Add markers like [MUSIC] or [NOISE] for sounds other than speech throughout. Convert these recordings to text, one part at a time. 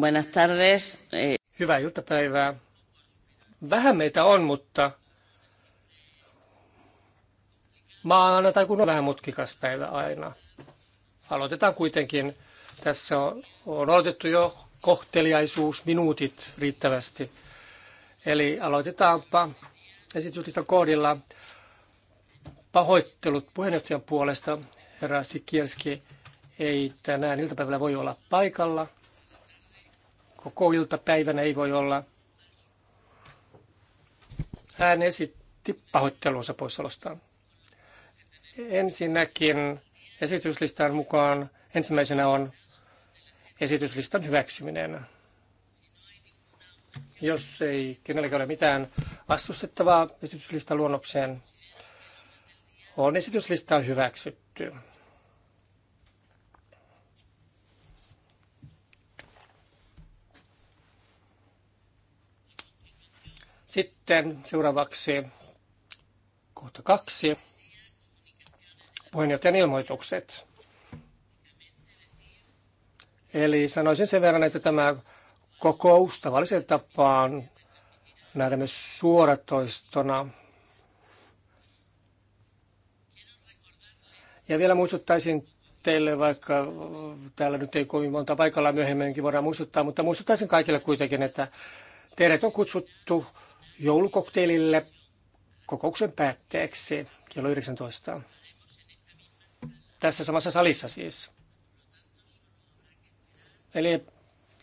Buenas tardes. Eh, Hyvää iltapäivää. Vähän meitä on, mutta maanantai kun on vähän mutkikas päivä aina. Aloitetaan kuitenkin. Tässä on, on odotettu jo kohteliaisuus, minuutit riittävästi. Eli aloitetaanpa esityslista kohdilla pahoittelut puheenjohtajan puolesta. Herra Sikierski ei tänään iltapäivällä voi olla paikalla – Koko iltapäivänä ei voi olla. Hän esitti pahoittelunsa poissolostaan. Ensinnäkin esityslistan mukaan ensimmäisenä on esityslistan hyväksyminen. Jos ei kenelläkään ole mitään vastustettavaa esityslistan luonnokseen, on esityslista hyväksytty. Sitten seuraavaksi kohta kaksi. Puheenjohtajan ilmoitukset. Eli sanoisin sen verran, että tämä kokous tavalliseen tapaan nähdään myös suoratoistona. Ja vielä muistuttaisin teille, vaikka täällä nyt ei kovin monta paikalla myöhemminkin voidaan muistuttaa, mutta muistuttaisin kaikille kuitenkin, että teidät on kutsuttu joulukokteilille kokouksen päätteeksi kello 19. Tässä samassa salissa siis. Eli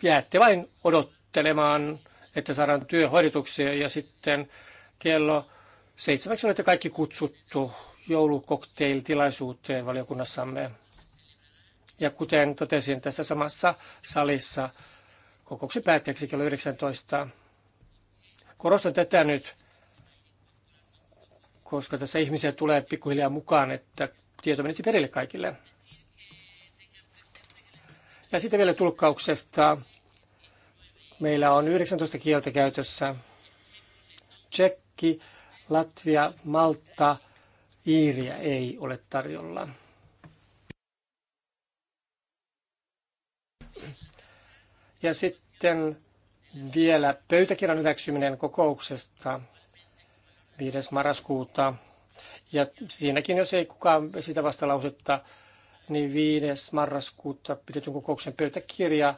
jäätte vain odottelemaan, että saadaan työhoidotuksia ja sitten kello seitsemäksi olette kaikki kutsuttu joulukokteiltilaisuuteen valiokunnassamme. Ja kuten totesin tässä samassa salissa kokouksen päätteeksi kello 19 Korostan tätä nyt, koska tässä ihmisiä tulee pikkuhiljaa mukaan, että tieto menisi perille kaikille. Ja sitten vielä tulkkauksesta. Meillä on 19 kieltä käytössä. Tsekki, Latvia, Malta, Iiriä ei ole tarjolla. Ja sitten vielä pöytäkirjan hyväksyminen kokouksesta 5. marraskuuta. Ja siinäkin, jos ei kukaan sitä vastalausetta, niin 5. marraskuuta pidetyn kokouksen pöytäkirja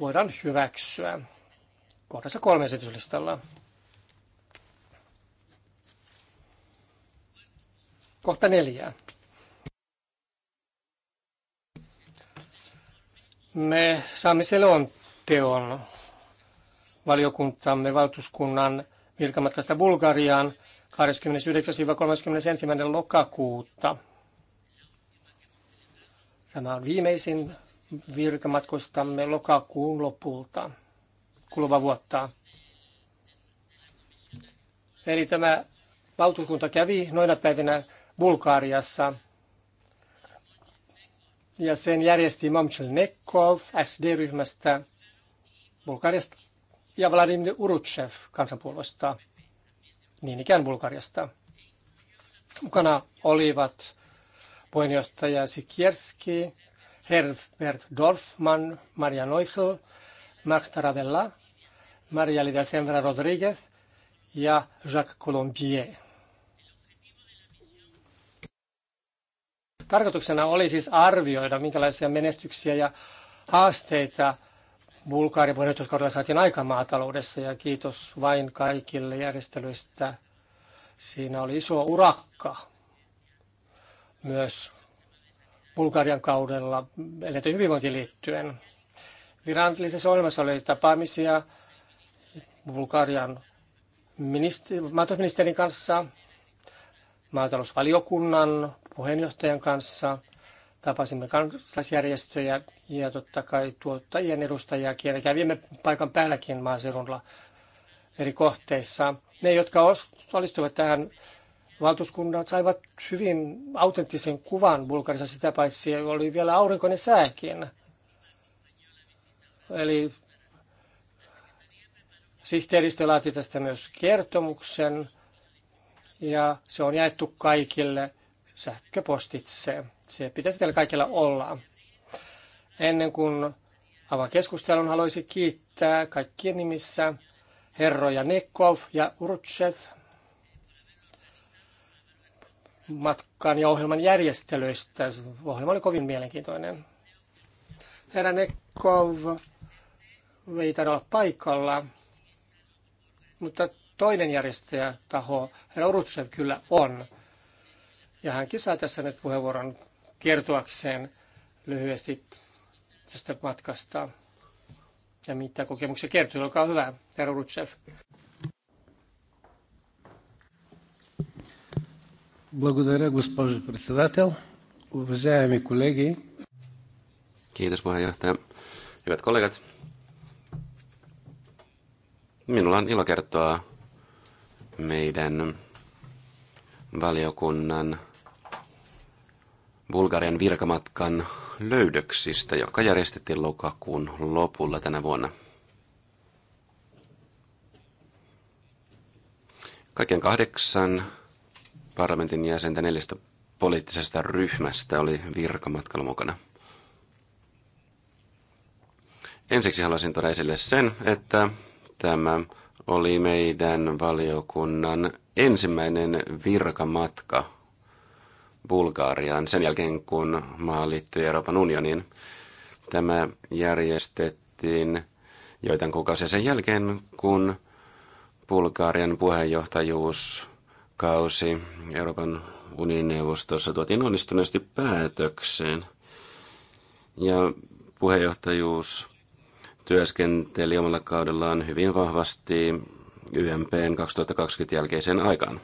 voidaan hyväksyä kohdassa kolme esityslistalla. Kohta neljää. Me saamme selonteon teon valiokuntamme valtuuskunnan virkamatkasta Bulgariaan 29-31. lokakuuta. Tämä on viimeisin virkamatkostamme lokakuun lopulta kuluvaa vuotta. Eli tämä valtuuskunta kävi noina päivinä Bulgaariassa ja sen järjesti Momchel Nekov SD-ryhmästä – Bulgariasta ja Vladimir Urutsev kansanpuolueesta, niin ikään Bulgariasta. Mukana olivat puheenjohtaja Sikierski, Herbert Dorfman, Maria Neuchel, Marc Taravella, Maria Lidia Senvera Rodriguez ja Jacques Colombier. Tarkoituksena oli siis arvioida, minkälaisia menestyksiä ja haasteita Bulgaarin puheenjohtajuuskaudella saatiin aika maataloudessa ja kiitos vain kaikille järjestelyistä. Siinä oli iso urakka myös Bulgarian kaudella eläinten hyvinvointiin liittyen. Virallisessa ohjelmassa oli tapaamisia Bulgarian maatalousministerin kanssa, maatalousvaliokunnan puheenjohtajan kanssa – Tapasimme kansalaisjärjestöjä ja totta kai tuottajien edustajia ja kävimme paikan päälläkin maaseudulla eri kohteissa. Ne, jotka osallistuivat tähän valtuuskunnan, saivat hyvin autenttisen kuvan Bulgarissa, sitä paitsi oli vielä aurinkoinen sääkin. Eli sihteeristö laati tästä myös kertomuksen ja se on jaettu kaikille sähköpostitse. Se pitäisi teillä kaikilla olla. Ennen kuin avaan keskustelun, haluaisin kiittää kaikkien nimissä herroja Nekov ja Urtsev matkan ja ohjelman järjestelyistä. Ohjelma oli kovin mielenkiintoinen. Herra Nekov ei taida olla paikalla, mutta toinen järjestäjätaho, herra Urutsev, kyllä on. Ja hänkin saa tässä nyt puheenvuoron kertoakseen lyhyesti tästä matkasta ja mitä kokemuksia kertoo. Olkaa hyvä, herra Rutsev. Благодаря, госпожо председател. Уважаеми колеги. Kiitos puheenjohtaja. Hyvät kollegat. Minulla on ilo kertoa meidän valiokunnan Bulgarian virkamatkan löydöksistä, joka järjestettiin lokakuun lopulla tänä vuonna. Kaiken kahdeksan parlamentin jäsentä neljästä poliittisesta ryhmästä oli virkamatkalla mukana. Ensiksi haluaisin tuoda esille sen, että tämä oli meidän valiokunnan ensimmäinen virkamatka Bulgaariaan sen jälkeen, kun maa liittyi Euroopan unioniin. Tämä järjestettiin joitain kuukausia sen jälkeen, kun Bulgaarian puheenjohtajuuskausi Euroopan unionin neuvostossa tuotiin onnistuneesti päätökseen. Ja puheenjohtajuus työskenteli omalla kaudellaan hyvin vahvasti YMPn 2020 jälkeiseen aikaan.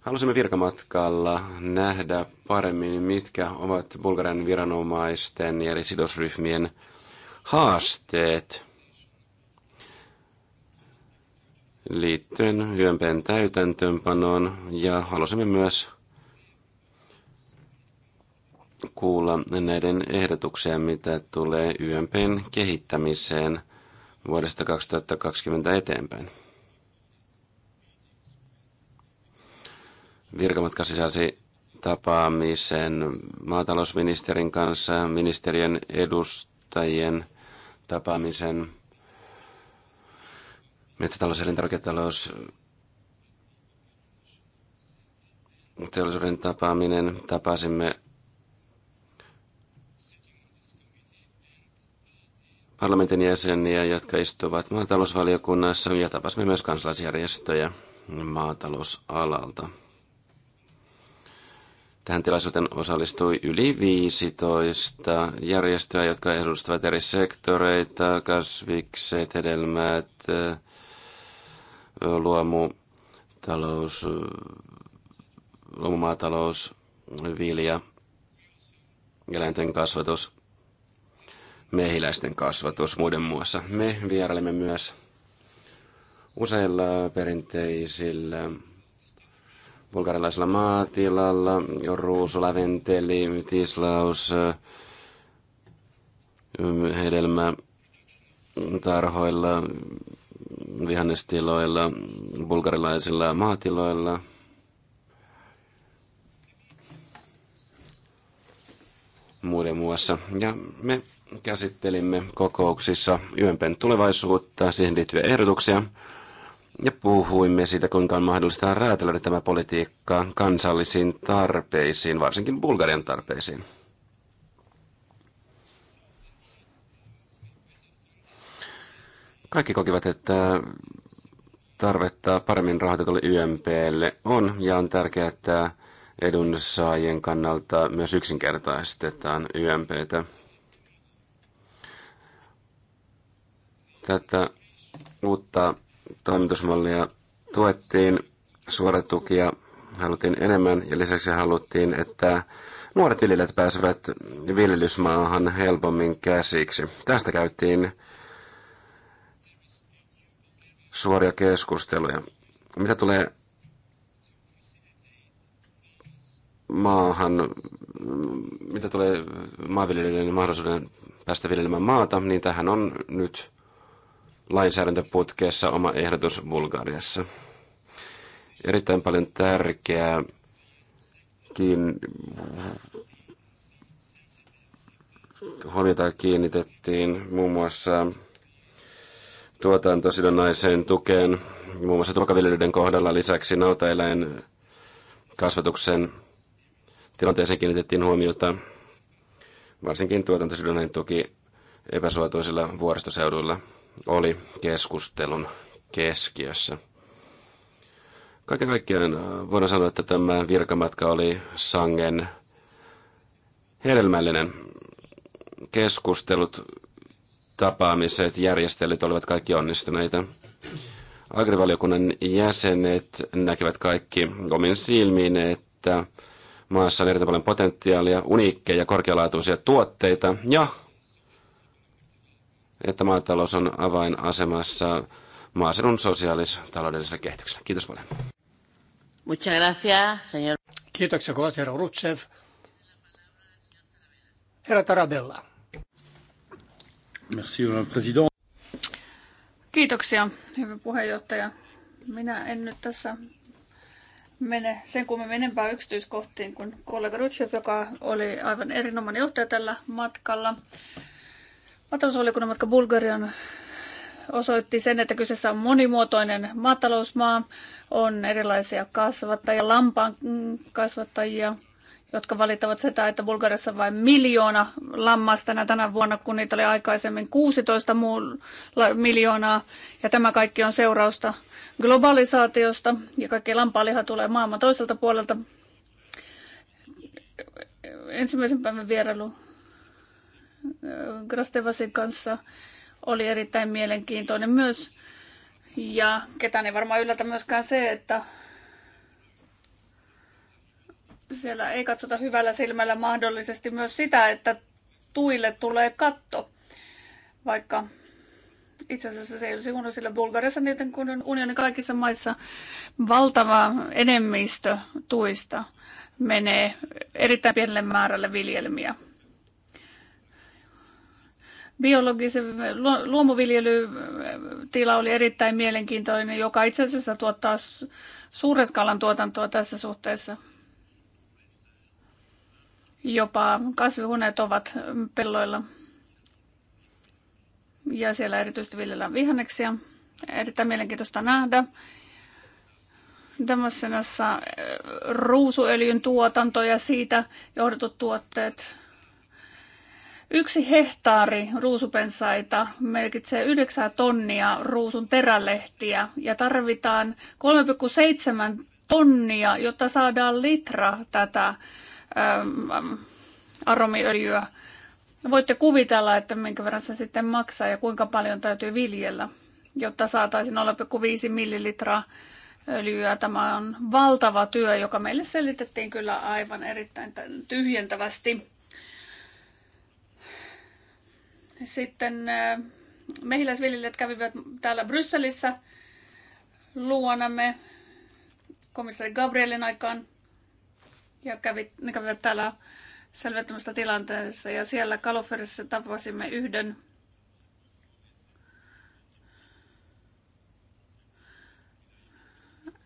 Halusimme virkamatkalla nähdä paremmin, mitkä ovat Bulgarian viranomaisten ja eri sidosryhmien haasteet liittyen YMPn täytäntöönpanoon ja halusimme myös kuulla näiden ehdotuksia, mitä tulee YMPn kehittämiseen vuodesta 2020 eteenpäin. Virkamatka sisälsi tapaamisen maatalousministerin kanssa, ministeriön edustajien tapaamisen, metsätalous- ja elintarviketalous teollisuuden tapaaminen. Tapasimme parlamentin jäseniä, jotka istuvat maatalousvaliokunnassa ja tapasimme myös kansalaisjärjestöjä maatalousalalta. Tähän tilaisuuteen osallistui yli 15 järjestöä, jotka edustavat eri sektoreita, kasvikset, hedelmät, luomu, talous, luomumaatalous, vilja, eläinten kasvatus, mehiläisten kasvatus muiden muassa. Me vierailemme myös useilla perinteisillä bulgarilaisella maatilalla, ruusu, laventeli, tislaus, hedelmä, tarhoilla, vihannestiloilla, bulgarilaisilla maatiloilla. Muiden muassa. Ja me käsittelimme kokouksissa yömpen tulevaisuutta, siihen liittyviä ehdotuksia ja puhuimme siitä, kuinka on mahdollista räätälöidä tämä politiikka kansallisiin tarpeisiin, varsinkin Bulgarian tarpeisiin. Kaikki kokivat, että tarvetta paremmin rahoitetulle YMPlle on, ja on tärkeää, että edunsaajien kannalta myös yksinkertaistetaan YMPtä. Tätä uutta toimitusmallia tuettiin, suoratukia haluttiin enemmän ja lisäksi haluttiin, että nuoret viljelijät pääsevät viljelysmaahan helpommin käsiksi. Tästä käytiin suoria keskusteluja. Mitä tulee maahan, mitä tulee maanviljelijöiden mahdollisuuden päästä viljelemään maata, niin tähän on nyt lainsäädäntöputkeessa oma ehdotus Bulgariassa. Erittäin paljon tärkeää huomiota kiinnitettiin muun muassa tuotantosidonnaiseen tukeen, muun muassa tuokaviljelyiden kohdalla lisäksi nautaeläin kasvatuksen tilanteeseen kiinnitettiin huomiota, varsinkin tuotantosidonnainen tuki epäsuotuisilla vuoristoseuduilla oli keskustelun keskiössä. Kaiken kaikkiaan äh, voidaan sanoa, että tämä virkamatka oli sangen hedelmällinen. Keskustelut, tapaamiset, järjestelyt olivat kaikki onnistuneita. Agrivaliokunnan jäsenet näkevät kaikki omin silmiin, että maassa on erittäin paljon potentiaalia, uniikkeja, korkealaatuisia tuotteita ja että maatalous on avainasemassa maaseudun sosiaalis taloudellisessa kehityksessä. Kiitos paljon. Muchas gracias, señor. Kiitoksia kovasti, herra Rutsev. Herra Tarabella. Merci, president. Kiitoksia, hyvä puheenjohtaja. Minä en nyt tässä mene sen kun enempää yksityiskohtiin kuin kollega Rutsev, joka oli aivan erinomainen johtaja tällä matkalla maatalousvaliokunnan matka Bulgarian osoitti sen, että kyseessä on monimuotoinen maatalousmaa, on erilaisia kasvattajia, lampaan kasvattajia, jotka valittavat sitä, että Bulgariassa vain miljoona lammasta tänä vuonna, kun niitä oli aikaisemmin 16 miljoonaa. Ja tämä kaikki on seurausta globalisaatiosta ja kaikki lampaaliha tulee maailman toiselta puolelta. Ensimmäisen päivän vierailu Grastevasin kanssa oli erittäin mielenkiintoinen myös. Ja ketään ei varmaan yllätä myöskään se, että siellä ei katsota hyvällä silmällä mahdollisesti myös sitä, että tuille tulee katto, vaikka itse asiassa se ei olisi huono, sillä Bulgariassa niiden kun unionin kaikissa maissa valtava enemmistö tuista menee erittäin pienelle määrälle viljelmiä biologisen luomuviljelytila äh, oli erittäin mielenkiintoinen, joka itse asiassa tuottaa suuren tuotantoa tässä suhteessa. Jopa kasvihuoneet ovat pelloilla. Ja siellä erityisesti viljellään vihanneksia. Erittäin mielenkiintoista nähdä. Damascenassa äh, ruusuöljyn tuotanto ja siitä johdetut tuotteet Yksi hehtaari ruusupensaita merkitsee 9 tonnia ruusun terälehtiä ja tarvitaan 3,7 tonnia, jotta saadaan litra tätä ähm, aromiöljyä. Voitte kuvitella, että minkä verran se sitten maksaa ja kuinka paljon täytyy viljellä, jotta saataisiin 0,5 millilitraa öljyä. Tämä on valtava työ, joka meille selitettiin kyllä aivan erittäin tyhjentävästi. Sitten äh, mehiläisviljelijät kävivät täällä Brysselissä luonamme komissaari Gabrielin aikaan ja kävit, ne kävivät täällä selvittämistä tilanteessa ja siellä Kaloferissa tapasimme yhden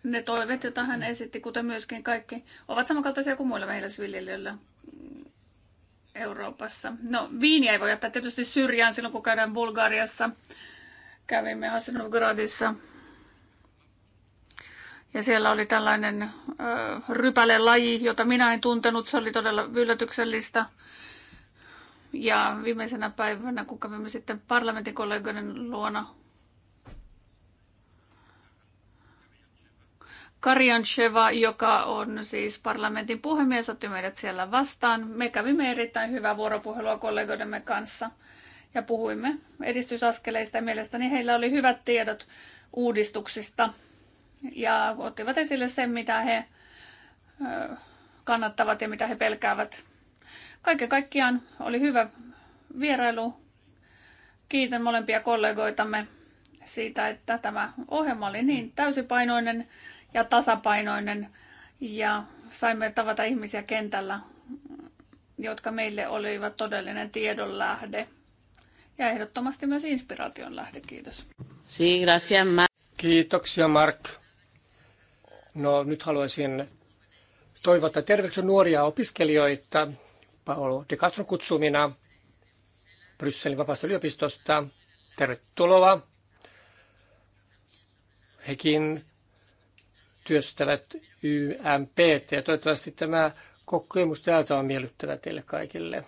ne toiveet, joita hän esitti, kuten myöskin kaikki, ovat samankaltaisia kuin muilla mehiläisviljelijöillä. Euroopassa. No, viiniä ei voi jättää tietysti syrjään silloin, kun käydään Bulgariassa. Kävimme Hasenovgradissa. Ja siellä oli tällainen rypäle laji, jota minä en tuntenut. Se oli todella yllätyksellistä. Ja viimeisenä päivänä, kun kävimme sitten parlamentin kollegoiden luona Karjansheva, joka on siis parlamentin puhemies, otti meidät siellä vastaan. Me kävimme erittäin hyvää vuoropuhelua kollegoidemme kanssa ja puhuimme edistysaskeleista. Mielestäni heillä oli hyvät tiedot uudistuksista ja ottivat esille sen, mitä he kannattavat ja mitä he pelkäävät. Kaiken kaikkiaan oli hyvä vierailu. Kiitän molempia kollegoitamme siitä, että tämä ohjelma oli niin täysipainoinen ja tasapainoinen. Ja saimme tavata ihmisiä kentällä, jotka meille olivat todellinen tiedonlähde ja ehdottomasti myös inspiraation lähde. Kiitos. Kiitoksia Mark. No nyt haluaisin toivottaa terveyksiä nuoria opiskelijoita Paolo de Castro kutsumina Brysselin vapaasta yliopistosta. Tervetuloa. Hekin työstävät YMPT. Ja toivottavasti tämä kokemus täältä on miellyttävä teille kaikille.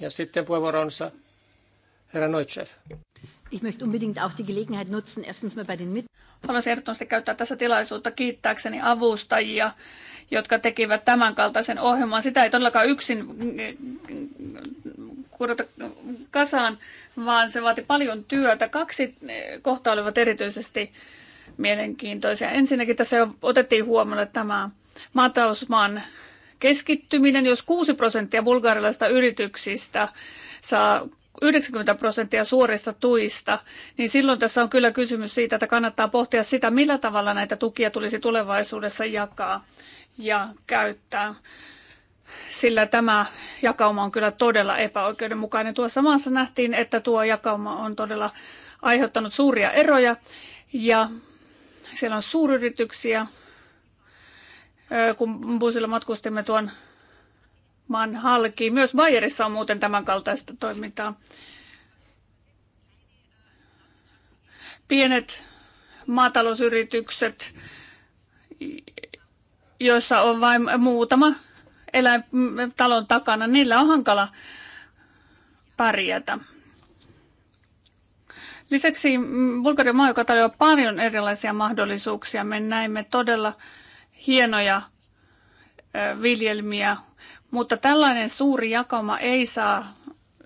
Ja sitten puheenvuoronsa herra Neutschev. Ich möchte unbedingt auch die Gelegenheit nutzen, erstens mal bei den Mit Haluaisin ehdottomasti käyttää tässä tilaisuutta kiittääkseni avustajia, jotka tekivät kaltaisen ohjelman. Sitä ei todellakaan yksin kurota kasaan, vaan se vaati paljon työtä. Kaksi kohtaa olivat erityisesti mielenkiintoisia. Ensinnäkin tässä jo otettiin huomioon että tämä matausmaan keskittyminen. Jos 6 prosenttia bulgarilaisista yrityksistä saa 90 prosenttia suorista tuista, niin silloin tässä on kyllä kysymys siitä, että kannattaa pohtia sitä, millä tavalla näitä tukia tulisi tulevaisuudessa jakaa ja käyttää. Sillä tämä jakauma on kyllä todella epäoikeudenmukainen. Tuossa maassa nähtiin, että tuo jakauma on todella aiheuttanut suuria eroja ja siellä on suuryrityksiä. Kun busilla matkustimme tuon maan halki. Myös Bayerissa on muuten tämänkaltaista toimintaa. Pienet maatalousyritykset, joissa on vain muutama eläintalon takana, niillä on hankala pärjätä. Lisäksi Bulgarian maa, joka tarjoaa paljon erilaisia mahdollisuuksia. Me näimme todella hienoja viljelmiä, mutta tällainen suuri jakoma ei saa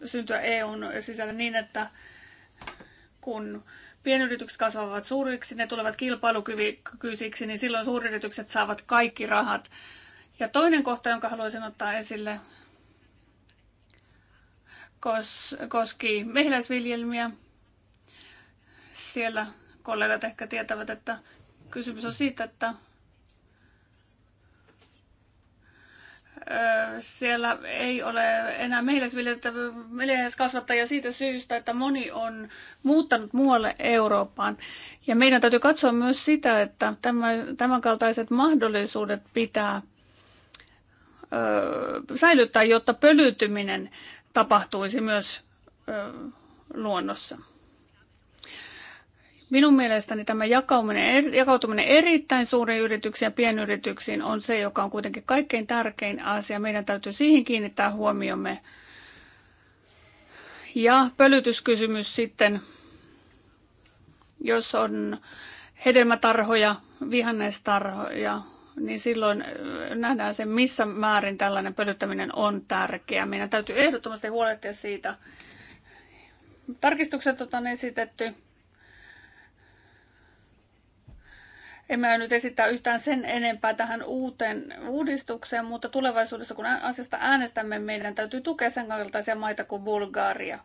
syntyä EUn sisällä niin, että kun pienyritykset kasvavat suuriksi, ne tulevat kilpailukykyisiksi, niin silloin suuryritykset saavat kaikki rahat. Ja toinen kohta, jonka haluaisin ottaa esille, koski mehiläisviljelmiä. Siellä kollegat ehkä tietävät, että kysymys on siitä, että siellä ei ole enää mehiläiskasvattajia siitä syystä, että moni on muuttanut muualle Eurooppaan. Ja meidän täytyy katsoa myös sitä, että tämänkaltaiset mahdollisuudet pitää säilyttää, jotta pölytyminen tapahtuisi myös luonnossa. Minun mielestäni tämä er, jakautuminen, erittäin suuriin yrityksiin ja pienyrityksiin on se, joka on kuitenkin kaikkein tärkein asia. Meidän täytyy siihen kiinnittää huomiomme. Ja pölytyskysymys sitten, jos on hedelmätarhoja, vihannestarhoja, niin silloin äh, nähdään se, missä määrin tällainen pölyttäminen on tärkeä, Meidän täytyy ehdottomasti huolehtia siitä. Tarkistukset on esitetty Emme mä nyt esittää yhtään sen enempää tähän uuteen uudistukseen, mutta tulevaisuudessa kun asiasta äänestämme, meidän täytyy tukea sen kaltaisia maita kuin Bulgaria.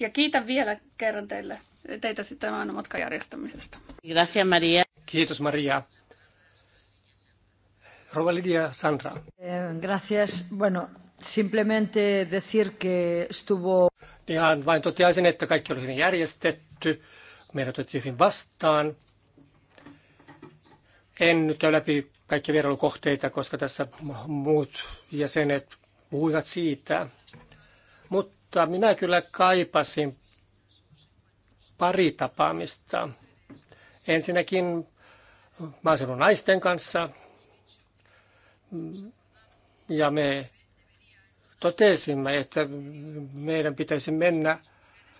Ja kiitän vielä kerran teille, teitä sitten tämän matkan järjestämisestä. Gracias, Maria. Kiitos Maria. Rova Lidia Sandra. Eh, gracias. Bueno, simplemente decir que estuvo... Ihan vain toteaisin, että kaikki oli hyvin järjestetty. Meidät otettiin hyvin vastaan. En nyt käy läpi kaikkia vierailukohteita, koska tässä muut jäsenet puhuivat siitä. Mutta minä kyllä kaipasin pari tapaamista. Ensinnäkin maaseudun naisten kanssa. Ja me totesimme, että meidän pitäisi mennä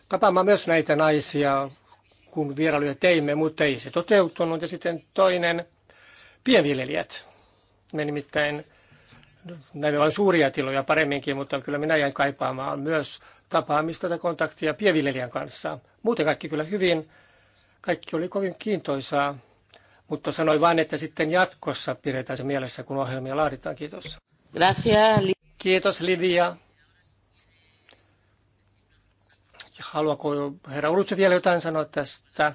tapaamaan myös näitä naisia, kun vierailuja teimme, mutta ei se toteutunut. Ja sitten toinen pienviljelijät. Me nimittäin näemme vain suuria tiloja paremminkin, mutta kyllä minä jäin kaipaamaan myös tapaamista tai kontaktia pienviljelijän kanssa. Muuten kaikki kyllä hyvin, kaikki oli kovin kiintoisaa, mutta sanoi vain, että sitten jatkossa pidetään se mielessä, kun ohjelmia laaditaan. Kiitos. Gracias. Kiitos Livia. Haluaako herra Urutse vielä jotain sanoa tästä?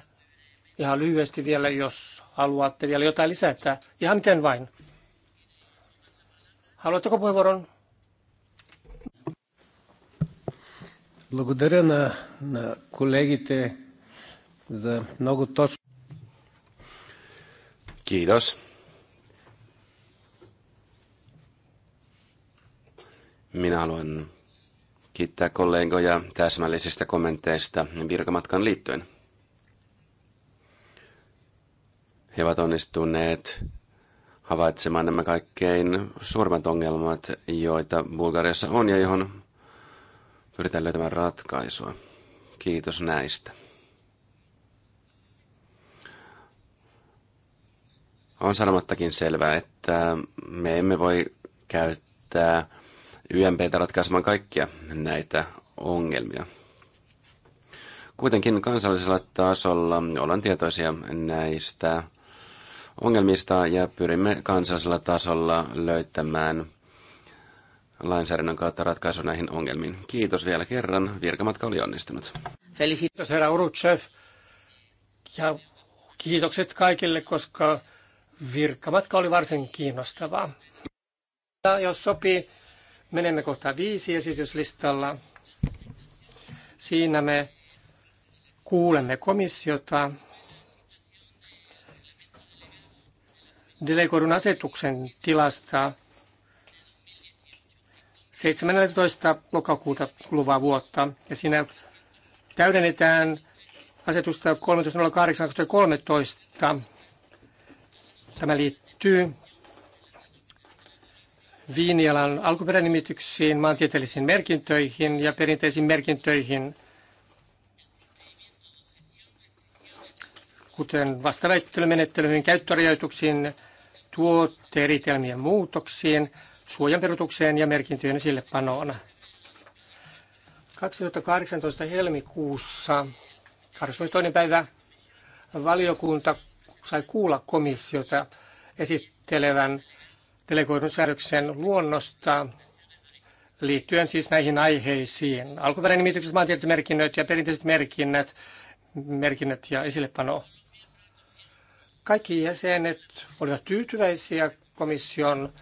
Ihan lyhyesti vielä, jos haluatte vielä jotain lisätä. Ihan miten vain. Haluatteko puheenvuoron? Благодаря на, на колегите за много точно. Kiitos. Minä haluan kiittää kollegoja täsmällisistä kommenteista virkamatkan liittyen. He ovat onnistuneet havaitsemaan nämä kaikkein suurimmat ongelmat, joita Bulgariassa on ja johon pyritään löytämään ratkaisua. Kiitos näistä. On sanomattakin selvää, että me emme voi käyttää YMPtä ratkaisemaan kaikkia näitä ongelmia. Kuitenkin kansallisella tasolla ollaan tietoisia näistä ongelmista ja pyrimme kansallisella tasolla löytämään lainsäädännön kautta ratkaisu näihin ongelmiin. Kiitos vielä kerran. Virkamatka oli onnistunut. Kiitos herra Urutsev. Ja kiitokset kaikille, koska virkamatka oli varsin kiinnostavaa. Ja jos sopii, menemme kohta viisi esityslistalla. Siinä me kuulemme komissiota delegoidun asetuksen tilasta 17. lokakuuta kuluvaa vuotta. Ja siinä täydennetään asetusta 13.08.13. Tämä liittyy viinialan alkuperänimityksiin, maantieteellisiin merkintöihin ja perinteisiin merkintöihin, kuten vastaväittelymenettelyihin, käyttörajoituksiin, tuotteeritelmien muutoksiin, suojanperutukseen ja merkintöjen panoon. 2018 helmikuussa 22. päivä valiokunta sai kuulla komissiota esittelevän delegoidun säädöksen luonnosta liittyen siis näihin aiheisiin. Alkuperänimitykset, maantieteelliset merkinnöt ja perinteiset merkinnät, merkinnät ja esillepano. Kaikki jäsenet olivat tyytyväisiä komission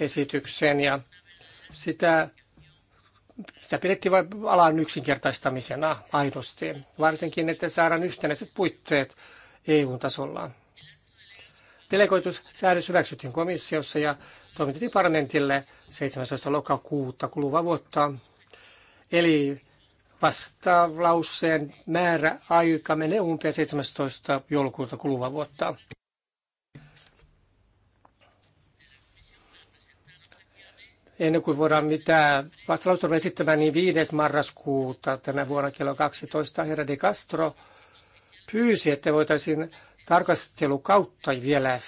esitykseen ja sitä, sitä pidettiin vain alan yksinkertaistamisena aidosti, varsinkin, että saadaan yhtenäiset puitteet EU-tasolla. Delegoitussäädös hyväksyttiin komissiossa ja toimitettiin parlamentille 17. lokakuuta kuluvaa vuotta. Eli vastalauseen määrä aika menee umpeen 17. joulukuuta kuluvaa vuotta. Ennen kuin voidaan mitään vastalausta esittämään, niin 5. marraskuuta tänä vuonna kello 12 herra de Castro pyysi, että voitaisiin tarkastelu kautta vielä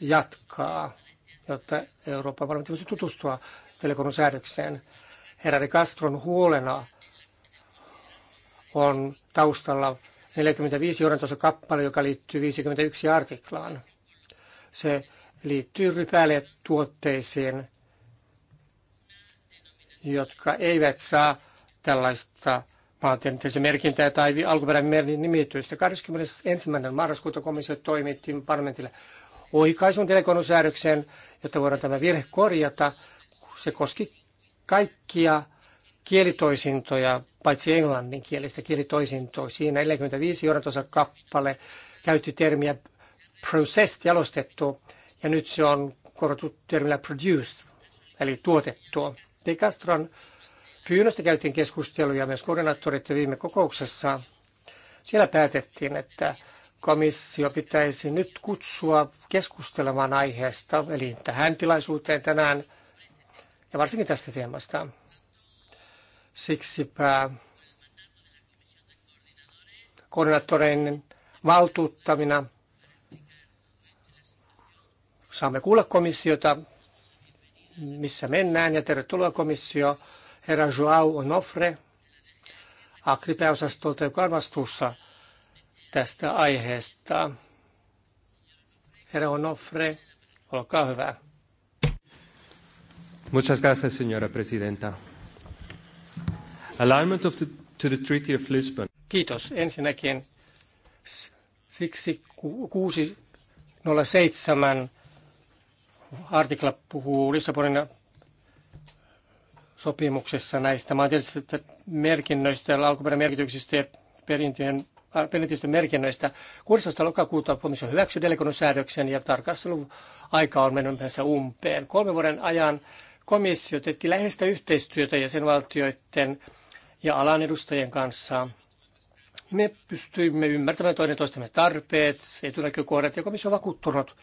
jatkaa, jotta Euroopan parlamentti voisi tutustua telekonon säädökseen. Herra de Castron huolena on taustalla 45 johdantosa kappale, joka liittyy 51 artiklaan. Se liittyy tuotteisiin, jotka eivät saa tällaista maantieteellisen merkintää tai merkin nimitystä. 21. marraskuuta komissio toimitti parlamentille oikaisun telekonusäädökseen, jotta voidaan tämä virhe korjata. Se koski kaikkia kielitoisintoja, paitsi englanninkielistä kielitoisintoa. Siinä 45 johdantosa kappale käytti termiä processed, jalostettu, ja nyt se on korotettu termillä produced, eli tuotettua. De Castron pyynnöstä käytiin keskusteluja myös koordinaattorit viime kokouksessa. Siellä päätettiin, että komissio pitäisi nyt kutsua keskustelemaan aiheesta, eli tähän tilaisuuteen tänään, ja varsinkin tästä teemasta. Siksipä koordinaattoreiden valtuuttamina saamme kuulla komissiota, missä mennään. Ja tervetuloa komissio herra Joao Onofre Agripe-osastolta, joka on vastuussa tästä aiheesta. Herra Onofre, olkaa hyvä. Muchas gracias, señora presidenta. Alignment of the, to the Treaty of Lisbon. Kiitos. Ensinnäkin siksi 607 artikla puhuu Lissabonin sopimuksessa näistä maantieteellisistä merkinnöistä, alkuperämerkityksistä ja perintöjen äh, perinteisistä merkinnöistä. 16. lokakuuta komissio hyväksyi delegoidun säädöksen ja tarkasteluaika aika on mennyt umpeen. Kolmen vuoden ajan komissio teki läheistä yhteistyötä jäsenvaltioiden ja alan edustajien kanssa. Me pystyimme ymmärtämään toinen toistemme tarpeet, etunäkökohdat ja komissio vakuuttunut,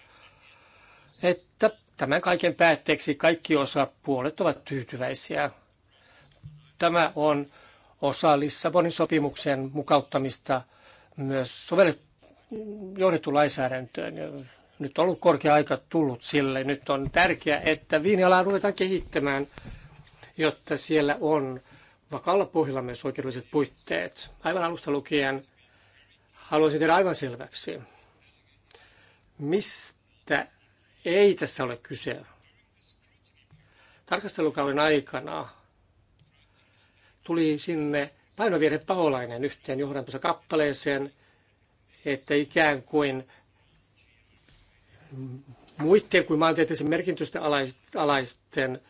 että tämän kaiken päätteeksi kaikki osapuolet ovat tyytyväisiä. Tämä on osa Lissabonin sopimuksen mukauttamista myös sovellettu johdettu lainsäädäntöön. Nyt on ollut korkea aika tullut sille. Nyt on tärkeää, että viinialaa ruvetaan kehittämään, jotta siellä on vakaalla pohjalla myös oikeudelliset puitteet. Aivan alusta lukien haluaisin tehdä aivan selväksi, mistä ei tässä ole kyse. Tarkastelukauden aikana tuli sinne painovirhe paholainen yhteen johdantonsa kappaleeseen, että ikään kuin muiden kuin maantieteellisen merkitysten alaisten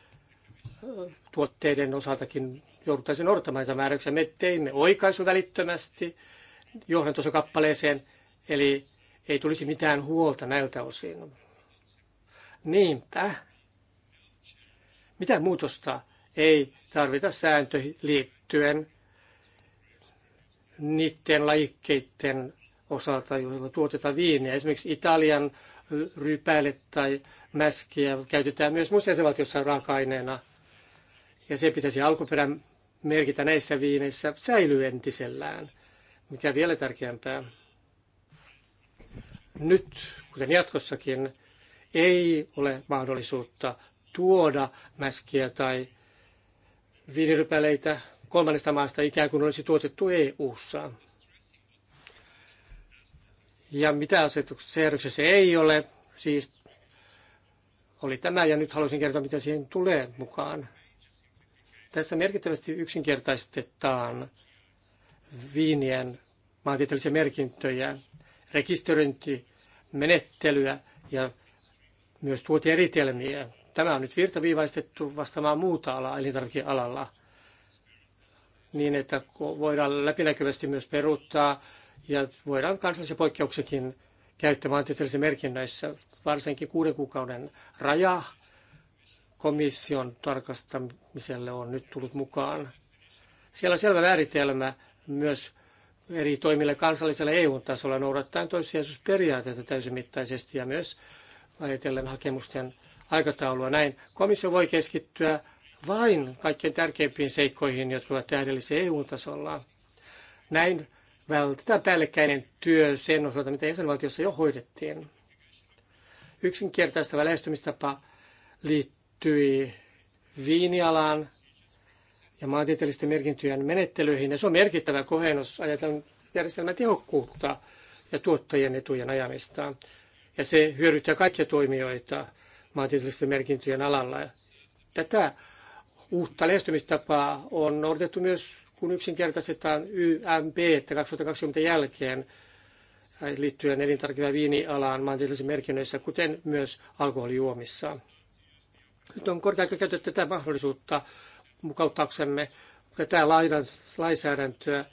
tuotteiden osaltakin jouduttaisiin noudattamaan niitä määräyksiä. Me teimme oikaisu välittömästi johdantosokappaleeseen, eli ei tulisi mitään huolta näiltä osin. Niinpä. Mitä muutosta ei tarvita sääntöihin liittyen niiden lajikkeiden osalta, joilla tuotetaan viiniä. Esimerkiksi Italian rypäille tai mäskiä käytetään myös muissa jäsenvaltioissa raaka-aineena. Ja se pitäisi alkuperän merkitä näissä viineissä säilyy entisellään, mikä vielä tärkeämpää. Nyt, kuten jatkossakin, ei ole mahdollisuutta tuoda mäskiä tai viinirypäleitä kolmannesta maasta ikään kuin olisi tuotettu EU-ssa. Ja mitä asetuksessa ei ole, siis oli tämä, ja nyt haluaisin kertoa, mitä siihen tulee mukaan. Tässä merkittävästi yksinkertaistetaan viinien maantieteellisiä merkintöjä, rekisteröintimenettelyä ja myös tuoteeritelmiä. Tämä on nyt virtaviivaistettu vastaamaan muuta alaa elintarvikealalla niin, että voidaan läpinäkyvästi myös peruuttaa ja voidaan kansallisia poikkeuksiakin käyttämään maantieteellisissä merkinnöissä. Varsinkin kuuden kuukauden raja komission tarkastamiselle on nyt tullut mukaan. Siellä on selvä määritelmä myös eri toimille kansallisella EU-tasolla noudattaen toissijaisuusperiaatetta täysimittaisesti ja myös ajatellen hakemusten aikataulua. Näin komissio voi keskittyä vain kaikkein tärkeimpiin seikkoihin, jotka ovat tähdellisiä EU-tasolla. Näin vältetään päällekkäinen työ sen osalta, mitä jäsenvaltiossa jo hoidettiin. Yksinkertaistava lähestymistapa liittyy liittyi viinialaan ja maantieteellisten merkintöjen menettelyihin, ja se on merkittävä kohennus ajatellen järjestelmän tehokkuutta ja tuottajien etujen ajamista. Ja se hyödyttää kaikkia toimijoita maantieteellisten merkintöjen alalla. Tätä uutta lähestymistapaa on noudatettu myös, kun yksinkertaistetaan YMP 2020 jälkeen liittyen elintarvike- viinialaan maantieteellisissä merkinnöissä, kuten myös alkoholijuomissa. Nyt on korkea käytetty tätä mahdollisuutta mukauttaaksemme tätä lainsäädäntöä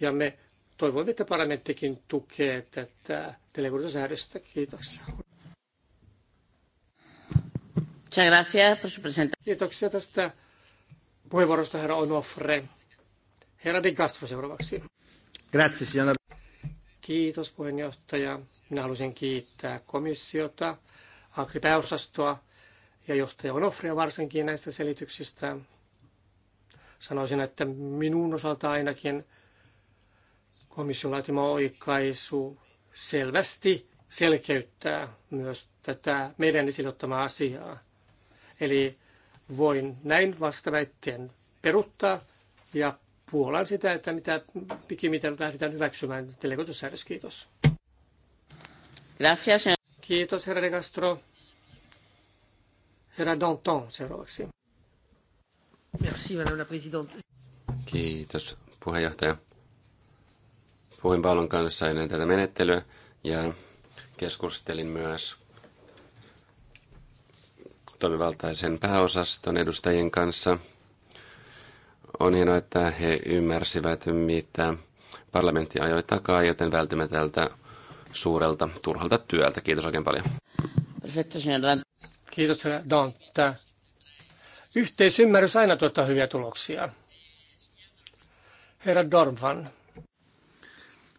ja me toivomme, että parlamenttikin tukee tätä telekuntasäädöstä. Kiitoksia. Kiitoksia tästä puheenvuorosta, herra Onofre. Herra De Castro seuraavaksi. Grazie, signora. Kiitos puheenjohtaja. Minä haluaisin kiittää komissiota, agri ja johtaja Onofria varsinkin näistä selityksistä. Sanoisin, että minun osalta ainakin komission laatima oikaisu selvästi selkeyttää myös tätä meidän esille ottamaa asiaa. Eli voin näin vastaväitteen peruttaa ja puolan sitä, että mitä pikimiten lähdetään hyväksymään delegoitussäädös. Kiitos. Gracias. Kiitos, herra de Castro. Danton Merci, madame la présidente. Kiitos, puheenjohtaja. Puhuin Paulon kanssa ennen tätä menettelyä ja keskustelin myös toimivaltaisen pääosaston edustajien kanssa. On hienoa, että he ymmärsivät, mitä parlamentti ajoi takaa, joten vältymme tältä suurelta turhalta työltä. Kiitos oikein paljon. Kiitos, herra Dante. Yhteisymmärrys aina tuottaa hyviä tuloksia. Herra Dornvan.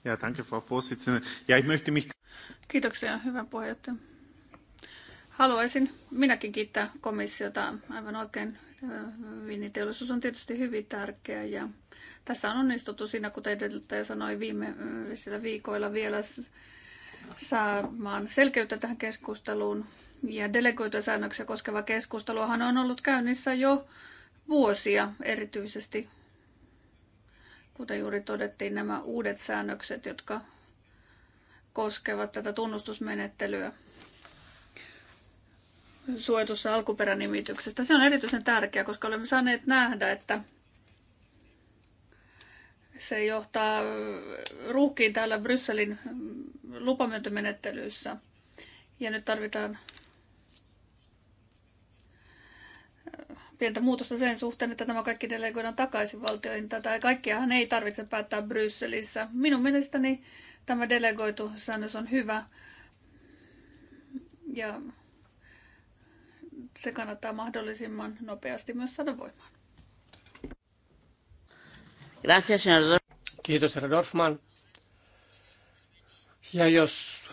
Ja, danke, Frau Vorsitzende. Ja, ich möchte mich... Kiitoksia, hyvä puheenjohtaja. Haluaisin minäkin kiittää komissiota aivan oikein. Viiniteollisuus on tietysti hyvin tärkeä ja tässä on onnistuttu siinä, kuten edeltäjä sanoi viime viikoilla vielä saamaan selkeyttä tähän keskusteluun ja delegoituja säännöksiä koskeva keskusteluhan on ollut käynnissä jo vuosia erityisesti. Kuten juuri todettiin, nämä uudet säännökset, jotka koskevat tätä tunnustusmenettelyä suojatussa alkuperänimityksestä. Se on erityisen tärkeää, koska olemme saaneet nähdä, että se johtaa ruuhkiin täällä Brysselin lupamyöntömenettelyissä. Ja nyt tarvitaan pientä muutosta sen suhteen, että tämä kaikki delegoidaan takaisin valtioihin. Tätä kaikkiahan ei tarvitse päättää Brysselissä. Minun mielestäni tämä delegoitu säännös on hyvä ja se kannattaa mahdollisimman nopeasti myös saada voimaan. Kiitos, herra Dorfman. Ja jos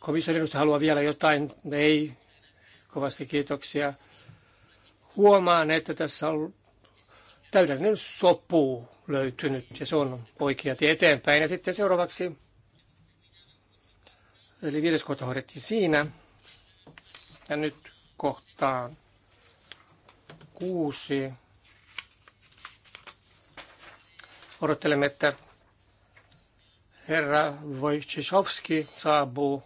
komissio haluaa vielä jotain, ei. Kovasti kiitoksia huomaan, että tässä on täydellinen sopu löytynyt ja se on oikea tie eteenpäin. Ja sitten seuraavaksi, eli viides kohta hoidettiin siinä. Ja nyt kohtaan kuusi. Odottelemme, että herra Wojciechowski saapuu,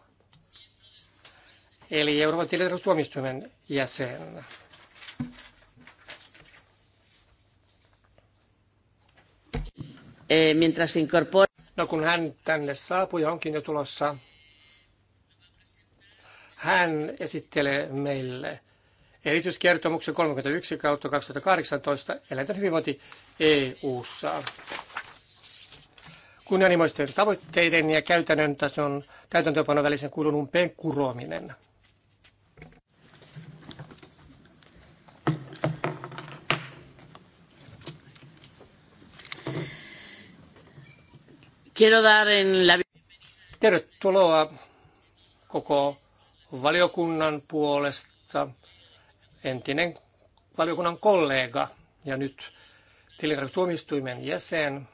eli Euroopan tilintarkastustuomioistuimen jäsen. Eh, mientras incorpora... No kun hän tänne saapui ja onkin jo tulossa, hän esittelee meille erityiskertomuksen 31 kautta 2018 eläinten hyvinvointi EU-ssa. Kunnianhimoisten tavoitteiden ja käytännön tason täytäntöönpanon välisen kulun umpeen kurominen. Quiero dar en la... Tervetuloa koko valiokunnan puolesta entinen valiokunnan kollega ja nyt tilintarkastustuomioistuimen jäsen.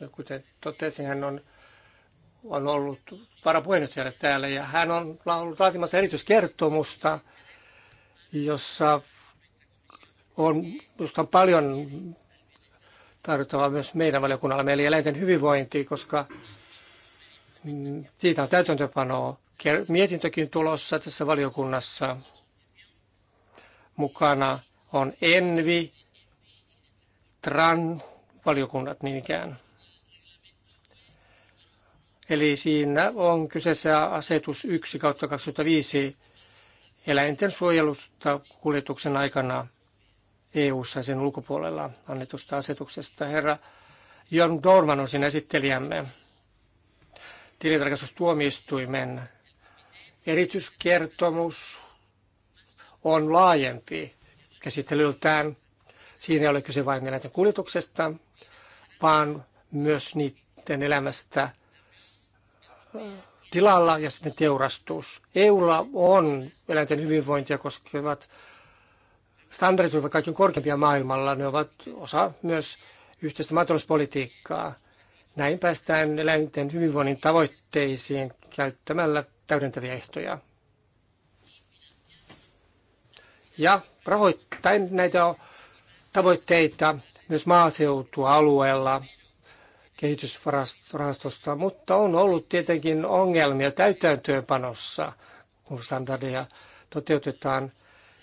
Ja kuten totesin, hän on, on ollut varapuheenjohtajana täällä ja hän on ollut laatimassa erityiskertomusta, jossa on, on paljon tarjottava myös meidän valiokunnallamme, eli eläinten hyvinvointi, koska siitä on täytäntöpanoa. Mietintökin tulossa tässä valiokunnassa mukana on Envi, Tran, valiokunnat niinkään, Eli siinä on kyseessä asetus 1 kautta 2005 eläinten suojelusta kuljetuksen aikana – EU-ssa sen ulkopuolella annetusta asetuksesta. Herra Jörn Dorman on siinä esittelijämme tilintarkastustuomioistuimen erityiskertomus on laajempi käsittelyltään. Siinä ei ole kyse vain eläinten kuljetuksesta, vaan myös niiden elämästä äh, tilalla ja sitten teurastus. EUlla on eläinten hyvinvointia koskevat standardit ovat kaikkein korkeimpia maailmalla. Ne ovat osa myös yhteistä maatalouspolitiikkaa. Näin päästään eläinten hyvinvoinnin tavoitteisiin käyttämällä täydentäviä ehtoja. Ja rahoittain näitä tavoitteita myös maaseutualueella kehitysrahastosta, mutta on ollut tietenkin ongelmia täytäntöönpanossa, kun standardeja toteutetaan.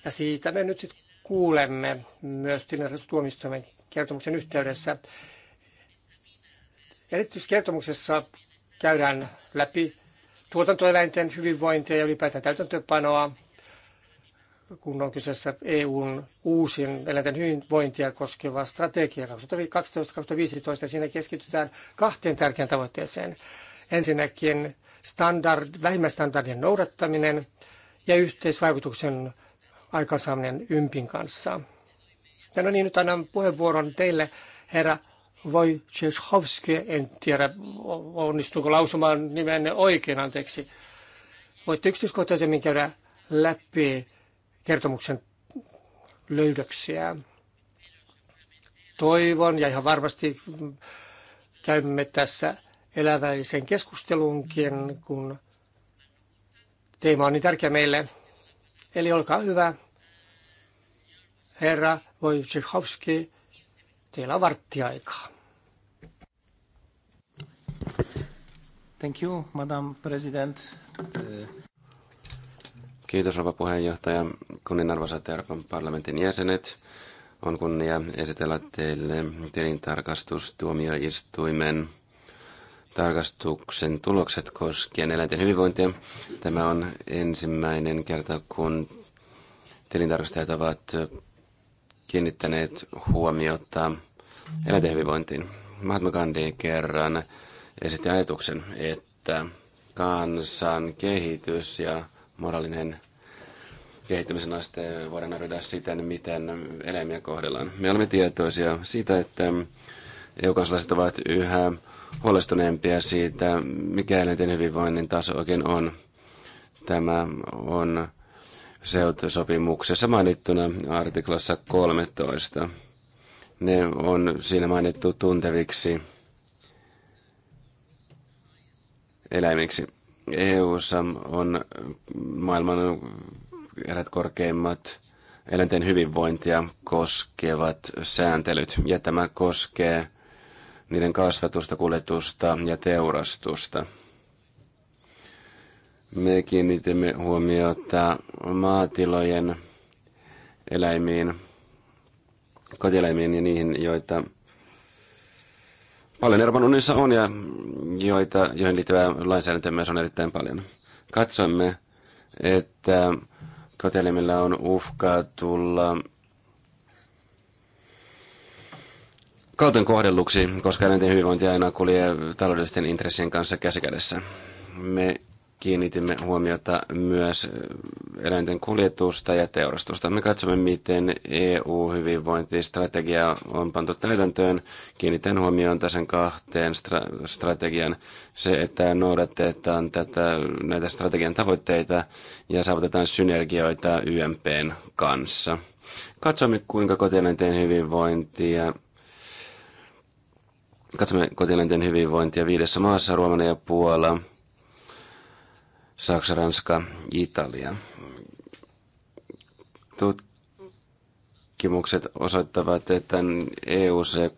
Ja siitä me nyt sitten kuulemme myös tilinrahoitustuomistoimen kertomuksen yhteydessä. Erityiskertomuksessa käydään läpi tuotantoeläinten hyvinvointia ja ylipäätään täytäntöpanoa, kun on kyseessä EUn uusin eläinten hyvinvointia koskeva strategia 2012-2015. Siinä keskitytään kahteen tärkeään tavoitteeseen. Ensinnäkin standard, vähimmäistandardien noudattaminen ja yhteisvaikutuksen aikaansaaminen Ympin kanssa. Ja no niin, nyt annan puheenvuoron teille, herra Wojciechowski. En tiedä, onnistuuko lausumaan nimenne oikein, anteeksi. Voitte yksityiskohtaisemmin käydä läpi kertomuksen löydöksiä. Toivon ja ihan varmasti käymme tässä eläväisen keskustelunkin, kun teema on niin tärkeä meille. Eli olkaa hyvä, herra Wojciechowski, teillä on varttiaikaa. Thank you, Madam President. Kiitos, rouva puheenjohtaja, kunnianarvoisat Euroopan parlamentin jäsenet. On kunnia esitellä teille tilintarkastustuomioistuimen tarkastuksen tulokset koskien eläinten hyvinvointia. Tämä on ensimmäinen kerta, kun tilintarkastajat ovat kiinnittäneet huomiota eläinten hyvinvointiin. Mahatma Gandhi kerran esitti ajatuksen, että kansan kehitys ja moraalinen kehittämisen aste voidaan arvioida siten, miten eläimiä kohdellaan. Me olemme tietoisia siitä, että EU-kansalaiset ovat yhä huolestuneempia siitä, mikä eläinten hyvinvoinnin taso oikein on. Tämä on SEUT-sopimuksessa mainittuna artiklassa 13. Ne on siinä mainittu tunteviksi eläimiksi. EU:ssa on maailman erät korkeimmat eläinten hyvinvointia koskevat sääntelyt, ja tämä koskee niiden kasvatusta, kuljetusta ja teurastusta. Me kiinnitimme huomiota maatilojen eläimiin, kotieläimiin ja niihin, joita paljon Euroopan unionissa on ja joita, joihin liittyvää lainsäädäntöä myös on erittäin paljon. Katsomme, että kotieläimillä on uhkaa tulla kaltoin kohdelluksi, koska eläinten hyvinvointi aina kulje taloudellisten intressien kanssa käsikädessä. Me kiinnitimme huomiota myös eläinten kuljetusta ja teurastusta. Me katsomme, miten EU-hyvinvointistrategia on pantu täytäntöön. Kiinnitän huomioon tässä kahteen stra- strategian. Se, että noudatetaan tätä, näitä strategian tavoitteita ja saavutetaan synergioita YMPn kanssa. Katsomme, kuinka kotieläinten hyvinvointia Katsomme kotieläinten hyvinvointia viidessä maassa, ja Puola, Saksa, Ranska, Italia. Tutkimukset osoittavat, että EU-se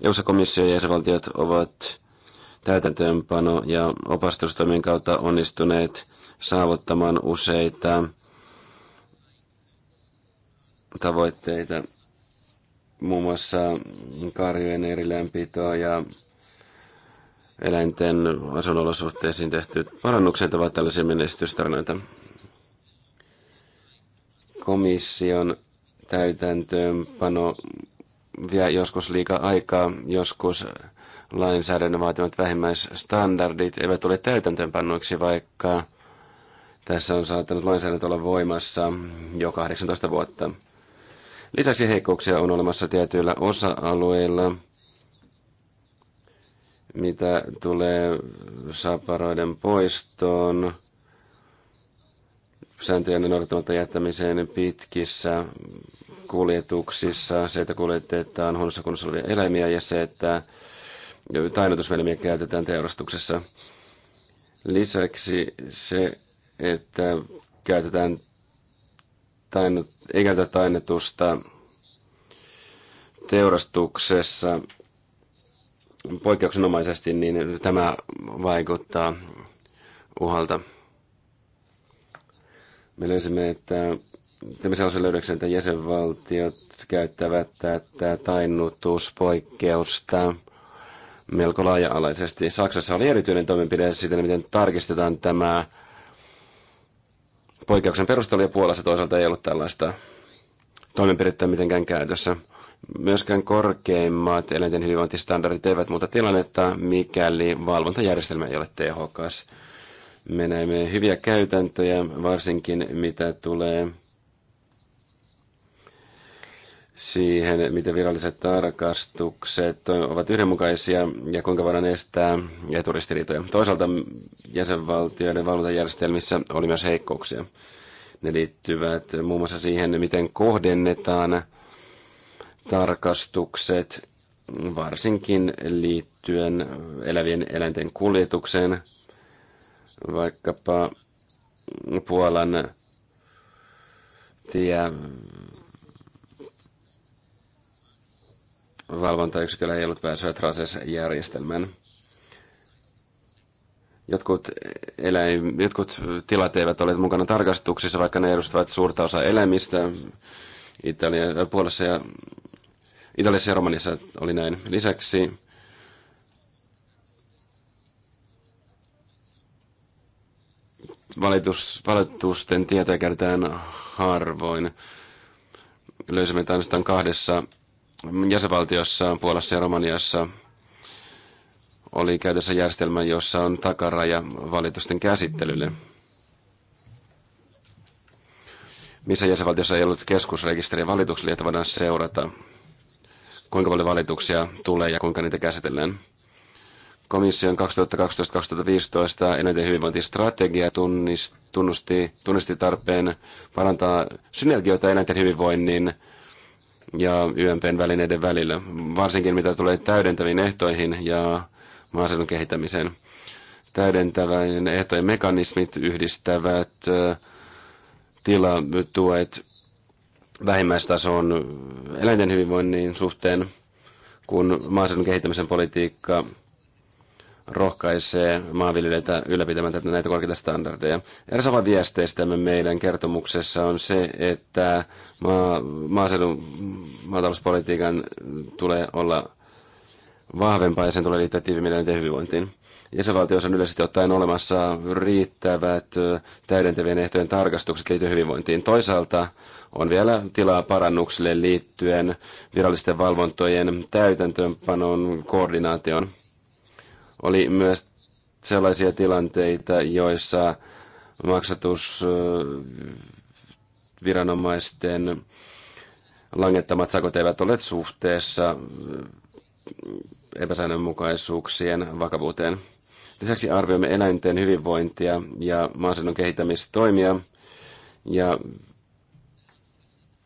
EU-komissio ja jäsenvaltiot ovat täytäntöönpano- ja opastustoimien kautta onnistuneet saavuttamaan useita tavoitteita muun muassa karjojen erilämpitoa ja eläinten asunolosuhteisiin tehty parannukset ovat tällaisia menestystarinoita. Komission täytäntöönpano vie joskus liikaa aikaa, joskus lainsäädännön vaatimat vähimmäisstandardit eivät ole täytäntöönpannuiksi, vaikka tässä on saattanut lainsäädäntö olla voimassa jo 18 vuotta. Lisäksi heikkouksia on olemassa tietyillä osa-alueilla, mitä tulee saparoiden poistoon, sääntöjen noudattamatta jättämiseen pitkissä kuljetuksissa, se, että kuljetetaan huonossa kunnossa olevia eläimiä ja se, että tainnutusvelmiä käytetään teurastuksessa. Lisäksi se, että käytetään tainnut ei käytetä tainnetusta teurastuksessa poikkeuksenomaisesti, niin tämä vaikuttaa uhalta. Me löysimme, että tämä sellaisen löydöksen, että jäsenvaltiot käyttävät tätä tainnutuspoikkeusta melko laaja-alaisesti. Saksassa oli erityinen toimenpide siitä, miten tarkistetaan tämä poikkeuksen ja Puolassa toisaalta ei ollut tällaista toimenpidettä mitenkään käytössä. Myöskään korkeimmat eläinten hyvinvointistandardit eivät muuta tilannetta, mikäli valvontajärjestelmä ei ole tehokas. Me näemme hyviä käytäntöjä, varsinkin mitä tulee siihen, miten viralliset tarkastukset ovat yhdenmukaisia ja kuinka voidaan estää eturistiriitoja. Toisaalta jäsenvaltioiden valvontajärjestelmissä oli myös heikkouksia. Ne liittyvät muun muassa siihen, miten kohdennetaan tarkastukset, varsinkin liittyen elävien eläinten kuljetukseen, vaikkapa Puolan tie valvontayksiköllä ei ollut pääsyä trases järjestelmään Jotkut, eläim, jotkut tilat eivät ole mukana tarkastuksissa, vaikka ne edustavat suurta osaa eläimistä. Italia, Puolassa ja Italiassa ja Romaniassa oli näin. Lisäksi valitus, valitusten tietoja käytetään harvoin. Löysimme ainoastaan kahdessa jäsenvaltiossa, Puolassa ja Romaniassa oli käytössä järjestelmä, jossa on takaraja valitusten käsittelylle. Missä jäsenvaltiossa ei ollut keskusrekisteriä valituksille, että voidaan seurata, kuinka paljon valituksia tulee ja kuinka niitä käsitellään. Komission 2012-2015 eläinten hyvinvointistrategia tunnisti, tunnisti tarpeen parantaa synergioita eläinten hyvinvoinnin ja YMPn välineiden välillä, varsinkin mitä tulee täydentäviin ehtoihin ja maaseudun kehittämiseen. Täydentävän ehtojen mekanismit yhdistävät tilatuet vähimmäistason eläinten hyvinvoinnin suhteen, kun maaseudun kehittämisen politiikka rohkaisee maanviljelijöitä ylläpitämään näitä korkeita standardeja. Eräs avain viesteistämme meidän kertomuksessa on se, että maa, maaseudun maatalouspolitiikan tulee olla vahvempaa ja sen tulee liittyä tiiviimmin eläinten hyvinvointiin. Jäsenvaltioissa on yleisesti ottaen olemassa riittävät täydentävien ehtojen tarkastukset liittyen hyvinvointiin. Toisaalta on vielä tilaa parannuksille liittyen virallisten valvontojen täytäntöönpanon koordinaation oli myös sellaisia tilanteita, joissa viranomaisten langettamat sakot eivät ole suhteessa epäsäännönmukaisuuksien vakavuuteen. Lisäksi arvioimme eläinten hyvinvointia ja maaseudun kehittämistoimia ja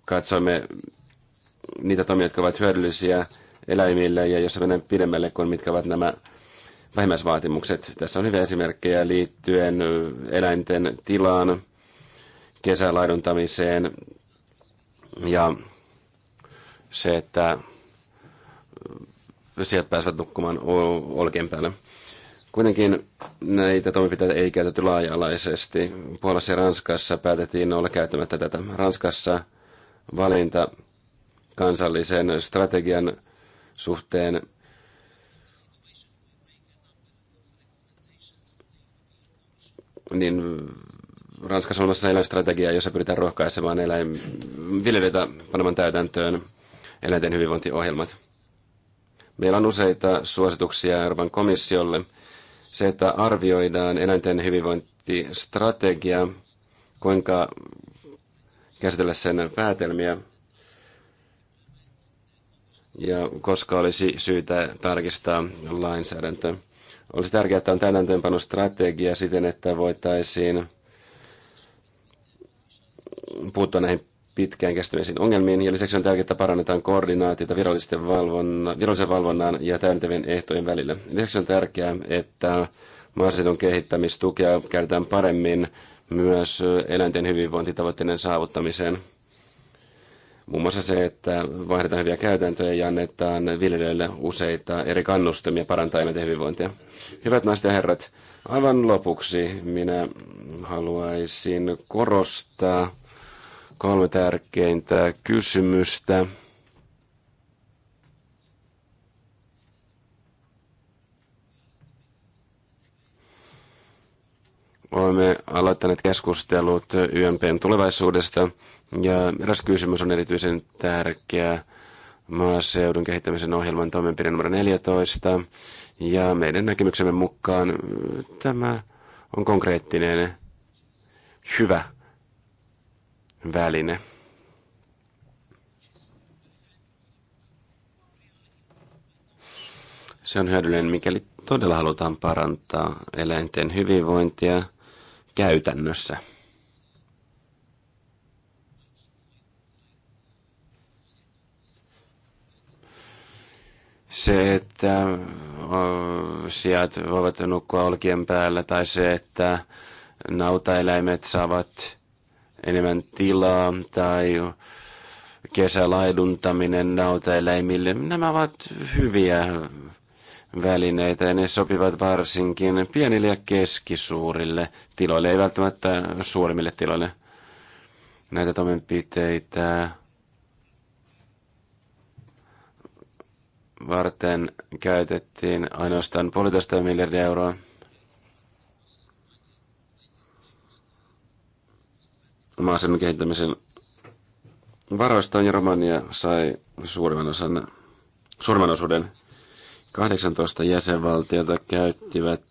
katsoimme niitä toimia, jotka ovat hyödyllisiä eläimille ja jos mennään pidemmälle kuin mitkä ovat nämä vähimmäisvaatimukset. Tässä on hyviä esimerkkejä liittyen eläinten tilaan, kesälaiduntamiseen ja se, että sieltä pääsevät nukkumaan olkien päälle. Kuitenkin näitä toimenpiteitä ei käytetty laaja-alaisesti. Puolassa ja Ranskassa päätettiin olla käyttämättä tätä. Ranskassa valinta kansallisen strategian suhteen niin Ranskassa on olemassa eläinstrategia, jossa pyritään rohkaisemaan eläin, viljelijöitä panemaan täytäntöön eläinten hyvinvointiohjelmat. Meillä on useita suosituksia Euroopan komissiolle. Se, että arvioidaan eläinten hyvinvointistrategia, kuinka käsitellä sen päätelmiä ja koska olisi syytä tarkistaa lainsäädäntöä. Olisi tärkeää, että on täytäntöönpanostrategia siten, että voitaisiin puuttua näihin pitkään kestäneisiin ongelmiin, ja lisäksi on tärkeää, että parannetaan koordinaatiota virallisten valvonnan, virallisen valvonnan ja täydentävien ehtojen välillä. Lisäksi on tärkeää, että maaseudun kehittämistukea käytetään paremmin myös eläinten hyvinvointitavoitteiden saavuttamiseen – Muun muassa se, että vaihdetaan hyviä käytäntöjä ja annetaan viljelijöille useita eri kannustimia parantaa eläinten hyvinvointia. Hyvät naiset ja herrat, aivan lopuksi minä haluaisin korostaa kolme tärkeintä kysymystä. Olemme aloittaneet keskustelut YMPn tulevaisuudesta ja eräs kysymys on erityisen tärkeä maaseudun kehittämisen ohjelman toimenpide numero 14. Ja meidän näkemyksemme mukaan tämä on konkreettinen hyvä väline. Se on hyödyllinen, mikäli todella halutaan parantaa eläinten hyvinvointia käytännössä. se, että sijat voivat nukkua olkien päällä tai se, että nautaeläimet saavat enemmän tilaa tai kesälaiduntaminen nautaeläimille. Nämä ovat hyviä välineitä ja ne sopivat varsinkin pienille ja keskisuurille tiloille, ei välttämättä suurimmille tiloille. Näitä toimenpiteitä varten käytettiin ainoastaan puolitoista miljardia euroa. Maaseudun kehittämisen varoistaan ja Romania sai suurimman, osan, suurimman osuuden 18 jäsenvaltiota käyttivät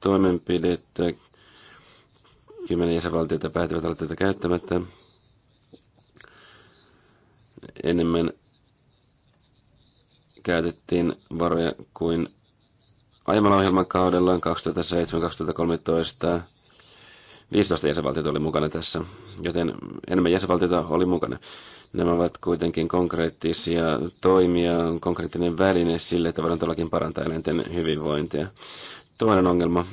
toimenpidettä. 10 jäsenvaltiota päättivät olla tätä käyttämättä. Enemmän käytettiin varoja kuin aiemmalla kaudella 2007-2013 15 jäsenvaltiota oli mukana tässä, joten enemmän jäsenvaltiota oli mukana. Nämä ovat kuitenkin konkreettisia toimia, konkreettinen väline sille, että voidaan todellakin parantaa eläinten hyvinvointia. Toinen ongelma,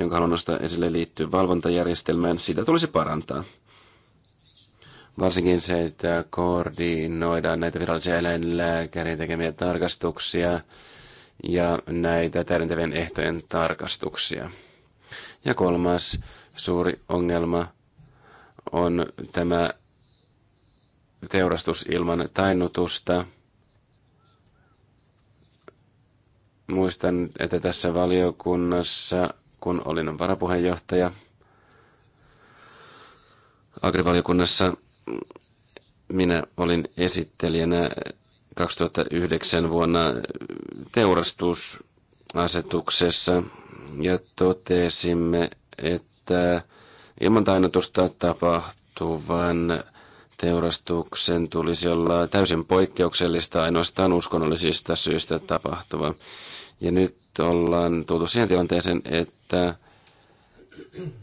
jonka haluan nostaa esille, liittyy valvontajärjestelmään. Sitä tulisi parantaa. Varsinkin se, että koordinoidaan näitä virallisia eläinlääkärin tekemiä tarkastuksia ja näitä täydentävien ehtojen tarkastuksia. Ja kolmas suuri ongelma on tämä teurastus ilman tainnutusta. Muistan, että tässä valiokunnassa, kun olin varapuheenjohtaja, agrivaliokunnassa minä olin esittelijänä 2009 vuonna teurastusasetuksessa ja totesimme, että ilman tainnutusta tapahtuvan teurastuksen tulisi olla täysin poikkeuksellista ainoastaan uskonnollisista syistä tapahtuva. Ja nyt ollaan tultu siihen tilanteeseen, että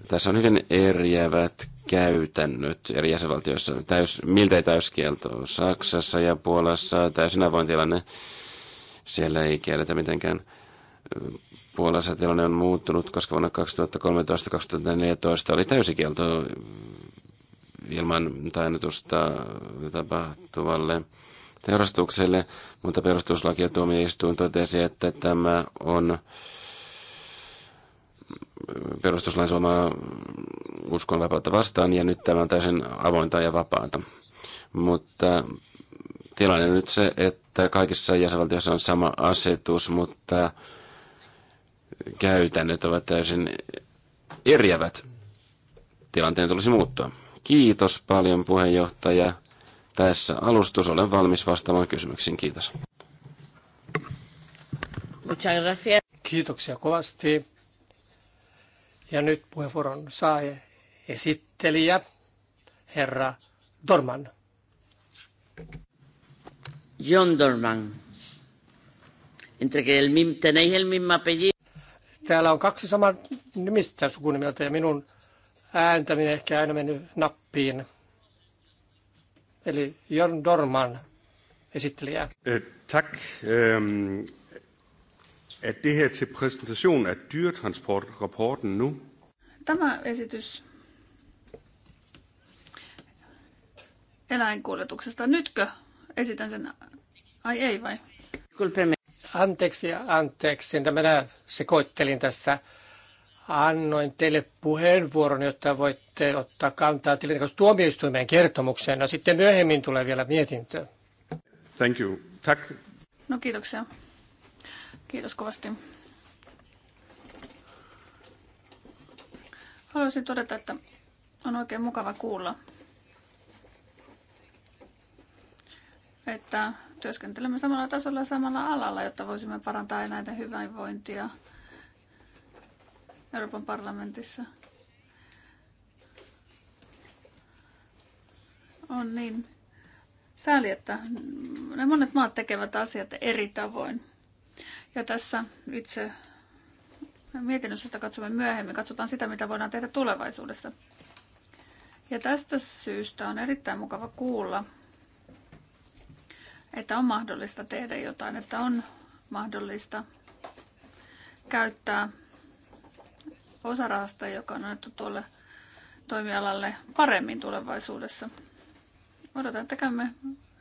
tässä on hyvin eriävät käytännöt eri jäsenvaltioissa. Täys, miltei täyskielto Saksassa ja Puolassa, täysin avoin tilanne. Siellä ei kielletä mitenkään. Puolassa tilanne on muuttunut, koska vuonna 2013-2014 oli täysikielto ilman tainnutusta tapahtuvalle teurastukselle, mutta perustuslaki ja tuomioistuin totesi, että tämä on perustuslain suomaa uskonvapautta vastaan, ja nyt tämä on täysin avointa ja vapaata. Mutta tilanne on nyt se, että kaikissa jäsenvaltioissa on sama asetus, mutta käytännöt ovat täysin eriävät. Tilanteen tulisi muuttua. Kiitos paljon puheenjohtaja. Tässä alustus olen valmis vastaamaan kysymyksiin. Kiitos. Kiitoksia kovasti. Ja nyt puheenvuoron saa esittelijä, herra Dorman. John Dorman. Entre que el mim, tenéis el mismo apellido. Täällä on kaksi saman nimistä sukunimeltä ja minun ääntäminen ehkä aina mennyt nappiin. Eli John Dorman, esittelijä. Eh, tack. Um... Ehm, det her til præsentation af dyretransportrapporten nu. Tämä esitys eläinkuljetuksesta. Nytkö esitän sen? Ai ei vai? Anteeksi, anteeksi. Minä sekoittelin tässä. Annoin teille puheenvuoron, jotta voitte ottaa kantaa tuomioistuimeen kertomukseen. No sitten myöhemmin tulee vielä mietintö. Thank you. Tak. No kiitoksia. Kiitos kovasti. Haluaisin todeta, että on oikein mukava kuulla, että työskentelemme samalla tasolla ja samalla alalla, jotta voisimme parantaa näitä hyvinvointia Euroopan parlamentissa. On niin sääli, että ne monet maat tekevät asiat eri tavoin. Ja tässä itse mietinnössä, sitä katsomme myöhemmin, katsotaan sitä, mitä voidaan tehdä tulevaisuudessa. Ja tästä syystä on erittäin mukava kuulla, että on mahdollista tehdä jotain, että on mahdollista käyttää osarahasta, joka on annettu tuolle toimialalle paremmin tulevaisuudessa. Odotan, että käymme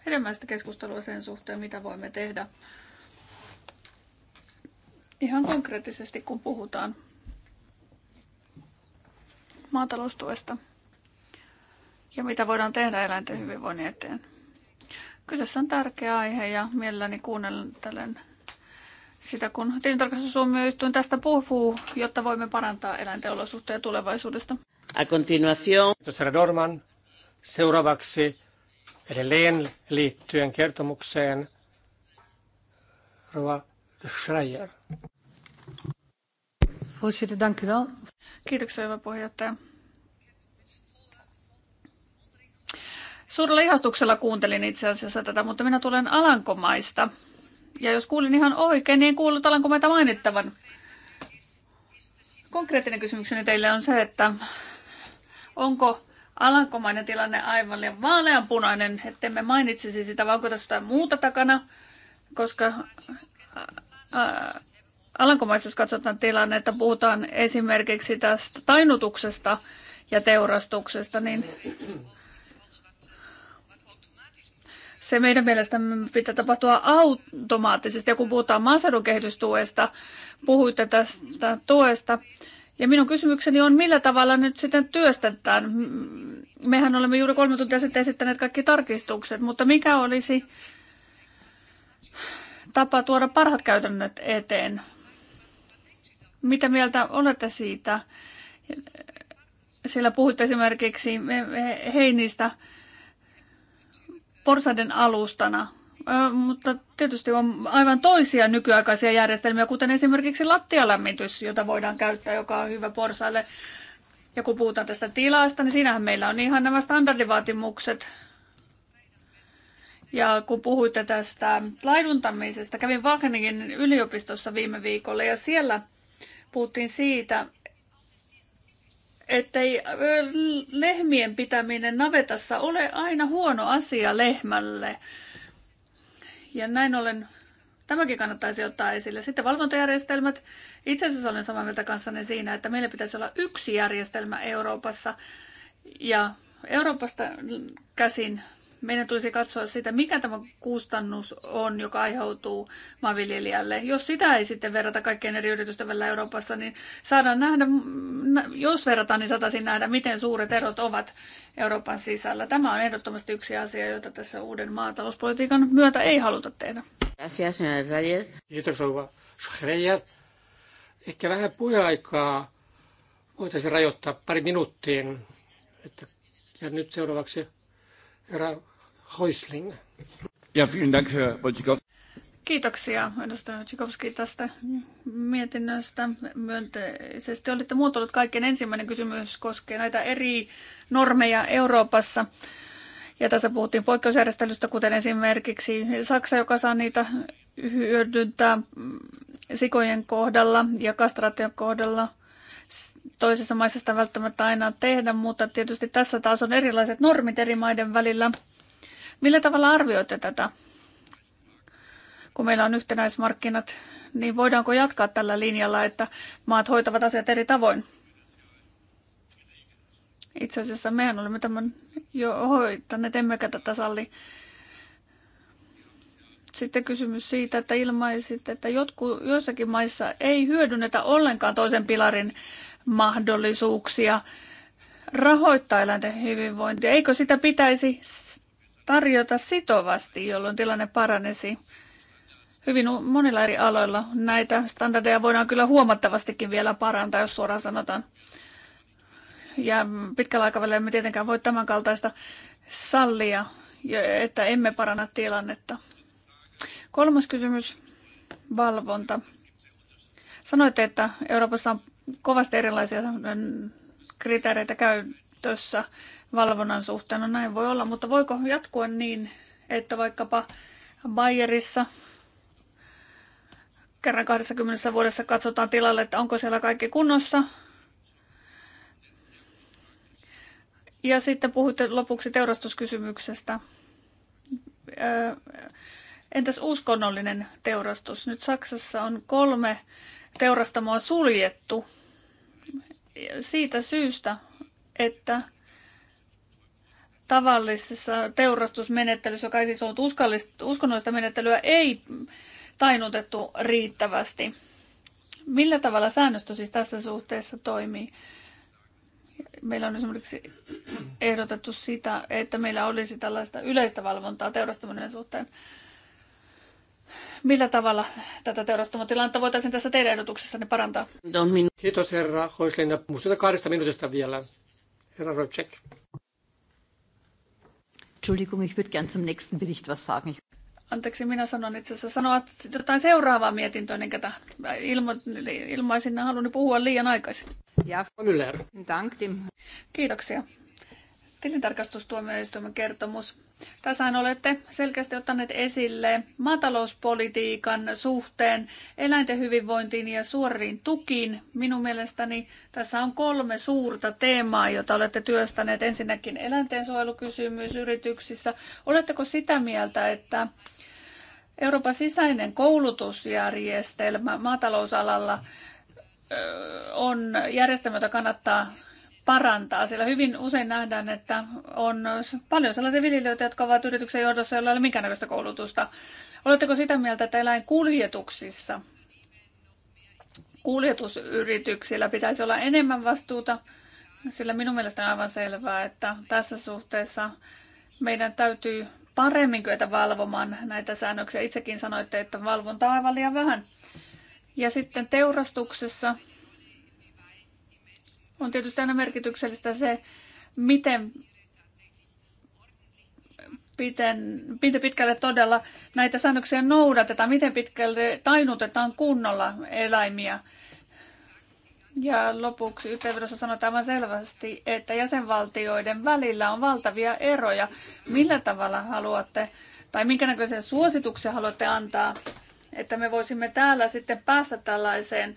hedelmällistä keskustelua sen suhteen, mitä voimme tehdä ihan konkreettisesti, kun puhutaan maataloustuesta ja mitä voidaan tehdä eläinten hyvinvoinnin eteen. Kyseessä on tärkeä aihe ja mielelläni kuunnellen sitä, kun tilintarkastustuomioistuin tästä puhuu, jotta voimme parantaa eläinten olosuhteita tulevaisuudesta. A continuación. Kiitos herra Dorman. Seuraavaksi edelleen liittyen kertomukseen Rova Schreier. Voorzitter, dank u wel. Kiitoksia, hyvä puheenjohtaja. Suurella ihastuksella kuuntelin itse asiassa tätä, mutta minä tulen Alankomaista. Ja jos kuulin ihan oikein, niin kuulut Alankomaita mainittavan. Konkreettinen kysymykseni teille on se, että onko Alankomainen tilanne aivan liian vaaleanpunainen, me mainitsisi sitä, vaan onko tässä muuta takana, koska Alankomaissa, jos katsotaan tilannetta, puhutaan esimerkiksi tästä tainutuksesta ja teurastuksesta, niin se meidän mielestä pitää tapahtua automaattisesti. Ja kun puhutaan maaseudun kehitystuesta, puhuitte tästä tuesta. Ja minun kysymykseni on, millä tavalla nyt sitten työstetään? Mehän olemme juuri kolme tuntia sitten esittäneet kaikki tarkistukset, mutta mikä olisi tapa tuoda parhaat käytännöt eteen. Mitä mieltä olette siitä? Siellä puhuitte esimerkiksi heinistä porsaiden alustana, mutta tietysti on aivan toisia nykyaikaisia järjestelmiä, kuten esimerkiksi lattialämmitys, jota voidaan käyttää, joka on hyvä porsaille. Ja kun puhutaan tästä tilasta, niin siinähän meillä on ihan nämä standardivaatimukset, ja kun puhuitte tästä laiduntamisesta, kävin Wageningen yliopistossa viime viikolla ja siellä puhuttiin siitä, ettei lehmien pitäminen navetassa ole aina huono asia lehmälle. Ja näin ollen tämäkin kannattaisi ottaa esille. Sitten valvontajärjestelmät. Itse asiassa olen samaa mieltä kanssanne siinä, että meillä pitäisi olla yksi järjestelmä Euroopassa. Ja Euroopasta käsin meidän tulisi katsoa sitä, mikä tämä kustannus on, joka aiheutuu maanviljelijälle. Jos sitä ei sitten verrata kaikkien eri yritysten välillä Euroopassa, niin saadaan nähdä, mm, jos verrataan, niin saataisiin nähdä, miten suuret erot ovat Euroopan sisällä. Tämä on ehdottomasti yksi asia, jota tässä uuden maatalouspolitiikan myötä ei haluta tehdä. Kiitos, Schreier. Ehkä vähän puheaikaa voitaisiin rajoittaa pari minuuttiin. Että, ja nyt seuraavaksi herra Häusling. Ja, vielen Dank, Herr Kiitoksia edustaja Tsikovski tästä mietinnöstä. Myönteisesti Olette muotoillut kaikkien ensimmäinen kysymys koskee näitä eri normeja Euroopassa. Ja tässä puhuttiin poikkeusjärjestelystä, kuten esimerkiksi Saksa, joka saa niitä hyödyntää sikojen kohdalla ja kastraation kohdalla. Toisessa maissa sitä välttämättä aina tehdä, mutta tietysti tässä taas on erilaiset normit eri maiden välillä. Millä tavalla arvioitte tätä? Kun meillä on yhtenäismarkkinat, niin voidaanko jatkaa tällä linjalla, että maat hoitavat asiat eri tavoin? Itse asiassa mehän olemme tämän jo hoitaneet, emmekä tätä salli. Sitten kysymys siitä, että ilmaisit, että jotku, joissakin maissa ei hyödynnetä ollenkaan toisen pilarin mahdollisuuksia rahoittaa eläinten hyvinvointia. Eikö sitä pitäisi tarjota sitovasti, jolloin tilanne paranesi. Hyvin monilla eri aloilla näitä standardeja voidaan kyllä huomattavastikin vielä parantaa, jos suoraan sanotaan. Ja pitkällä aikavälillä emme tietenkään voi tämän kaltaista sallia, että emme paranna tilannetta. Kolmas kysymys, valvonta. Sanoitte, että Euroopassa on kovasti erilaisia kriteereitä käytössä valvonnan suhteen. No näin voi olla, mutta voiko jatkua niin, että vaikkapa Bayerissa kerran 20 vuodessa katsotaan tilalle, että onko siellä kaikki kunnossa. Ja sitten puhutte lopuksi teurastuskysymyksestä. Entäs uskonnollinen teurastus? Nyt Saksassa on kolme teurastamoa suljettu siitä syystä, että tavallisessa teurastusmenettelyssä, joka ei siis ollut uskonnollista menettelyä, ei tainutettu riittävästi. Millä tavalla säännöstö siis tässä suhteessa toimii? Meillä on esimerkiksi ehdotettu sitä, että meillä olisi tällaista yleistä valvontaa teurastamisen suhteen. Millä tavalla tätä teurastamotilannetta voitaisiin tässä teidän ehdotuksessanne parantaa? Kiitos herra Hoislinna. Muistuta kahdesta minuutista vielä. Herra Rocek. Entschuldigung, ich würde gern zum nächsten Bericht was sagen. Ich Anteeksi, minä sanon itse asiassa sanoa jotain seuraavaa mietintöä, enkä ilmo, ilmaisin halunnut puhua liian aikaisin. Ja Müller. Dank Kiitoksia tilintarkastustuomioistuimen kertomus. Tässähän olette selkeästi ottaneet esille maatalouspolitiikan suhteen, eläinten hyvinvointiin ja suoriin tukiin. Minun mielestäni tässä on kolme suurta teemaa, joita olette työstäneet. Ensinnäkin eläintensuojelukysymys yrityksissä. Oletteko sitä mieltä, että Euroopan sisäinen koulutusjärjestelmä maatalousalalla on järjestelmä, jota kannattaa parantaa, sillä hyvin usein nähdään, että on paljon sellaisia viljelijöitä, jotka ovat yrityksen johdossa, joilla ei ole minkäännäköistä koulutusta. Oletteko sitä mieltä, että eläinkuljetuksissa kuljetusyrityksillä pitäisi olla enemmän vastuuta, sillä minun mielestäni on aivan selvää, että tässä suhteessa meidän täytyy paremmin kyetä valvomaan näitä säännöksiä. Itsekin sanoitte, että valvonta on aivan liian vähän. Ja sitten teurastuksessa on tietysti aina merkityksellistä se, miten, miten, miten pitkälle todella näitä säännöksiä noudatetaan, miten pitkälle tainutetaan kunnolla eläimiä. Ja lopuksi yhteenvedossa sanotaan aivan selvästi, että jäsenvaltioiden välillä on valtavia eroja. Millä tavalla haluatte, tai minkä näköisiä suosituksia haluatte antaa, että me voisimme täällä sitten päästä tällaiseen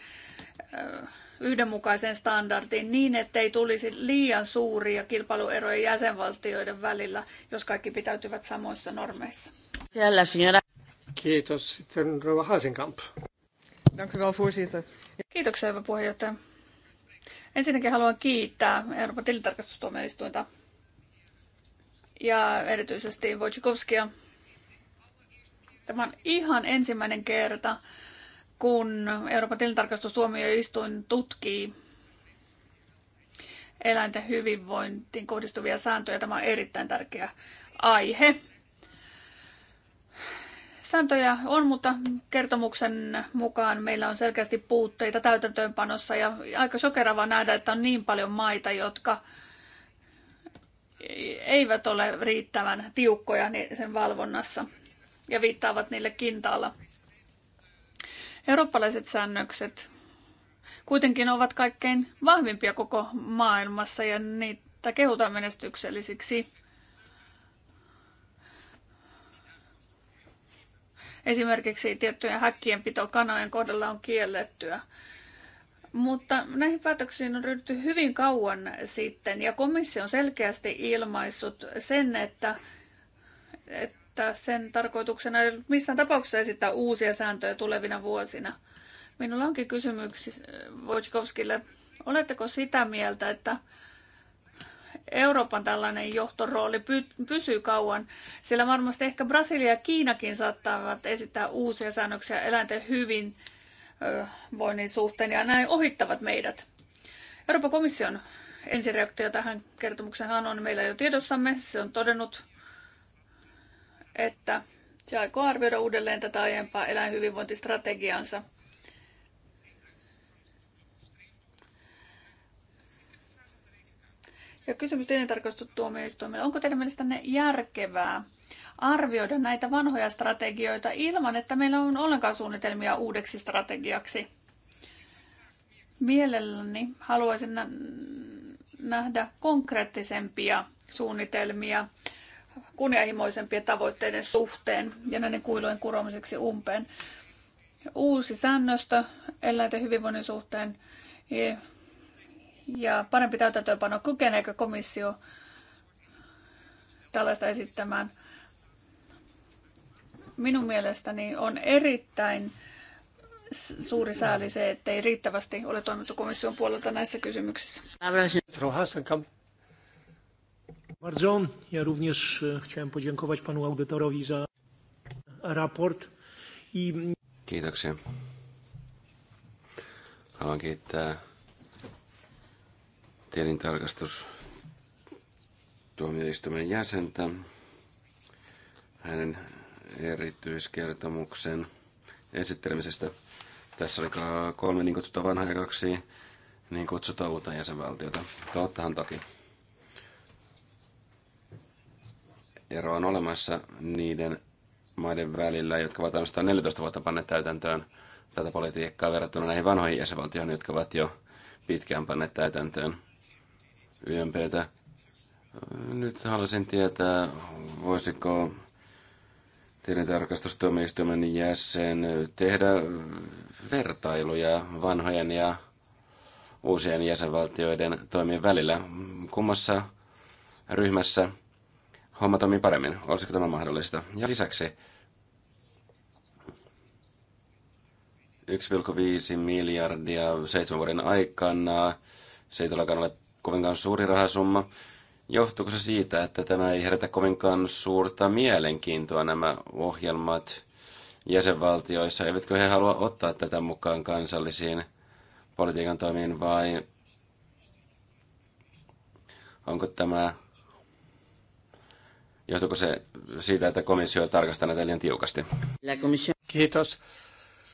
äh, yhdenmukaisen standardin niin, ettei tulisi liian suuria kilpailueroja jäsenvaltioiden välillä, jos kaikki pitäytyvät samoissa normeissa. Siellä, Kiitos. Sitten Rova Haasenkamp. Kiitoksia, hyvä puheenjohtaja. Ensinnäkin haluan kiittää Euroopan tilintarkastustuomioistuinta ja erityisesti Wojcikovskia. Tämä on ihan ensimmäinen kerta, kun Euroopan tilintarkastustuomioistuin tutkii eläinten hyvinvointiin kohdistuvia sääntöjä. Tämä on erittäin tärkeä aihe. Sääntöjä on, mutta kertomuksen mukaan meillä on selkeästi puutteita täytäntöönpanossa ja aika sokeravaa nähdä, että on niin paljon maita, jotka eivät ole riittävän tiukkoja sen valvonnassa ja viittaavat niille kintaalla. Eurooppalaiset säännökset kuitenkin ovat kaikkein vahvimpia koko maailmassa ja niitä kehutaan menestyksellisiksi. Esimerkiksi tiettyjen häkkien pito kanojen kohdalla on kiellettyä. Mutta näihin päätöksiin on ryhdytty hyvin kauan sitten ja komissio on selkeästi ilmaissut sen, että, että että sen tarkoituksena ei ollut missään tapauksessa esittää uusia sääntöjä tulevina vuosina. Minulla onkin kysymyksi eh, Wojcikovskille. Oletteko sitä mieltä, että Euroopan tällainen johtorooli pysyy kauan, sillä varmasti ehkä Brasilia ja Kiinakin saattavat esittää uusia säännöksiä eläinten hyvin voinnin suhteen ja näin ohittavat meidät. Euroopan komission ensireaktio tähän kertomukseen on meillä jo tiedossamme. Se on todennut, että se aikoo arvioida uudelleen tätä aiempaa eläinhyvinvointistrategiansa. Ja kysymys tilintarkastustuomioistuimelle. Onko teidän mielestänne järkevää arvioida näitä vanhoja strategioita ilman, että meillä on ollenkaan suunnitelmia uudeksi strategiaksi? Mielelläni haluaisin nähdä konkreettisempia suunnitelmia kunnianhimoisempien tavoitteiden suhteen ja näiden kuilujen kuromiseksi umpeen. Uusi säännöstö eläinten hyvinvoinnin suhteen ja parempi täytäntöönpano. Kykeneekö komissio tällaista esittämään? Minun mielestäni on erittäin suuri sääli se, että ei riittävästi ole toimittu komission puolelta näissä kysymyksissä. Hassan Bardzo. Ja również e, chciałem podziękować panu audytorowi za raport. I... Kiitoksia. Haluan kiittää tilintarkastus tuomioistuimen jäsentä hänen erityiskertomuksen esittelemisestä. Tässä oli kolme niin kutsuttua vanhaa ja kaksi niin kutsuttua uutta jäsenvaltiota. Tottahan toki. ero on olemassa niiden maiden välillä, jotka ovat ainoastaan 14 vuotta panneet täytäntöön tätä politiikkaa verrattuna näihin vanhoihin jäsenvaltioihin, jotka ovat jo pitkään panneet täytäntöön YMPtä. Nyt haluaisin tietää, voisiko tilintarkastustuomioistuimen jäsen tehdä vertailuja vanhojen ja uusien jäsenvaltioiden toimien välillä. Kummassa ryhmässä homma toimii paremmin. Olisiko tämä mahdollista? Ja lisäksi 1,5 miljardia seitsemän vuoden aikana. Se ei todellakaan ole kovinkaan suuri rahasumma. Johtuuko se siitä, että tämä ei herätä kovinkaan suurta mielenkiintoa nämä ohjelmat jäsenvaltioissa? Eivätkö he halua ottaa tätä mukaan kansallisiin politiikan toimiin vai onko tämä Johtuuko se siitä, että komissio tarkastaa näitä liian tiukasti? Kiitos.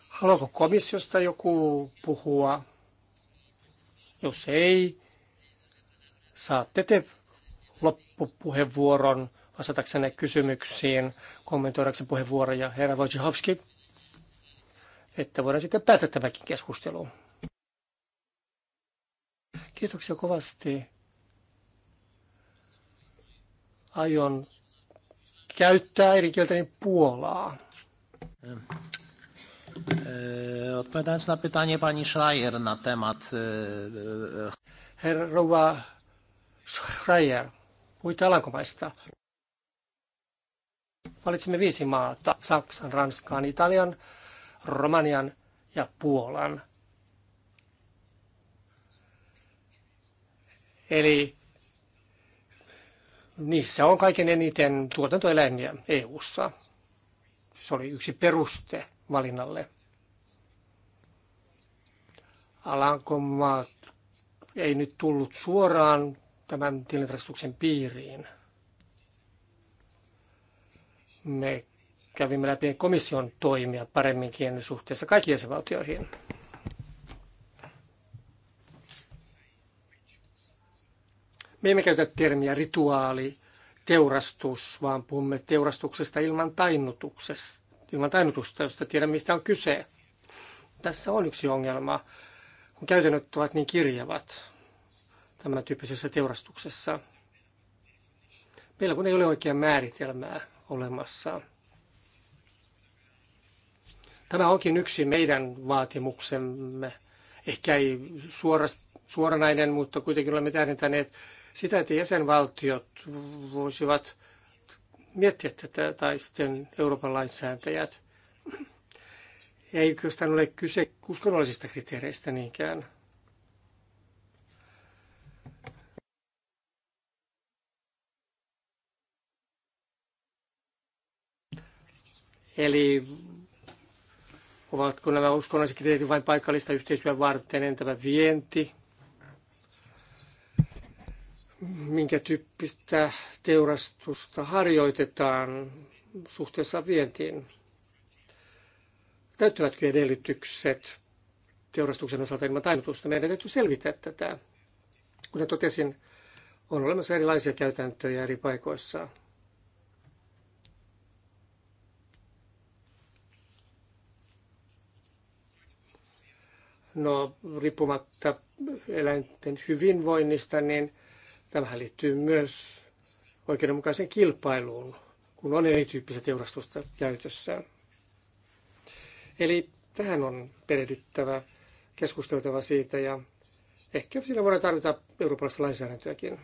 Haluaako komissiosta joku puhua? Jos ei, saatte te loppupuheenvuoron vastataksenne kysymyksiin, kommentoidaksen puheenvuoroja. Herra Wojciechowski, että voidaan sitten päättää tämäkin keskustelu. Kiitoksia kovasti. Aion käyttää eri kieltä, niin Puolaa. Ehm, e, odpowiadając na pytanie pani Schreier na temat... E, e, Herrowa Schreier, muita alankomaista. Valitsimme viisi maata, Saksan, Ranskan, Italian, Romanian ja Puolan. Eli niissä on kaiken eniten tuotantoeläimiä EU-ssa. Se oli yksi peruste valinnalle. Alankomaat ei nyt tullut suoraan tämän tilintarkastuksen piiriin. Me kävimme läpi komission toimia paremminkin suhteessa kaikkiin jäsenvaltioihin. Me emme käytä termiä rituaali, teurastus, vaan puhumme teurastuksesta ilman, ilman tainnutusta, josta tiedän, mistä on kyse. Tässä on yksi ongelma, kun käytännöt ovat niin kirjavat tämän tyyppisessä teurastuksessa. Meillä kun ei ole oikea määritelmää olemassa. Tämä onkin yksi meidän vaatimuksemme. Ehkä ei suora suoranainen, mutta kuitenkin olemme tähdentäneet sitä, että jäsenvaltiot voisivat miettiä tätä, tai sitten Euroopan lainsäätäjät. Ei oikeastaan ole kyse uskonnollisista kriteereistä niinkään. Eli ovatko nämä uskonnolliset kriteerit vain paikallista yhteistyön varten, entäpä vienti? minkä tyyppistä teurastusta harjoitetaan suhteessa vientiin. Täyttyvätkö edellytykset teurastuksen osalta ilman tainnutusta? Meidän täytyy selvittää tätä. Kuten totesin, on olemassa erilaisia käytäntöjä eri paikoissa. No, riippumatta eläinten hyvinvoinnista, niin – Tämähän liittyy myös oikeudenmukaiseen kilpailuun, kun on erityyppistä teurastusta käytössään. Eli tähän on perehdyttävä, keskusteltava siitä ja ehkä siinä voidaan tarvita eurooppalaista lainsäädäntöäkin.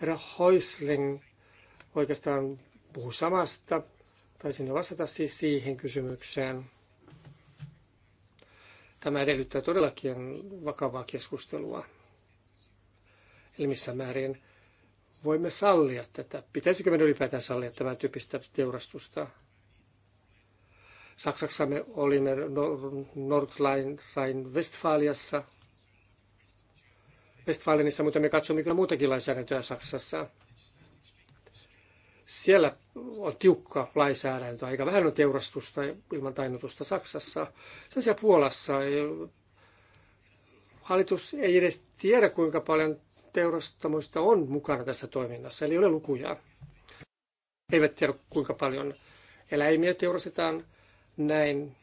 Herra Häusling oikeastaan puhu samasta. Taisin jo vastata siis siihen kysymykseen. Tämä edellyttää todellakin vakavaa keskustelua. Eli missä määrin voimme sallia tätä? Pitäisikö meidän ylipäätään sallia tämän tyyppistä teurastusta? Saksassa me olimme Nordrhein-Westfaliassa, Westfalenissa, mutta me katsomme kyllä muutakin lainsäädäntöä Saksassa. Siellä on tiukka lainsäädäntö, aika vähän on teurastusta ilman tainnutusta Saksassa. Sen sijaan Puolassa hallitus ei edes tiedä, kuinka paljon teurastamoista on mukana tässä toiminnassa, eli ei ole lukuja. eivät tiedä, kuinka paljon eläimiä teurastetaan näin,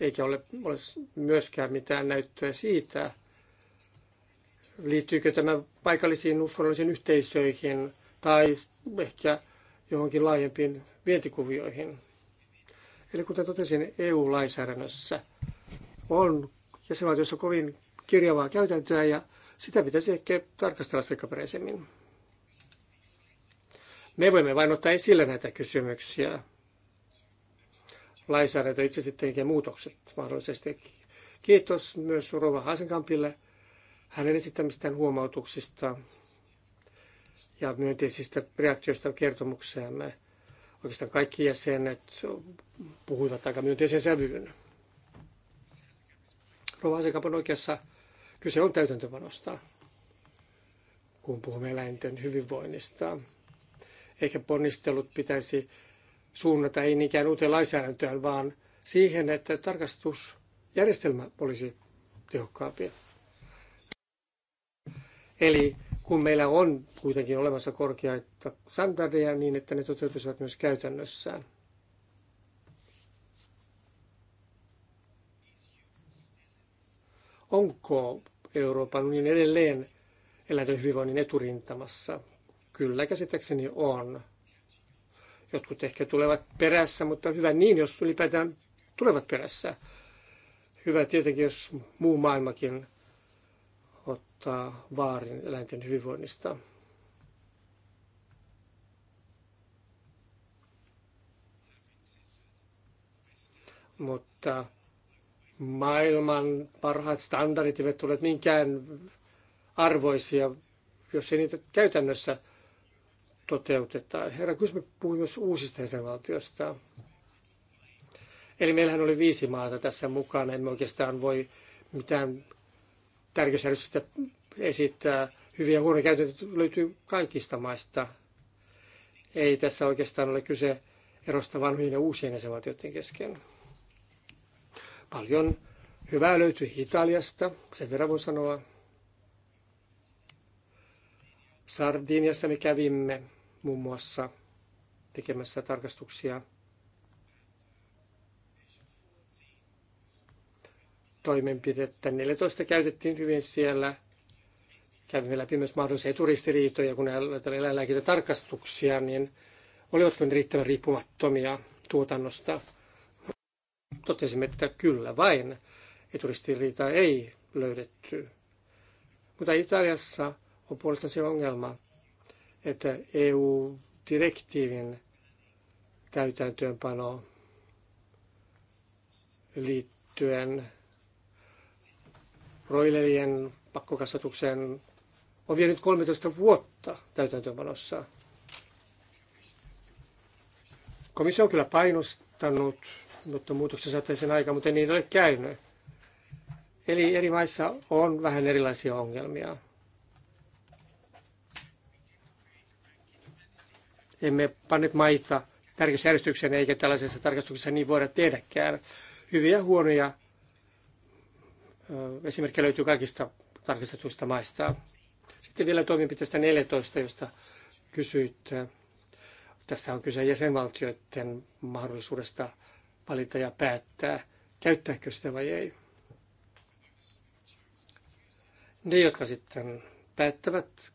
eikä ole, ole myöskään mitään näyttöä siitä, liittyykö tämä paikallisiin uskonnollisiin yhteisöihin tai ehkä johonkin laajempiin vientikuvioihin. Eli kuten totesin, EU-lainsäädännössä on jäsenvaltiossa kovin kirjavaa käytäntöä ja sitä pitäisi ehkä tarkastella sekaperäisemmin. Me voimme vain ottaa esille näitä kysymyksiä. Lainsäädäntö itse sitten tekee muutokset mahdollisesti. Kiitos myös Rova Hasenkampille hänen esittämistään huomautuksista ja myönteisistä reaktioista kertomukseemme. Oikeastaan kaikki jäsenet puhuivat aika myönteisen sävyyn. Rova Hasenkamp on oikeassa Kyse on täytäntöpanosta, kun puhumme eläinten hyvinvoinnista. Ehkä ponnistelut pitäisi suunnata ei niinkään uuteen lainsäädäntöön, vaan siihen, että tarkastusjärjestelmä olisi tehokkaampi. Eli kun meillä on kuitenkin olemassa korkeita standardeja niin, että ne toteutuisivat myös käytännössään. Onko Euroopan unionin edelleen eläinten hyvinvoinnin eturintamassa? Kyllä käsittääkseni on. Jotkut ehkä tulevat perässä, mutta hyvä niin, jos ylipäätään tulevat perässä. Hyvä tietenkin, jos muu maailmakin ottaa vaarin eläinten hyvinvoinnista. Mutta maailman parhaat standardit eivät ole minkään arvoisia, jos ei niitä käytännössä toteutetaan. Herra me puhumme myös uusista jäsenvaltioista. Eli meillähän oli viisi maata tässä mukana. Emme oikeastaan voi mitään tärkeysjärjestystä esittää. Hyviä ja huonoja käytäntöjä löytyy kaikista maista. Ei tässä oikeastaan ole kyse erosta vanhojen ja uusien jäsenvaltioiden kesken. Paljon hyvää löytyi Italiasta, sen verran voi sanoa. Sardiniassa me kävimme muun muassa tekemässä tarkastuksia. Toimenpidettä 14 käytettiin hyvin siellä. Kävimme läpi myös mahdollisia turistiriitoja, kun eläinlääkintätarkastuksia, niin olivatko ne riittävän riippumattomia tuotannosta totesimme, että kyllä vain eturistiriita ei löydetty. Mutta Italiassa on puolestaan se ongelma, että EU-direktiivin täytäntöönpano liittyen broilerien pakkokasvatukseen on vienyt 13 vuotta täytäntöönpanossa. Komissio on kyllä painostanut mutta muutoksia saataisiin aika, mutta niin ei ole käynyt. Eli eri maissa on vähän erilaisia ongelmia. Emme panneet maita tärkeysjärjestykseen eikä tällaisessa tarkastuksessa niin voida tehdäkään. Hyviä huonoja esimerkkejä löytyy kaikista tarkastetuista maista. Sitten vielä toimenpiteestä 14, josta kysyit. Tässä on kyse jäsenvaltioiden mahdollisuudesta valita ja päättää, käyttääkö sitä vai ei. Ne, jotka sitten päättävät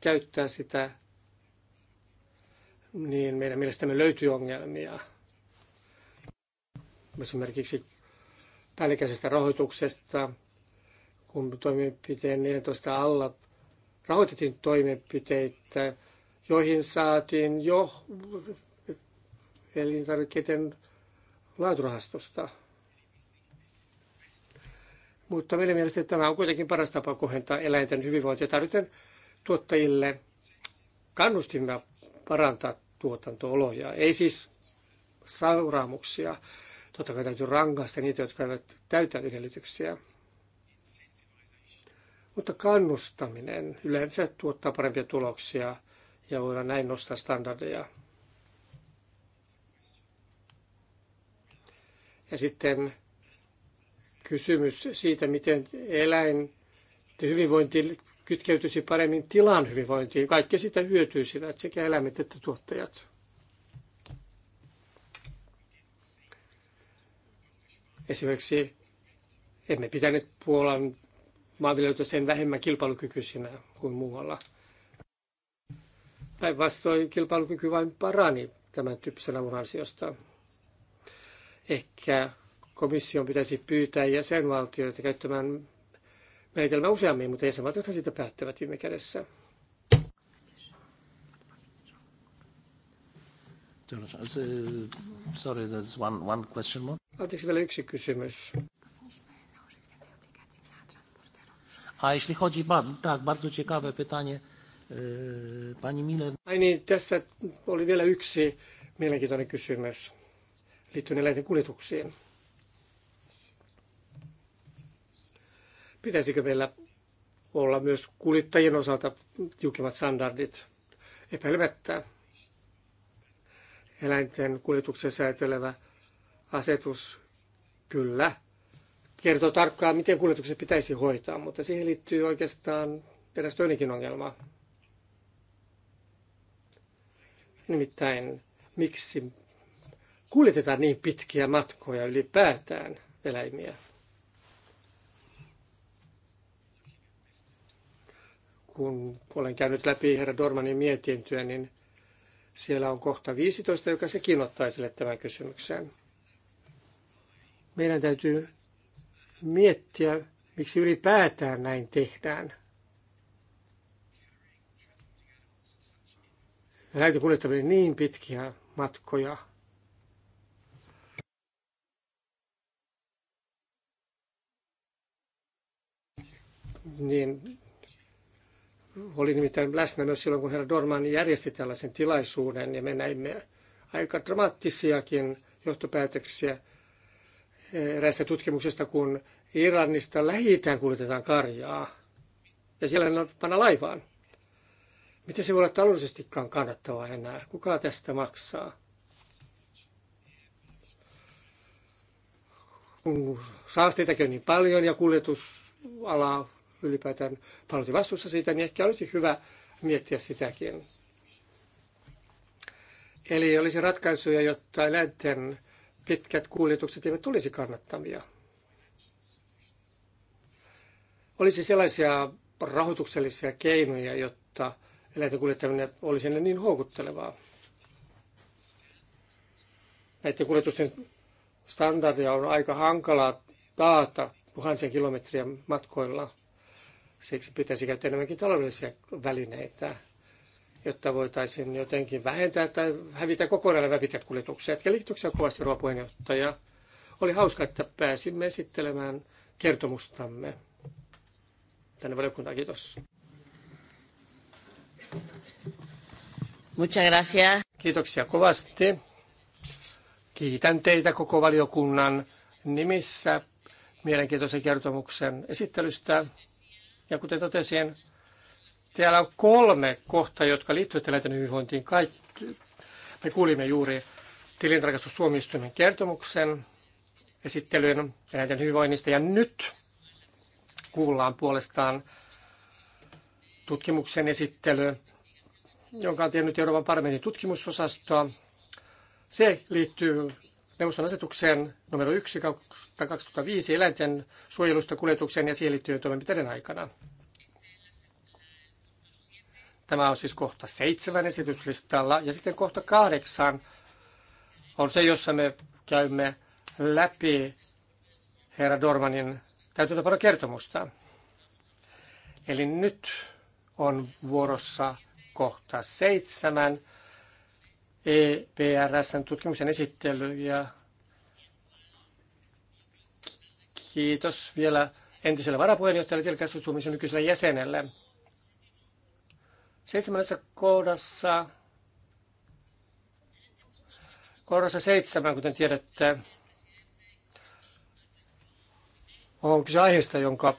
käyttää sitä, niin meidän mielestämme löytyy ongelmia. Esimerkiksi päällikäisestä rahoituksesta, kun toimenpiteen 14 alla rahoitettiin toimenpiteitä, joihin saatiin jo elintarvikkeiden laaturahastosta. Mutta meidän mielestä tämä on kuitenkin paras tapa kohentaa eläinten hyvinvointia. tarjoten tuottajille kannustimia parantaa tuotantooloja, ei siis sauraamuksia. Totta kai täytyy rangaista niitä, jotka eivät täytä edellytyksiä. Mutta kannustaminen yleensä tuottaa parempia tuloksia ja voidaan näin nostaa standardeja. Ja sitten kysymys siitä, miten eläin hyvinvointi kytkeytyisi paremmin tilan hyvinvointiin. Kaikki sitä hyötyisivät, sekä eläimet että tuottajat. Esimerkiksi emme pitäneet Puolan maanviljelijöitä sen vähemmän kilpailukykyisinä kuin muualla. Päinvastoin kilpailukyky vain parani tämän tyyppisen avun ansiosta. Ehkä komission pitäisi pyytää jäsenvaltioita käyttämään menetelmää useammin, mutta jäsenvaltiothan siitä päättävät viime kädessä. Uh, sorry, that's one, one question more. Anteeksi, vielä yksi kysymys. A jeśli chodzi, tak, bardzo ciekawe pytanie pani Miller. Ai niin, tässä oli vielä yksi mielenkiintoinen kysymys liittyen eläinten kuljetuksiin. Pitäisikö meillä olla myös kuljettajien osalta tiukemmat standardit? Epäilemättä eläinten kuljetuksen säätelevä asetus kyllä kertoo tarkkaan, miten kuljetukset pitäisi hoitaa, mutta siihen liittyy oikeastaan eräs toinenkin ongelma. Nimittäin, miksi kuljetetaan niin pitkiä matkoja ylipäätään eläimiä. Kun olen käynyt läpi herra Dormanin mietintyä, niin siellä on kohta 15, joka se ottaa esille tämän kysymykseen. Meidän täytyy miettiä, miksi ylipäätään näin tehdään. Näitä kuljettaminen niin pitkiä matkoja niin oli nimittäin läsnä myös silloin, kun herra Dorman järjesti tällaisen tilaisuuden, ja niin me näimme aika dramaattisiakin johtopäätöksiä eräistä tutkimuksesta, kun Iranista lähitään kuljetetaan karjaa, ja siellä ne on panna laivaan. Miten se voi olla taloudellisestikaan kannattavaa enää? Kuka tästä maksaa? saasteitakin on niin paljon ja kuljetusala ylipäätään paljon vastuussa siitä, niin ehkä olisi hyvä miettiä sitäkin. Eli olisi ratkaisuja, jotta eläinten pitkät kuljetukset eivät tulisi kannattavia. Olisi sellaisia rahoituksellisia keinoja, jotta eläinten kuljettaminen olisi niin houkuttelevaa. Näiden kuljetusten standardia on aika hankalaa taata tuhansien kilometrien matkoilla – Siksi pitäisi käyttää enemmänkin taloudellisia välineitä, jotta voitaisiin jotenkin vähentää tai hävitä kokonaan nämä pitkät kuljetukset. Ja liittyksiä kovasti, rouva puheenjohtaja. Oli hauska, että pääsimme esittelemään kertomustamme tänne valiokuntaan. Kiitos. Muchas gracias. Kiitoksia kovasti. Kiitän teitä koko valiokunnan nimissä mielenkiintoisen kertomuksen esittelystä. Ja kuten totesin, täällä on kolme kohtaa, jotka liittyvät eläinten hyvinvointiin. Kaikki, me kuulimme juuri tilintarkastus Suomistuimen kertomuksen esittelyyn eläinten hyvinvoinnista. Ja nyt kuullaan puolestaan tutkimuksen esittely, jonka on tehnyt Euroopan parlamentin tutkimusosastoa. Se liittyy neuvoston asetukseen numero 1 2005 eläinten suojelusta kuljetuksen ja sielityön toimenpiteiden aikana. Tämä on siis kohta seitsemän esityslistalla. Ja sitten kohta kahdeksan on se, jossa me käymme läpi herra Dormanin täytäntöpano kertomusta. Eli nyt on vuorossa kohta seitsemän EPRSn tutkimuksen esittely ja kiitos vielä entiselle varapuheenjohtajalle Tilkästut Suomisen nykyiselle jäsenelle. Seitsemännessä kohdassa, kohdassa seitsemän, kuten tiedätte, on kyse aiheesta, jonka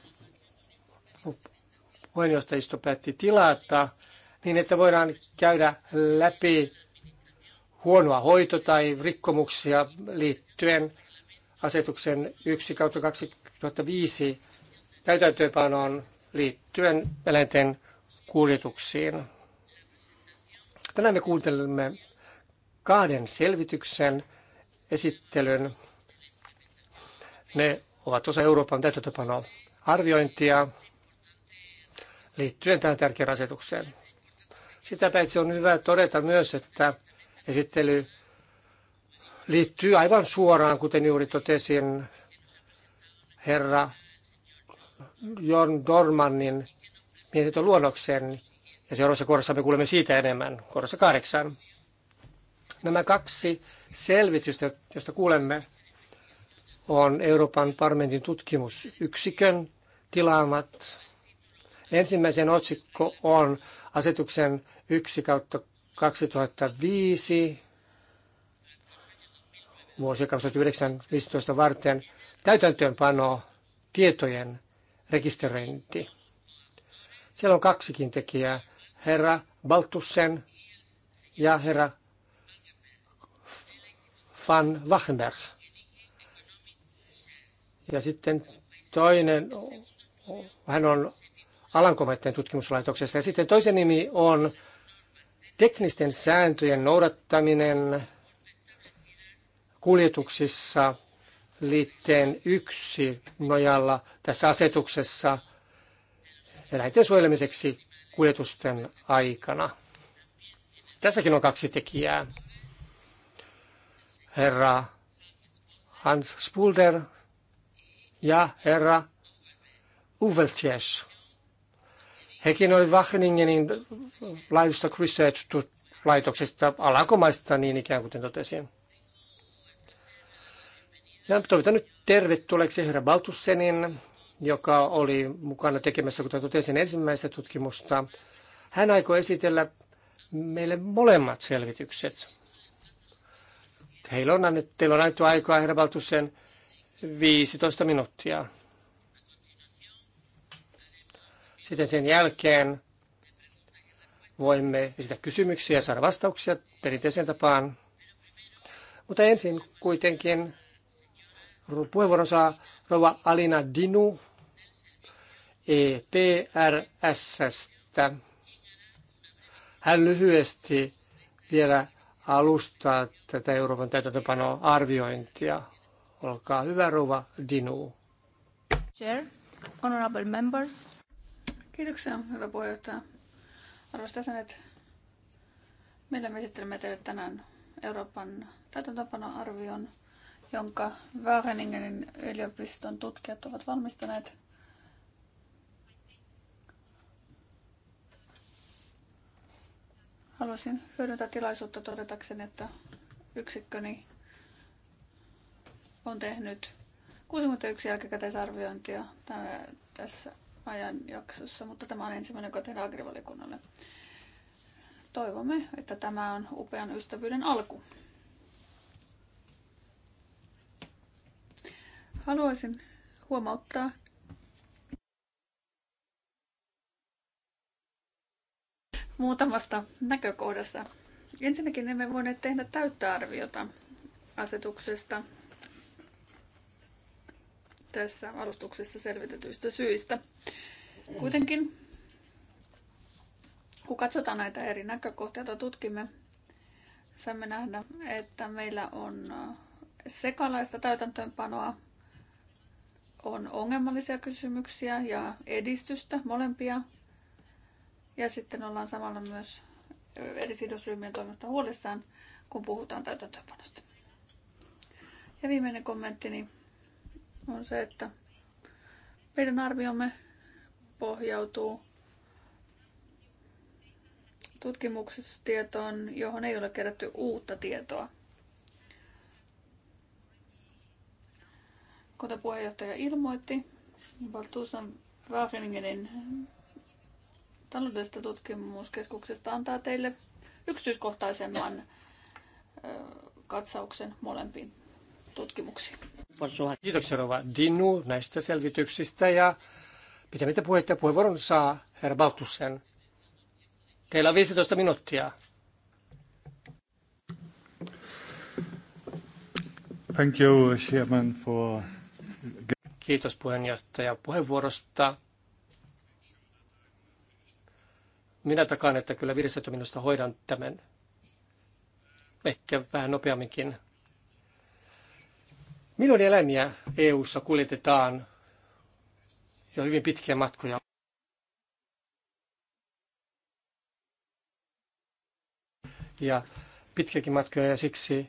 puheenjohtajisto päätti tilata, niin että voidaan käydä läpi huonoa hoito- tai rikkomuksia liittyen asetuksen 1 2005 täytäntöönpanoon liittyen eläinten kuljetuksiin. Tänään me kuuntelemme kahden selvityksen esittelyn. Ne ovat osa Euroopan täytäntöpanoa arviointia liittyen tähän tärkeään asetukseen. Sitä paitsi on hyvä todeta myös, että esittely liittyy aivan suoraan, kuten juuri totesin, herra John Dormannin luonnoksen. Ja seuraavassa kohdassa me kuulemme siitä enemmän, kohdassa kahdeksan. Nämä kaksi selvitystä, joista kuulemme, on Euroopan parlamentin tutkimusyksikön tilaamat. Ensimmäisen otsikko on asetuksen 1 kautta 2005 vuosi 2019 varten täytäntöönpano tietojen rekisteröinti. Siellä on kaksikin tekijää, herra Baltussen ja herra van Wachenberg. Ja sitten toinen, hän on Alankomaiden tutkimuslaitoksesta. Ja sitten toisen nimi on Teknisten sääntöjen noudattaminen kuljetuksissa liitteen yksi nojalla tässä asetuksessa eläinten suojelemiseksi kuljetusten aikana. Tässäkin on kaksi tekijää. Herra Hans Spulder ja herra Uveltjes Hekin oli Wageningenin Livestock Research-laitoksesta alankomaista niin ikään kuin totesin. Ja toivotan nyt tervetulleeksi herra Baltussenin, joka oli mukana tekemässä, kuten totesin, ensimmäistä tutkimusta. Hän aikoi esitellä meille molemmat selvitykset. Heillä on annettu, teillä on annettu aikaa, herra Baltussen, 15 minuuttia. Sitten sen jälkeen voimme esittää kysymyksiä ja saada vastauksia perinteiseen tapaan. Mutta ensin kuitenkin puheenvuoron saa rouva Alina Dinu EPRSstä. Hän lyhyesti vielä alustaa tätä Euroopan täytäntöpanoa arviointia. Olkaa hyvä, rouva Dinu. Chair, honorable members, Kiitoksia, hyvä puheenjohtaja. Arvoisat että millä me esittelemme teille tänään Euroopan täytäntöpanoarvion, jonka Wageningenin yliopiston tutkijat ovat valmistaneet. Haluaisin hyödyntää tilaisuutta todetakseni, että yksikköni on tehnyt 61 jälkikäteisarviointia tässä jaksossa, mutta tämä on ensimmäinen, joka tehdään agrivalikunnalle. Toivomme, että tämä on upean ystävyyden alku. Haluaisin huomauttaa muutamasta näkökohdasta. Ensinnäkin emme voineet tehdä täyttä arviota asetuksesta tässä alustuksessa selvitetyistä syistä. Kuitenkin, kun katsotaan näitä eri näkökohtia, joita tutkimme, saamme nähdä, että meillä on äh, sekalaista täytäntöönpanoa, on ongelmallisia kysymyksiä ja edistystä, molempia. Ja sitten ollaan samalla myös äh, eri sidosryhmien toimesta huolissaan, kun puhutaan täytäntöönpanosta. Ja viimeinen kommenttini on se, että meidän arviomme pohjautuu tutkimuksessa tietoon, johon ei ole kerätty uutta tietoa. Kuten puheenjohtaja ilmoitti, Valtuusan Wageningenin taloudellisesta tutkimuskeskuksesta antaa teille yksityiskohtaisemman katsauksen molempiin tutkimuksiin. Kiitoksia Rova Dinu näistä selvityksistä ja pitämättä puhetta puheenvuoron saa herra Baltusen. Teillä on 15 minuuttia. Thank you, Chairman, for... Kiitos puheenjohtaja puheenvuorosta. Minä takaan, että kyllä 15 minuutista hoidan tämän ehkä vähän nopeamminkin. Milloin eläimiä EU-ssa kuljetetaan jo hyvin pitkiä matkoja. Ja pitkiäkin matkoja ja siksi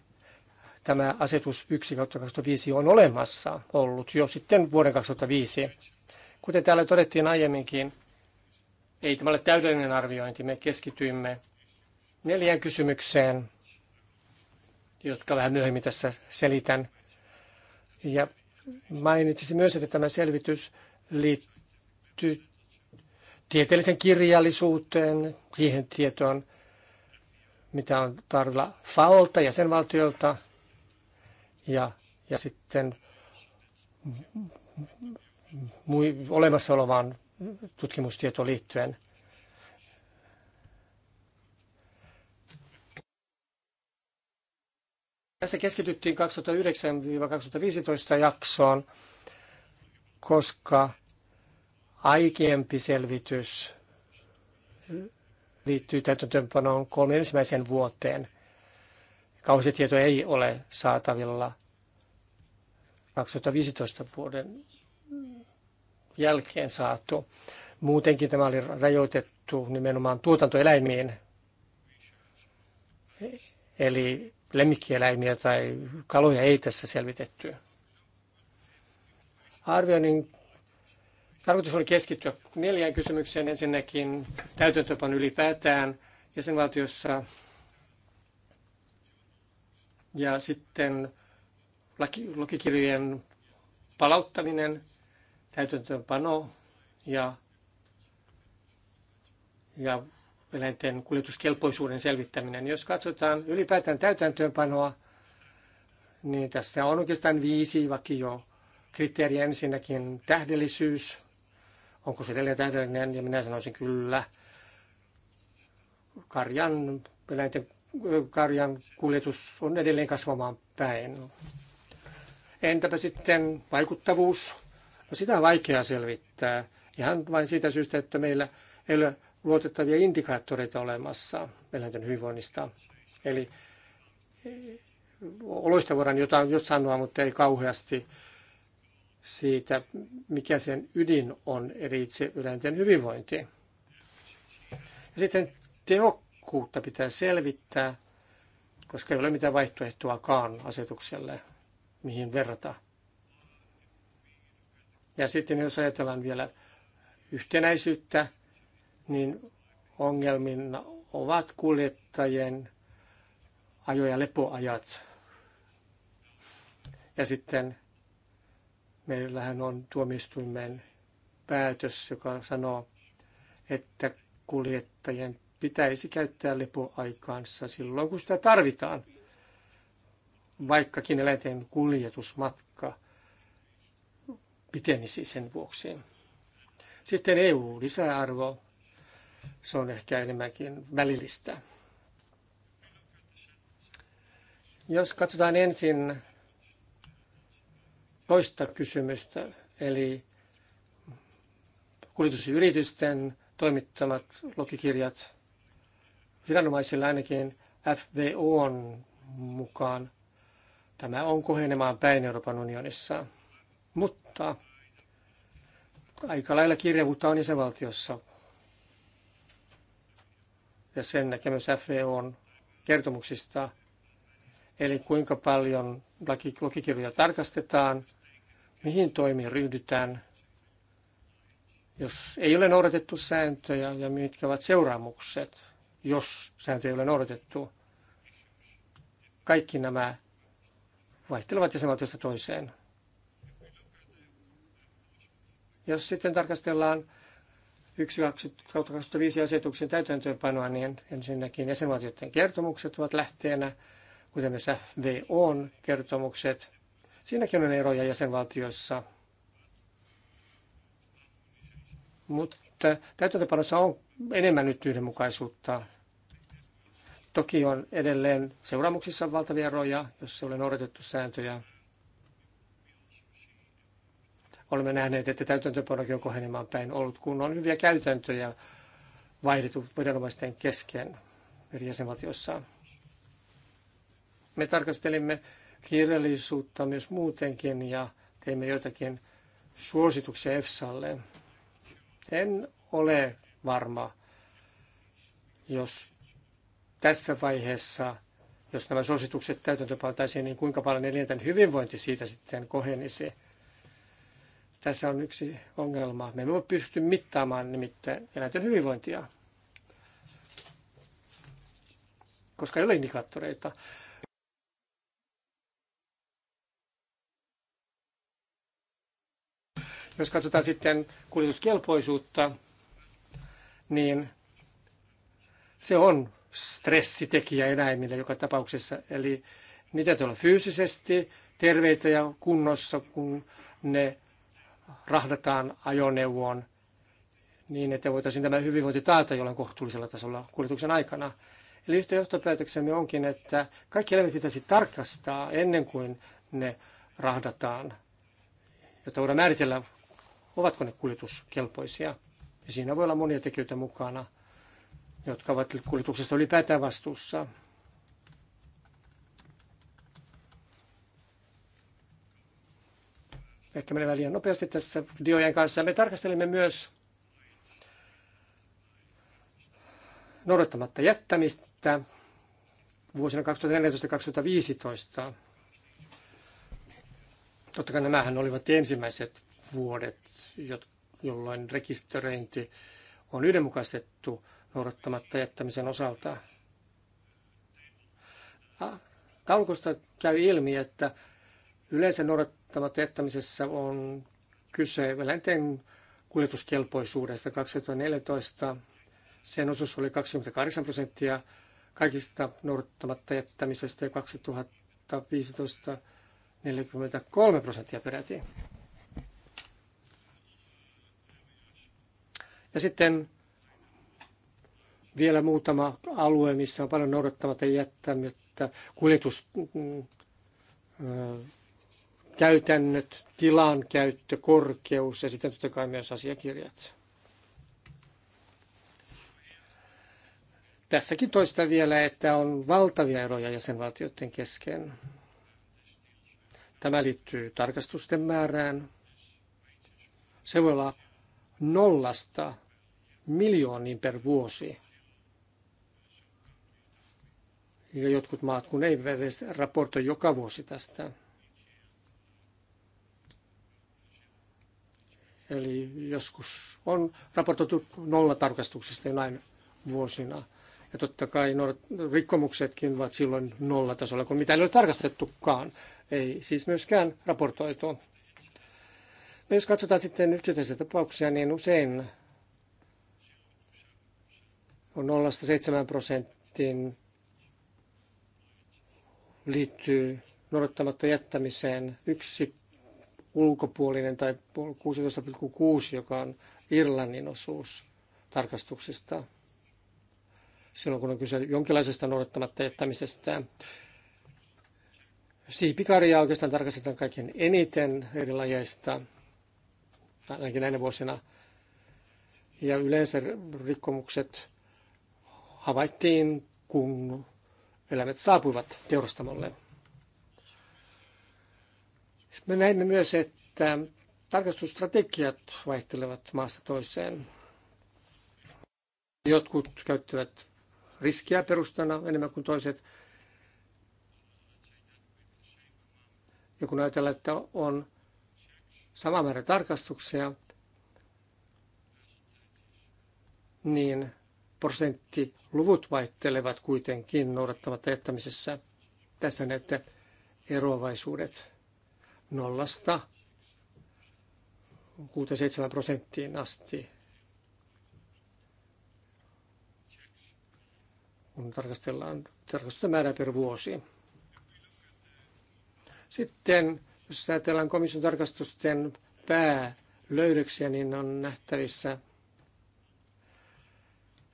tämä asetus 1 2005 on olemassa ollut jo sitten vuoden 2005. Kuten täällä todettiin aiemminkin, ei tämä ole täydellinen arviointi. Me keskityimme neljään kysymykseen, jotka vähän myöhemmin tässä selitän. Ja mainitsisin myös, että tämä selvitys liittyy tieteellisen kirjallisuuteen, siihen tietoon, mitä on tarvilla FAOlta, jäsenvaltiolta ja, ja sitten mui, olemassa olevaan tutkimustietoon liittyen – Tässä keskityttiin 2009-2015 jaksoon, koska aikempi selvitys liittyy täytäntöönpanoon kolme ensimmäiseen vuoteen. Kausitieto ei ole saatavilla 2015 vuoden jälkeen saatu. Muutenkin tämä oli rajoitettu nimenomaan tuotantoeläimiin, eli lemmikkieläimiä tai kaloja ei tässä selvitetty. Arvioinnin tarkoitus oli keskittyä neljään kysymykseen. Ensinnäkin täytäntöpan ylipäätään jäsenvaltiossa ja sitten laki, lukikirjojen palauttaminen, täytäntöönpano ja, ja eläinten kuljetuskelpoisuuden selvittäminen. Jos katsotaan ylipäätään täytäntöönpanoa, niin tässä on oikeastaan viisi vakio kriteeriä. Ensinnäkin tähdellisyys. Onko se edelleen tähdellinen? Ja minä sanoisin kyllä. Karjan, eläinten, karjan kuljetus on edelleen kasvamaan päin. Entäpä sitten vaikuttavuus? No sitä on vaikea selvittää. Ihan vain siitä syystä, että meillä ei ole luotettavia indikaattoreita olemassa eläinten hyvinvoinnista. Eli eh, oloista voidaan jotain, jotain sanoa, mutta ei kauheasti siitä, mikä sen ydin on, eli itse eläinten hyvinvointi. Ja sitten tehokkuutta pitää selvittää, koska ei ole mitään vaihtoehtoakaan asetukselle, mihin verrata. Ja sitten jos ajatellaan vielä yhtenäisyyttä, niin ongelmina ovat kuljettajien ajo- ja lepoajat. Ja sitten meillähän on tuomistuimen päätös, joka sanoo, että kuljettajien pitäisi käyttää lepoaikaansa silloin, kun sitä tarvitaan, vaikkakin eläinten kuljetusmatka pitenisi sen vuoksi. Sitten EU-lisäarvo se on ehkä enemmänkin välillistä. Jos katsotaan ensin toista kysymystä, eli kuljetusyritysten toimittamat logikirjat viranomaisilla ainakin FVOn mukaan. Tämä on kohenemaan päin Euroopan unionissa, mutta aika lailla kirjavuutta on jäsenvaltiossa ja sen näkemys FVOn kertomuksista, eli kuinka paljon lakikirjoja tarkastetaan, mihin toimiin ryhdytään, jos ei ole noudatettu sääntöjä ja mitkä ovat seuraamukset, jos sääntö ei ole noudatettu. Kaikki nämä vaihtelevat jäsenvaltiosta toiseen. Jos sitten tarkastellaan 1 asetuksen täytäntöönpanoa, niin ensinnäkin jäsenvaltioiden kertomukset ovat lähteenä, kuten myös FVOn kertomukset. Siinäkin on eroja jäsenvaltioissa, mutta täytäntöönpanossa on enemmän nyt yhdenmukaisuutta. Toki on edelleen seuraamuksissa valtavia eroja, jos ei ole noudatettu sääntöjä olemme nähneet, että täytäntöpanokin on kohenemaan päin ollut, kun on hyviä käytäntöjä vaihdettu viranomaisten kesken eri jäsenvaltioissa. Me tarkastelimme kirjallisuutta myös muutenkin ja teimme joitakin suosituksia EFSAlle. En ole varma, jos tässä vaiheessa, jos nämä suositukset täytäntöpantaisiin, niin kuinka paljon eläinten hyvinvointi siitä sitten kohenisi – tässä on yksi ongelma. Me emme pysty mittaamaan nimittäin eläinten hyvinvointia, koska ei ole indikaattoreita. Jos katsotaan sitten kuljetuskelpoisuutta, niin se on stressitekijä eläimille joka tapauksessa. Eli niitä tulee fyysisesti terveitä ja kunnossa, kun ne rahdataan ajoneuvoon niin, että voitaisiin tämä hyvinvointi taata jollain kohtuullisella tasolla kuljetuksen aikana. Eli yhtä johtopäätöksemme onkin, että kaikki eläimet pitäisi tarkastaa ennen kuin ne rahdataan, jotta voidaan määritellä, ovatko ne kuljetuskelpoisia. Ja siinä voi olla monia tekijöitä mukana, jotka ovat kuljetuksesta ylipäätään vastuussa. Ehkä menevän liian nopeasti tässä diojen kanssa. Me tarkastelimme myös noudattamatta jättämistä vuosina 2014-2015. Totta kai nämähän olivat ensimmäiset vuodet, jolloin rekisteröinti on yhdenmukaistettu noudattamatta jättämisen osalta. Taulukosta käy ilmi, että yleensä noudattamatta Tämä teettämisessä on kyse eläinten kuljetuskelpoisuudesta 2014. Sen osuus oli 28 prosenttia kaikista noudattamatta jättämisestä ja 2015 43 prosenttia peräti. Ja sitten vielä muutama alue, missä on paljon noudattamatta jättämättä kuljetus mm, käytännöt, tilan käyttö, korkeus ja sitten totta kai myös asiakirjat. Tässäkin toista vielä, että on valtavia eroja jäsenvaltioiden kesken. Tämä liittyy tarkastusten määrään. Se voi olla nollasta miljooniin per vuosi. Ja jotkut maat kun ei edes raportoi joka vuosi tästä. Eli joskus on raportoitu nollatarkastuksista näin vuosina. Ja totta kai no, rikkomuksetkin ovat silloin nollatasolla, kun mitä ei ole tarkastettukaan. Ei siis myöskään raportoitu. No, jos katsotaan sitten yksittäisiä tapauksia, niin usein on 0-7 prosentin liittyy noudattamatta jättämiseen. Yksi ulkopuolinen tai 16,6, joka on Irlannin osuus tarkastuksista silloin, kun on kyse jonkinlaisesta noudattamatta jättämisestä. Siipikaria oikeastaan tarkastetaan kaiken eniten eri lajeista, ainakin näinä vuosina. Ja yleensä rikkomukset havaittiin, kun eläimet saapuivat teurastamolle. Siis me näimme myös, että tarkastusstrategiat vaihtelevat maasta toiseen. Jotkut käyttävät riskiä perustana enemmän kuin toiset. Ja kun ajatellaan, että on sama määrä tarkastuksia, niin prosenttiluvut vaihtelevat kuitenkin noudattamatta jättämisessä. Tässä näette eroavaisuudet nollasta 6-7 prosenttiin asti. kun tarkastellaan tarkastusten määrää per vuosi. Sitten jos ajatellaan komission tarkastusten päälöydöksiä, niin on nähtävissä,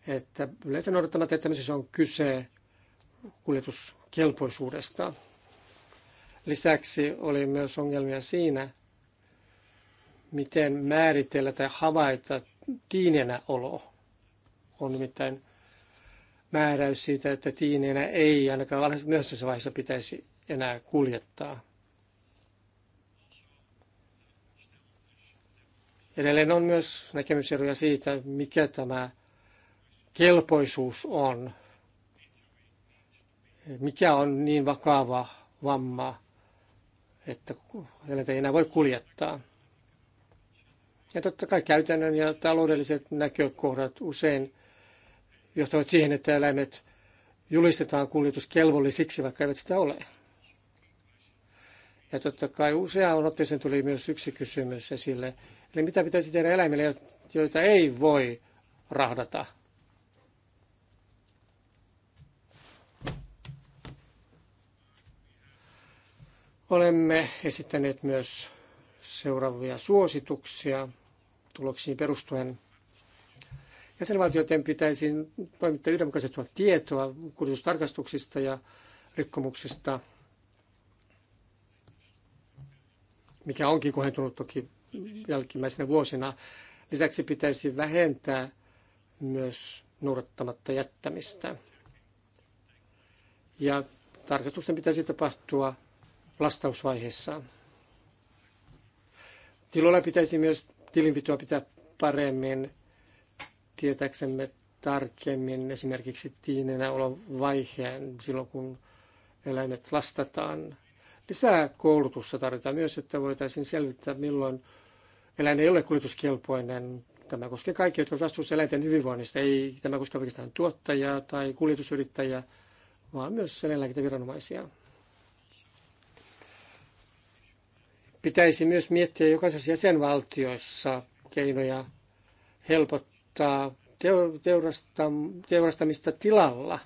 että yleensä noudattamatta että on kyse kuljetuskelpoisuudesta – Lisäksi oli myös ongelmia siinä, miten määritellä tai havaita tiinenä olo. On nimittäin määräys siitä, että tiinenä ei ainakaan myöhäisessä vaiheessa pitäisi enää kuljettaa. Edelleen on myös näkemyseroja siitä, mikä tämä kelpoisuus on, mikä on niin vakava vamma, että eläintä ei enää voi kuljettaa. Ja totta kai käytännön ja taloudelliset näkökohdat usein johtavat siihen, että eläimet julistetaan kuljetuskelvollisiksi, vaikka eivät sitä ole. Ja totta kai useaan otteeseen tuli myös yksi kysymys esille. Eli mitä pitäisi tehdä eläimille, joita ei voi rahdata? Olemme esittäneet myös seuraavia suosituksia tuloksiin perustuen. Jäsenvaltioiden pitäisi toimittaa yhdenmukaisesti tietoa kuljetustarkastuksista ja rikkomuksista, mikä onkin kohentunut toki jälkimmäisenä vuosina. Lisäksi pitäisi vähentää myös noudattamatta jättämistä. Ja tarkastusten pitäisi tapahtua lastausvaiheessa. Tiloilla pitäisi myös tilinpitoa pitää paremmin tietääksemme tarkemmin esimerkiksi tiinenä olon vaiheen silloin, kun eläimet lastataan. Lisää koulutusta tarvitaan myös, että voitaisiin selvittää, milloin eläin ei ole kuljetuskelpoinen. Tämä koskee kaikkia, jotka vastuussa eläinten hyvinvoinnista. Ei tämä koske pelkästään tuottajaa tai kuljetusyrittäjää, vaan myös eläinlääkintäviranomaisia. viranomaisia. Pitäisi myös miettiä jokaisessa jäsenvaltiossa keinoja helpottaa teurastamista tilalla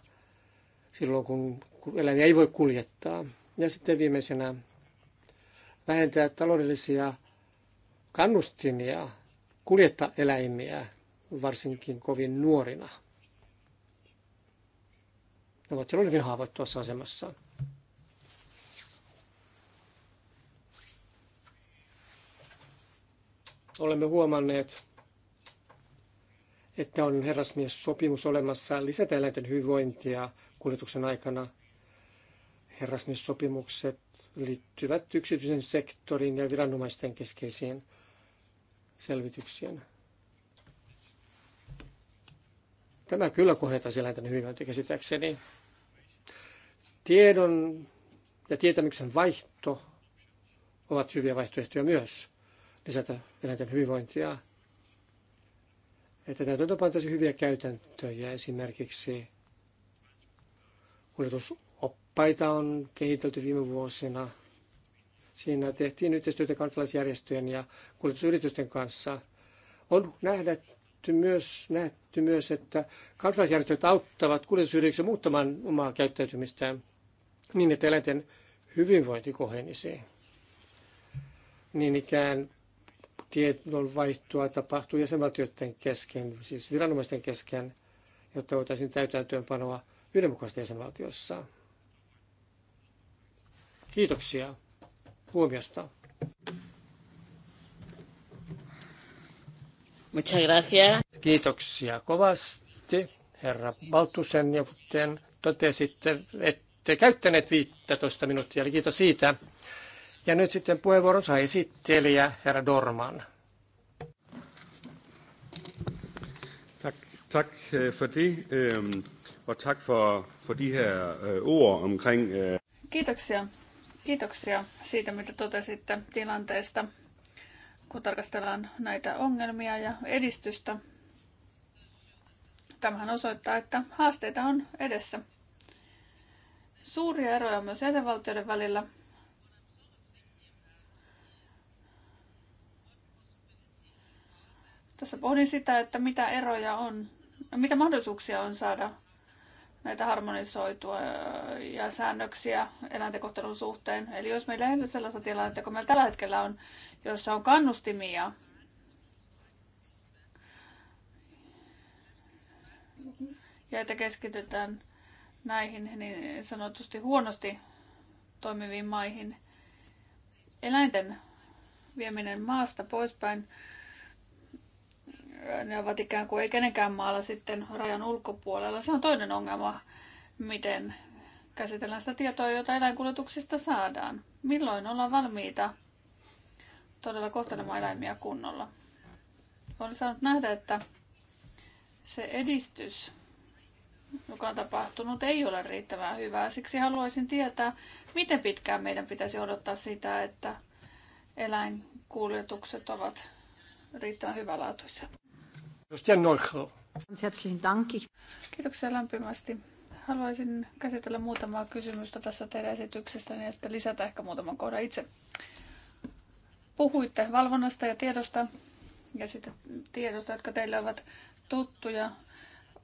silloin, kun eläimiä ei voi kuljettaa. Ja sitten viimeisenä vähentää taloudellisia kannustimia kuljettaa eläimiä, varsinkin kovin nuorina. Ne ovat silloin hyvin haavoittuvassa asemassa. olemme huomanneet, että on herrasmies sopimus olemassa lisätä eläinten hyvinvointia kuljetuksen aikana. sopimukset liittyvät yksityisen sektorin ja viranomaisten keskeisiin selvityksiin. Tämä kyllä kohentaa eläinten hyvinvointia käsittääkseni. Tiedon ja tietämyksen vaihto ovat hyviä vaihtoehtoja myös lisätä eläinten hyvinvointia. Että täytyy tosi hyviä käytäntöjä esimerkiksi kuljetusoppaita on kehitelty viime vuosina. Siinä tehtiin yhteistyötä kansalaisjärjestöjen ja kuljetusyritysten kanssa. On nähty myös, nähty myös, että kansalaisjärjestöt auttavat kuljetusyrityksiä muuttamaan omaa käyttäytymistään niin, että eläinten hyvinvointi kohenisi. Niin ikään tiedon vaihtoa tapahtuu jäsenvaltioiden kesken, siis viranomaisten kesken, jotta voitaisiin täytäntöönpanoa yhdenmukaisesti jäsenvaltiossa. Kiitoksia huomiosta. Muchas gracias. Kiitoksia kovasti, herra Baltusen ja kuten totesitte, ette käyttäneet 15 minuuttia, eli kiitos siitä. Ja nyt sitten puheenvuoronsa esittelijä, herra Dorman. Tack, tack øh, för det. Och tack för, för de här øh, ord omkring... Øh. Kiitoksia. Kiitoksia siitä, mitä totesitte tilanteesta, kun tarkastellaan näitä ongelmia ja edistystä. Tämähän osoittaa, että haasteita on edessä. Suuria eroja myös jäsenvaltioiden välillä – Tässä pohdin sitä, että mitä eroja on, mitä mahdollisuuksia on saada näitä harmonisoitua äh, ja säännöksiä eläintekohtelun suhteen. Eli jos meillä ei ole sellaista tilannetta kun meillä tällä hetkellä on, jossa on kannustimia ja että keskitytään näihin niin sanotusti huonosti toimiviin maihin, eläinten vieminen maasta poispäin ne ovat ikään kuin ei kenenkään maalla sitten rajan ulkopuolella. Se on toinen ongelma, miten käsitellään sitä tietoa, jota eläinkuljetuksista saadaan. Milloin ollaan valmiita todella kohtelemaan eläimiä kunnolla? Olen saanut nähdä, että se edistys, joka on tapahtunut, ei ole riittävän hyvää. Siksi haluaisin tietää, miten pitkään meidän pitäisi odottaa sitä, että eläinkuljetukset ovat riittävän hyvälaatuisia. Kiitoksia lämpimästi. Haluaisin käsitellä muutamaa kysymystä tässä teidän esityksestä niin ja sitten lisätä ehkä muutaman kohdan itse. Puhuitte valvonnasta ja tiedosta ja sitten tiedosta, jotka teille ovat tuttuja.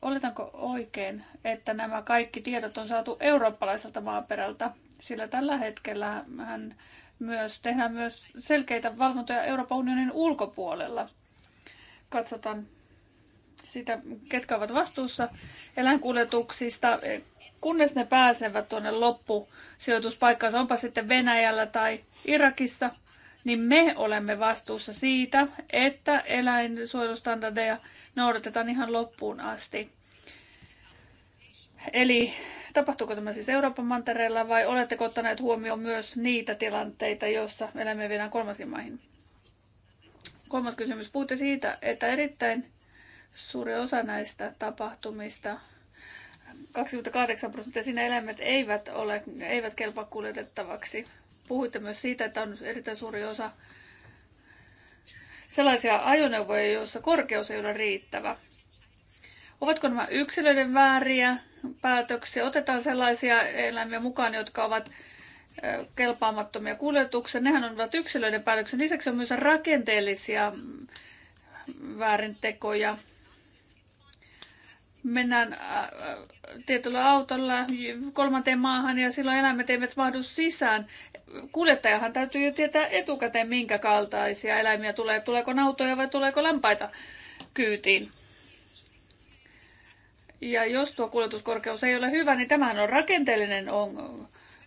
Oletanko oikein, että nämä kaikki tiedot on saatu eurooppalaiselta maaperältä? Sillä tällä hetkellä hän myös, tehdään myös selkeitä valvontoja Euroopan unionin ulkopuolella. Katsotaan sitä, ketkä ovat vastuussa eläinkuljetuksista, kunnes ne pääsevät tuonne loppusijoituspaikkaansa, onpa sitten Venäjällä tai Irakissa, niin me olemme vastuussa siitä, että eläinsuojelustandardeja noudatetaan ihan loppuun asti. Eli tapahtuuko tämä siis Euroopan mantereella vai oletteko ottaneet huomioon myös niitä tilanteita, joissa eläimiä viedään kolmansiin maihin? Kolmas kysymys. Puhutte siitä, että erittäin Suuri osa näistä tapahtumista, 28 prosenttia siinä eläimet eivät, ole, eivät kelpaa kuljetettavaksi. Puhuitte myös siitä, että on erittäin suuri osa sellaisia ajoneuvoja, joissa korkeus ei ole riittävä. Ovatko nämä yksilöiden vääriä päätöksiä? Otetaan sellaisia eläimiä mukaan, jotka ovat kelpaamattomia kuljetuksia. Nehän ovat yksilöiden päätöksen. Lisäksi on myös rakenteellisia mm, väärintekoja mennään äh, äh, tietyllä autolla kolmanteen maahan ja silloin eläimet eivät mahdu sisään. Kuljettajahan täytyy jo tietää etukäteen, minkä kaltaisia eläimiä tulee. Tuleeko nautoja vai tuleeko lampaita kyytiin. Ja jos tuo kuljetuskorkeus ei ole hyvä, niin tämähän on rakenteellinen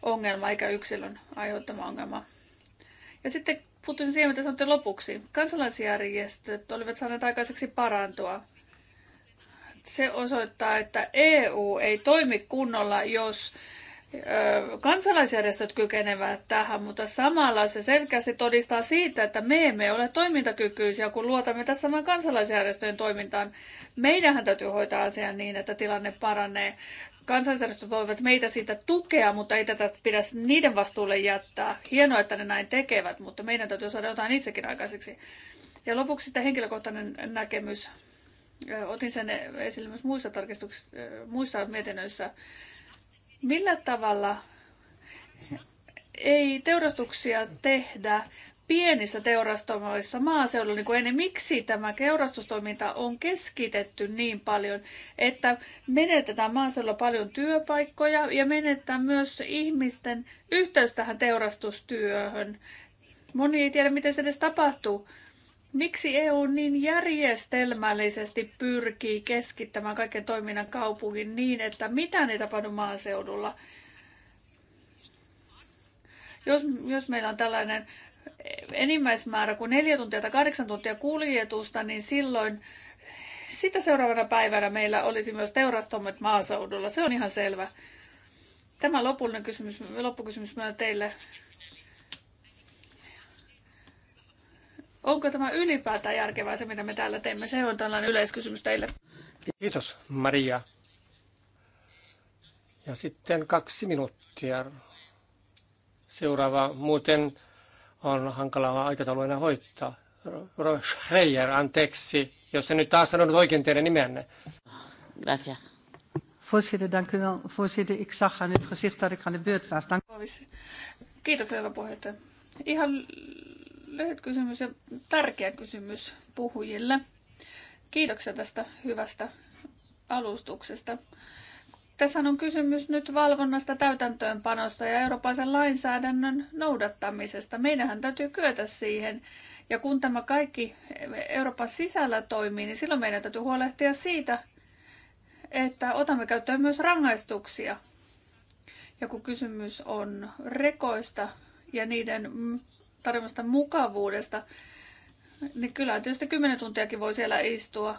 ongelma eikä yksilön aiheuttama ongelma. Ja sitten puuttuisin siihen, mitä sanotte lopuksi. Kansalaisjärjestöt olivat saaneet aikaiseksi parantua se osoittaa, että EU ei toimi kunnolla, jos kansalaisjärjestöt kykenevät tähän, mutta samalla se selkeästi todistaa siitä, että me emme ole toimintakykyisiä, kun luotamme tässä vain kansalaisjärjestöjen toimintaan. Meidän täytyy hoitaa asian niin, että tilanne paranee. Kansalaisjärjestöt voivat meitä siitä tukea, mutta ei tätä pidä niiden vastuulle jättää. Hienoa, että ne näin tekevät, mutta meidän täytyy saada jotain itsekin aikaiseksi. Ja lopuksi sitten henkilökohtainen näkemys Otin sen esille myös muissa, muissa mietinnöissä. Millä tavalla ei teurastuksia tehdä pienissä teurastomoissa maaseudulla niin kuin ennen. Miksi tämä teurastustoiminta on keskitetty niin paljon, että menetetään maaseudulla paljon työpaikkoja ja menetetään myös ihmisten yhteys tähän teurastustyöhön? Moni ei tiedä, miten se edes tapahtuu. Miksi EU niin järjestelmällisesti pyrkii keskittämään kaiken toiminnan kaupungin niin, että mitä ei tapahdu maaseudulla? Jos, jos meillä on tällainen enimmäismäärä kuin neljä tuntia tai kahdeksan tuntia kuljetusta, niin silloin sitä seuraavana päivänä meillä olisi myös teurastomme maaseudulla. Se on ihan selvä. Tämä lopullinen kysymys, loppukysymys myös teille. Onko tämä ylipäätään järkevää se, mitä me täällä teemme? Se on tällainen yleiskysymys teille. Kiitos, Maria. Ja sitten kaksi minuuttia. Seuraava muuten on hankala aikataulu enää hoitaa. Schreier, anteeksi, jos en nyt taas sanonut oikein teidän nimenne. Gracias. Voorzitter, dank u wel. Voorzitter, ik zag aan het gezicht dat ik aan de beurt was. Dank... Kiitos, hyvä puheenjohtaja. Ihan lyhyt kysymys ja tärkeä kysymys puhujille. Kiitoksia tästä hyvästä alustuksesta. Tässä on kysymys nyt valvonnasta, täytäntöönpanosta ja eurooppalaisen lainsäädännön noudattamisesta. Meidähän täytyy kyetä siihen. Ja kun tämä kaikki Euroopan sisällä toimii, niin silloin meidän täytyy huolehtia siitä, että otamme käyttöön myös rangaistuksia. Ja kun kysymys on rekoista ja niiden tarjoamasta mukavuudesta, niin kyllä tietysti 10 tuntiakin voi siellä istua.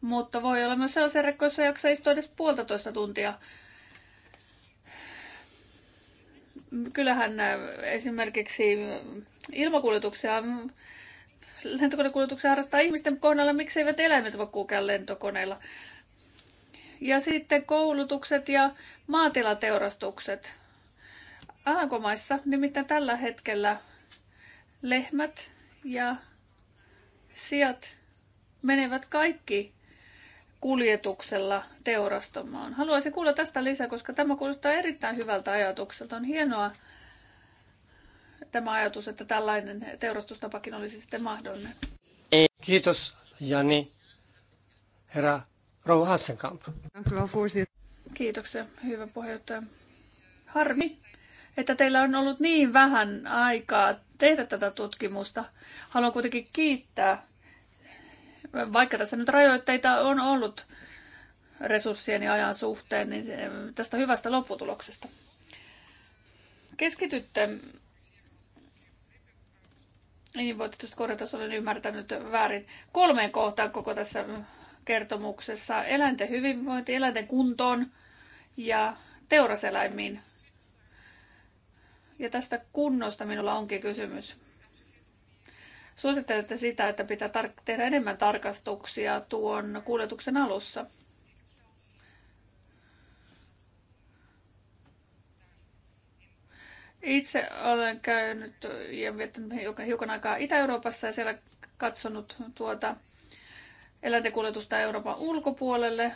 Mutta voi olla myös sellaisia rekkoissa, joissa jaksaa istua edes puolitoista tuntia. Kyllähän äh, esimerkiksi äh, ilmakuljetuksia mm, lentokonekuljetuksia harrastaa ihmisten kohdalla, mikseivät eläimet voi kulkea lentokoneella. Ja sitten koulutukset ja maatilateurastukset. Alankomaissa nimittäin tällä hetkellä lehmät ja siat menevät kaikki kuljetuksella teurastamaan. Haluaisin kuulla tästä lisää, koska tämä kuulostaa erittäin hyvältä ajatukselta. On hienoa tämä ajatus, että tällainen teurastustapakin olisi sitten mahdollinen. Kiitos Jani. Herra Rouva Hassenkamp. Kiitoksia, hyvä puheenjohtaja. Harmi, että teillä on ollut niin vähän aikaa tehdä tätä tutkimusta. Haluan kuitenkin kiittää, vaikka tässä nyt rajoitteita on ollut resurssien ja ajan suhteen, niin tästä hyvästä lopputuloksesta. Keskitytte, niin voitte tietysti korjata, jos olen ymmärtänyt väärin, kolmeen kohtaan koko tässä kertomuksessa. Eläinten hyvinvointi, eläinten kuntoon ja teuraseläimiin ja tästä kunnosta minulla onkin kysymys. Suosittelette sitä, että pitää tar- tehdä enemmän tarkastuksia tuon kuljetuksen alussa. Itse olen käynyt ja viettänyt hiukan aikaa Itä-Euroopassa ja siellä katsonut tuota eläintekuljetusta Euroopan ulkopuolelle.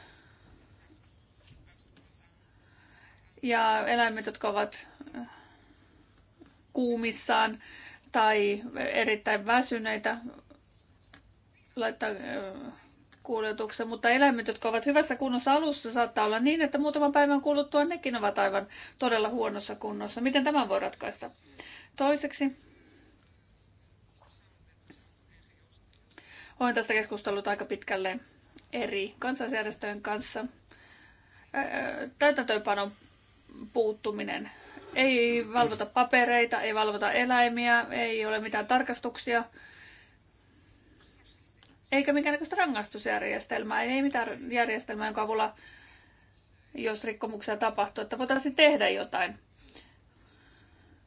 Ja eläimet, jotka ovat kuumissaan tai erittäin väsyneitä laittaa kuljetuksen, mutta eläimet, jotka ovat hyvässä kunnossa alussa, saattaa olla niin, että muutaman päivän kuluttua nekin ovat aivan todella huonossa kunnossa. Miten tämä voi ratkaista? Toiseksi, olen tästä keskustellut aika pitkälle eri kansalaisjärjestöjen kanssa. Täytäntöönpanon puuttuminen ei valvota papereita, ei valvota eläimiä, ei ole mitään tarkastuksia. Eikä minkäännäköistä rangaistusjärjestelmää, ei mitään järjestelmää, jonka avulla, jos rikkomuksia tapahtuu, että voitaisiin tehdä jotain.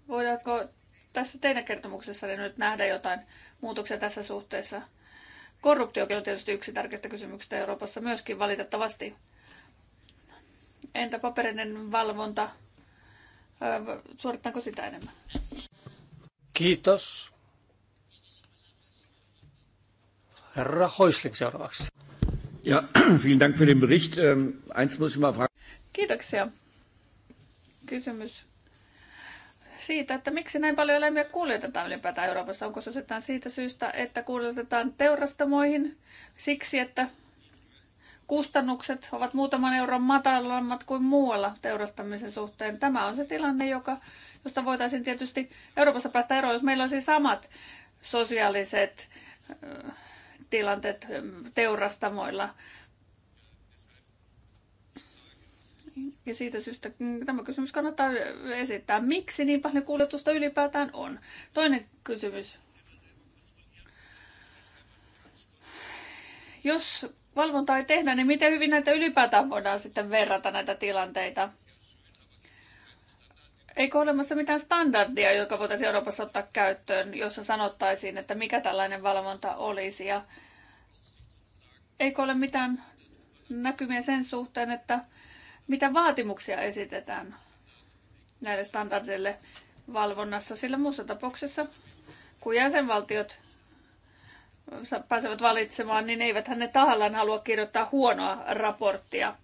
Voidaanko tässä teidän kertomuksessanne nyt nähdä jotain muutoksia tässä suhteessa? Korruptiokin on tietysti yksi tärkeistä kysymyksistä Euroopassa myöskin valitettavasti. Entä paperinen valvonta? suorittaako sitä enemmän? Kiitos. Herra Häusling seuraavaksi. Ja, [CLEARS THROAT] vielen Dank für den Bericht. Ähm, eins muss ich mal fragen. Kiitoksia. Kysymys siitä, että miksi näin paljon eläimiä kuljetetaan ylipäätään Euroopassa. Onko se jotain siitä syystä, että kuljetetaan teurastamoihin siksi, että kustannukset ovat muutaman euron matalammat kuin muualla teurastamisen suhteen. Tämä on se tilanne, joka, josta voitaisiin tietysti Euroopassa päästä eroon, jos meillä olisi siis samat sosiaaliset tilanteet teurastamoilla. Ja siitä syystä tämä kysymys kannattaa esittää. Miksi niin paljon kuljetusta ylipäätään on? Toinen kysymys. Jos valvontaa ei tehdä, niin miten hyvin näitä ylipäätään voidaan sitten verrata näitä tilanteita? Eikö olemassa mitään standardia, joka voitaisiin Euroopassa ottaa käyttöön, jossa sanottaisiin, että mikä tällainen valvonta olisi? Ja eikö ole mitään näkymiä sen suhteen, että mitä vaatimuksia esitetään näille standardeille valvonnassa, sillä muussa tapauksessa kun jäsenvaltiot pääsevät valitsemaan, niin eivät ne tahallaan halua kirjoittaa huonoa raporttia.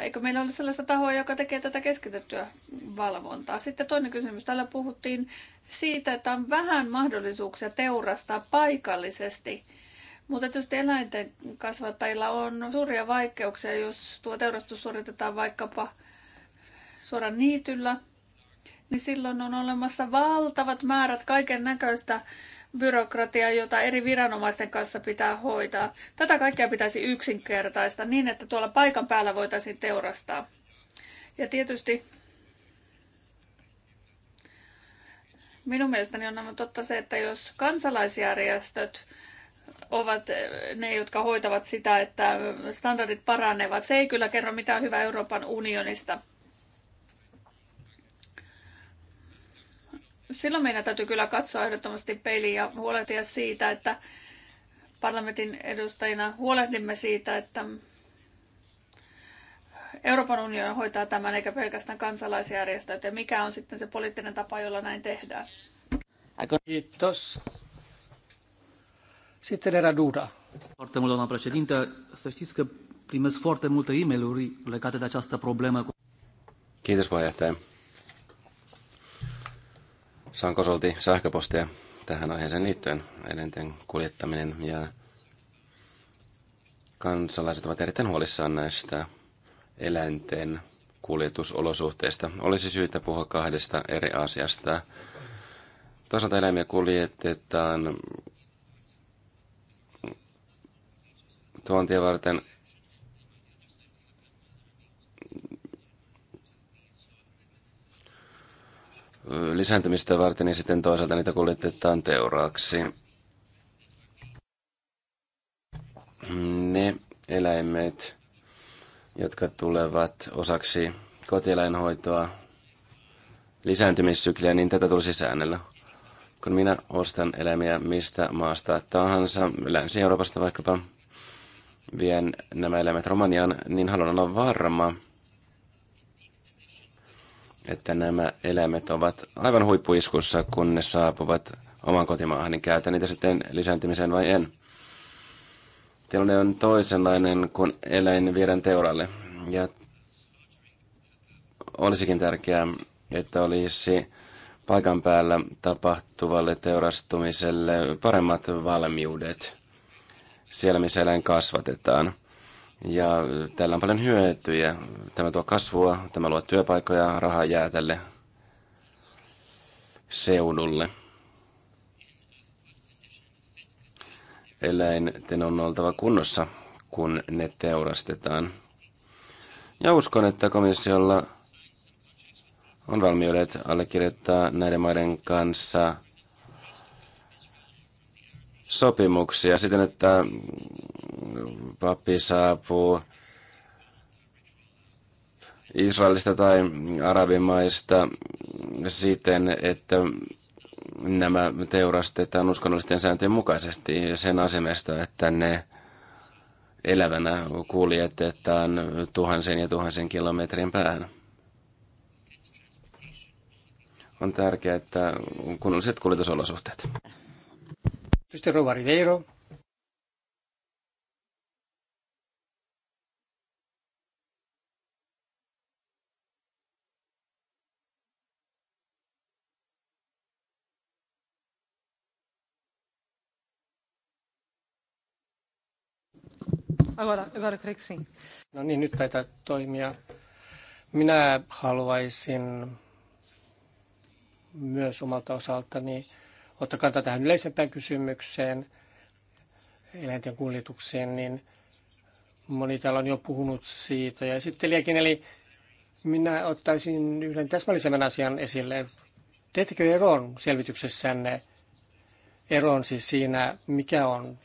Eikö meillä ole sellaista tahoa, joka tekee tätä keskitettyä valvontaa? Sitten toinen kysymys. Täällä puhuttiin siitä, että on vähän mahdollisuuksia teurastaa paikallisesti. Mutta tietysti eläinten kasvattajilla on suuria vaikeuksia, jos tuo teurastus suoritetaan vaikkapa suoraan niityllä – niin silloin on olemassa valtavat määrät kaiken näköistä byrokratiaa, jota eri viranomaisten kanssa pitää hoitaa. Tätä kaikkea pitäisi yksinkertaista niin, että tuolla paikan päällä voitaisiin teurastaa. Ja tietysti minun mielestäni on aivan totta se, että jos kansalaisjärjestöt ovat ne, jotka hoitavat sitä, että standardit paranevat, se ei kyllä kerro mitään hyvää Euroopan unionista. silloin meidän täytyy kyllä katsoa ehdottomasti peiliin ja huolehtia siitä, että parlamentin edustajina huolehdimme siitä, että Euroopan unioni hoitaa tämän eikä pelkästään kansalaisjärjestöt ja mikä on sitten se poliittinen tapa, jolla näin tehdään. Kiitos. Sitten era Duda. Kiitos puheenjohtaja. Saan kosolti sähköpostia tähän aiheeseen liittyen, eläinten kuljettaminen ja kansalaiset ovat erittäin huolissaan näistä eläinten kuljetusolosuhteista. Olisi syytä puhua kahdesta eri asiasta. Toisaalta eläimiä kuljetetaan tuontia varten lisääntymistä varten ja niin sitten toisaalta niitä kuljetetaan teuraaksi. Ne eläimet, jotka tulevat osaksi kotieläinhoitoa, lisääntymissykliä, niin tätä tulisi säännellä. Kun minä ostan eläimiä mistä maasta tahansa, Länsi-Euroopasta vaikkapa, vien nämä eläimet Romaniaan, niin haluan olla varma, että nämä eläimet ovat aivan huippuiskussa, kun ne saapuvat oman kotimaahan, niin käytän niitä sitten lisääntymiseen vai en. Tilanne on toisenlainen kuin eläin viedän teuralle. Ja olisikin tärkeää, että olisi paikan päällä tapahtuvalle teurastumiselle paremmat valmiudet siellä, missä eläin kasvatetaan. Ja tällä on paljon hyötyjä. Tämä tuo kasvua, tämä luo työpaikkoja, rahaa jää tälle seudulle. Eläinten on oltava kunnossa, kun ne teurastetaan. Ja uskon, että komissiolla on valmiudet allekirjoittaa näiden maiden kanssa – sopimuksia siten, että pappi saapuu Israelista tai arabimaista siten, että nämä teurastetaan uskonnollisten sääntöjen mukaisesti sen asemesta, että ne elävänä kuljetetaan tuhansen ja tuhansen kilometrin päähän. On tärkeää, että kunnolliset kuljetusolosuhteet. Sitten e Rova Ribeiro. Agora, agora creio que sim. No niin, nyt taitaa toimia. Minä haluaisin myös omalta osaltani ottaa kantaa tähän yleisempään kysymykseen, eläinten kuljetukseen, niin moni täällä on jo puhunut siitä ja esittelijäkin. Eli minä ottaisin yhden täsmällisemmän asian esille. Teettekö eron selvityksessänne eron siis siinä, mikä on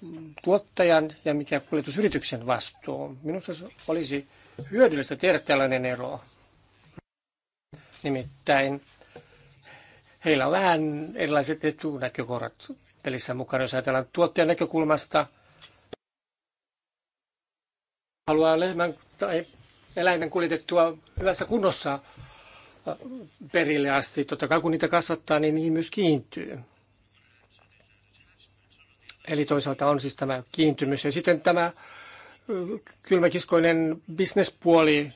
tuottajan ja mikä kuljetusyrityksen vastuu? Minusta se olisi hyödyllistä tehdä tällainen ero. Nimittäin heillä on vähän erilaiset etunäkökohdat pelissä mukana, jos ajatellaan tuottajan näkökulmasta. Haluaa lehmän tai eläinten kuljetettua hyvässä kunnossa äh, perille asti. Totta kai kun niitä kasvattaa, niin niihin myös kiintyy. Eli toisaalta on siis tämä kiintymys. Ja sitten tämä äh, kylmäkiskoinen bisnespuoli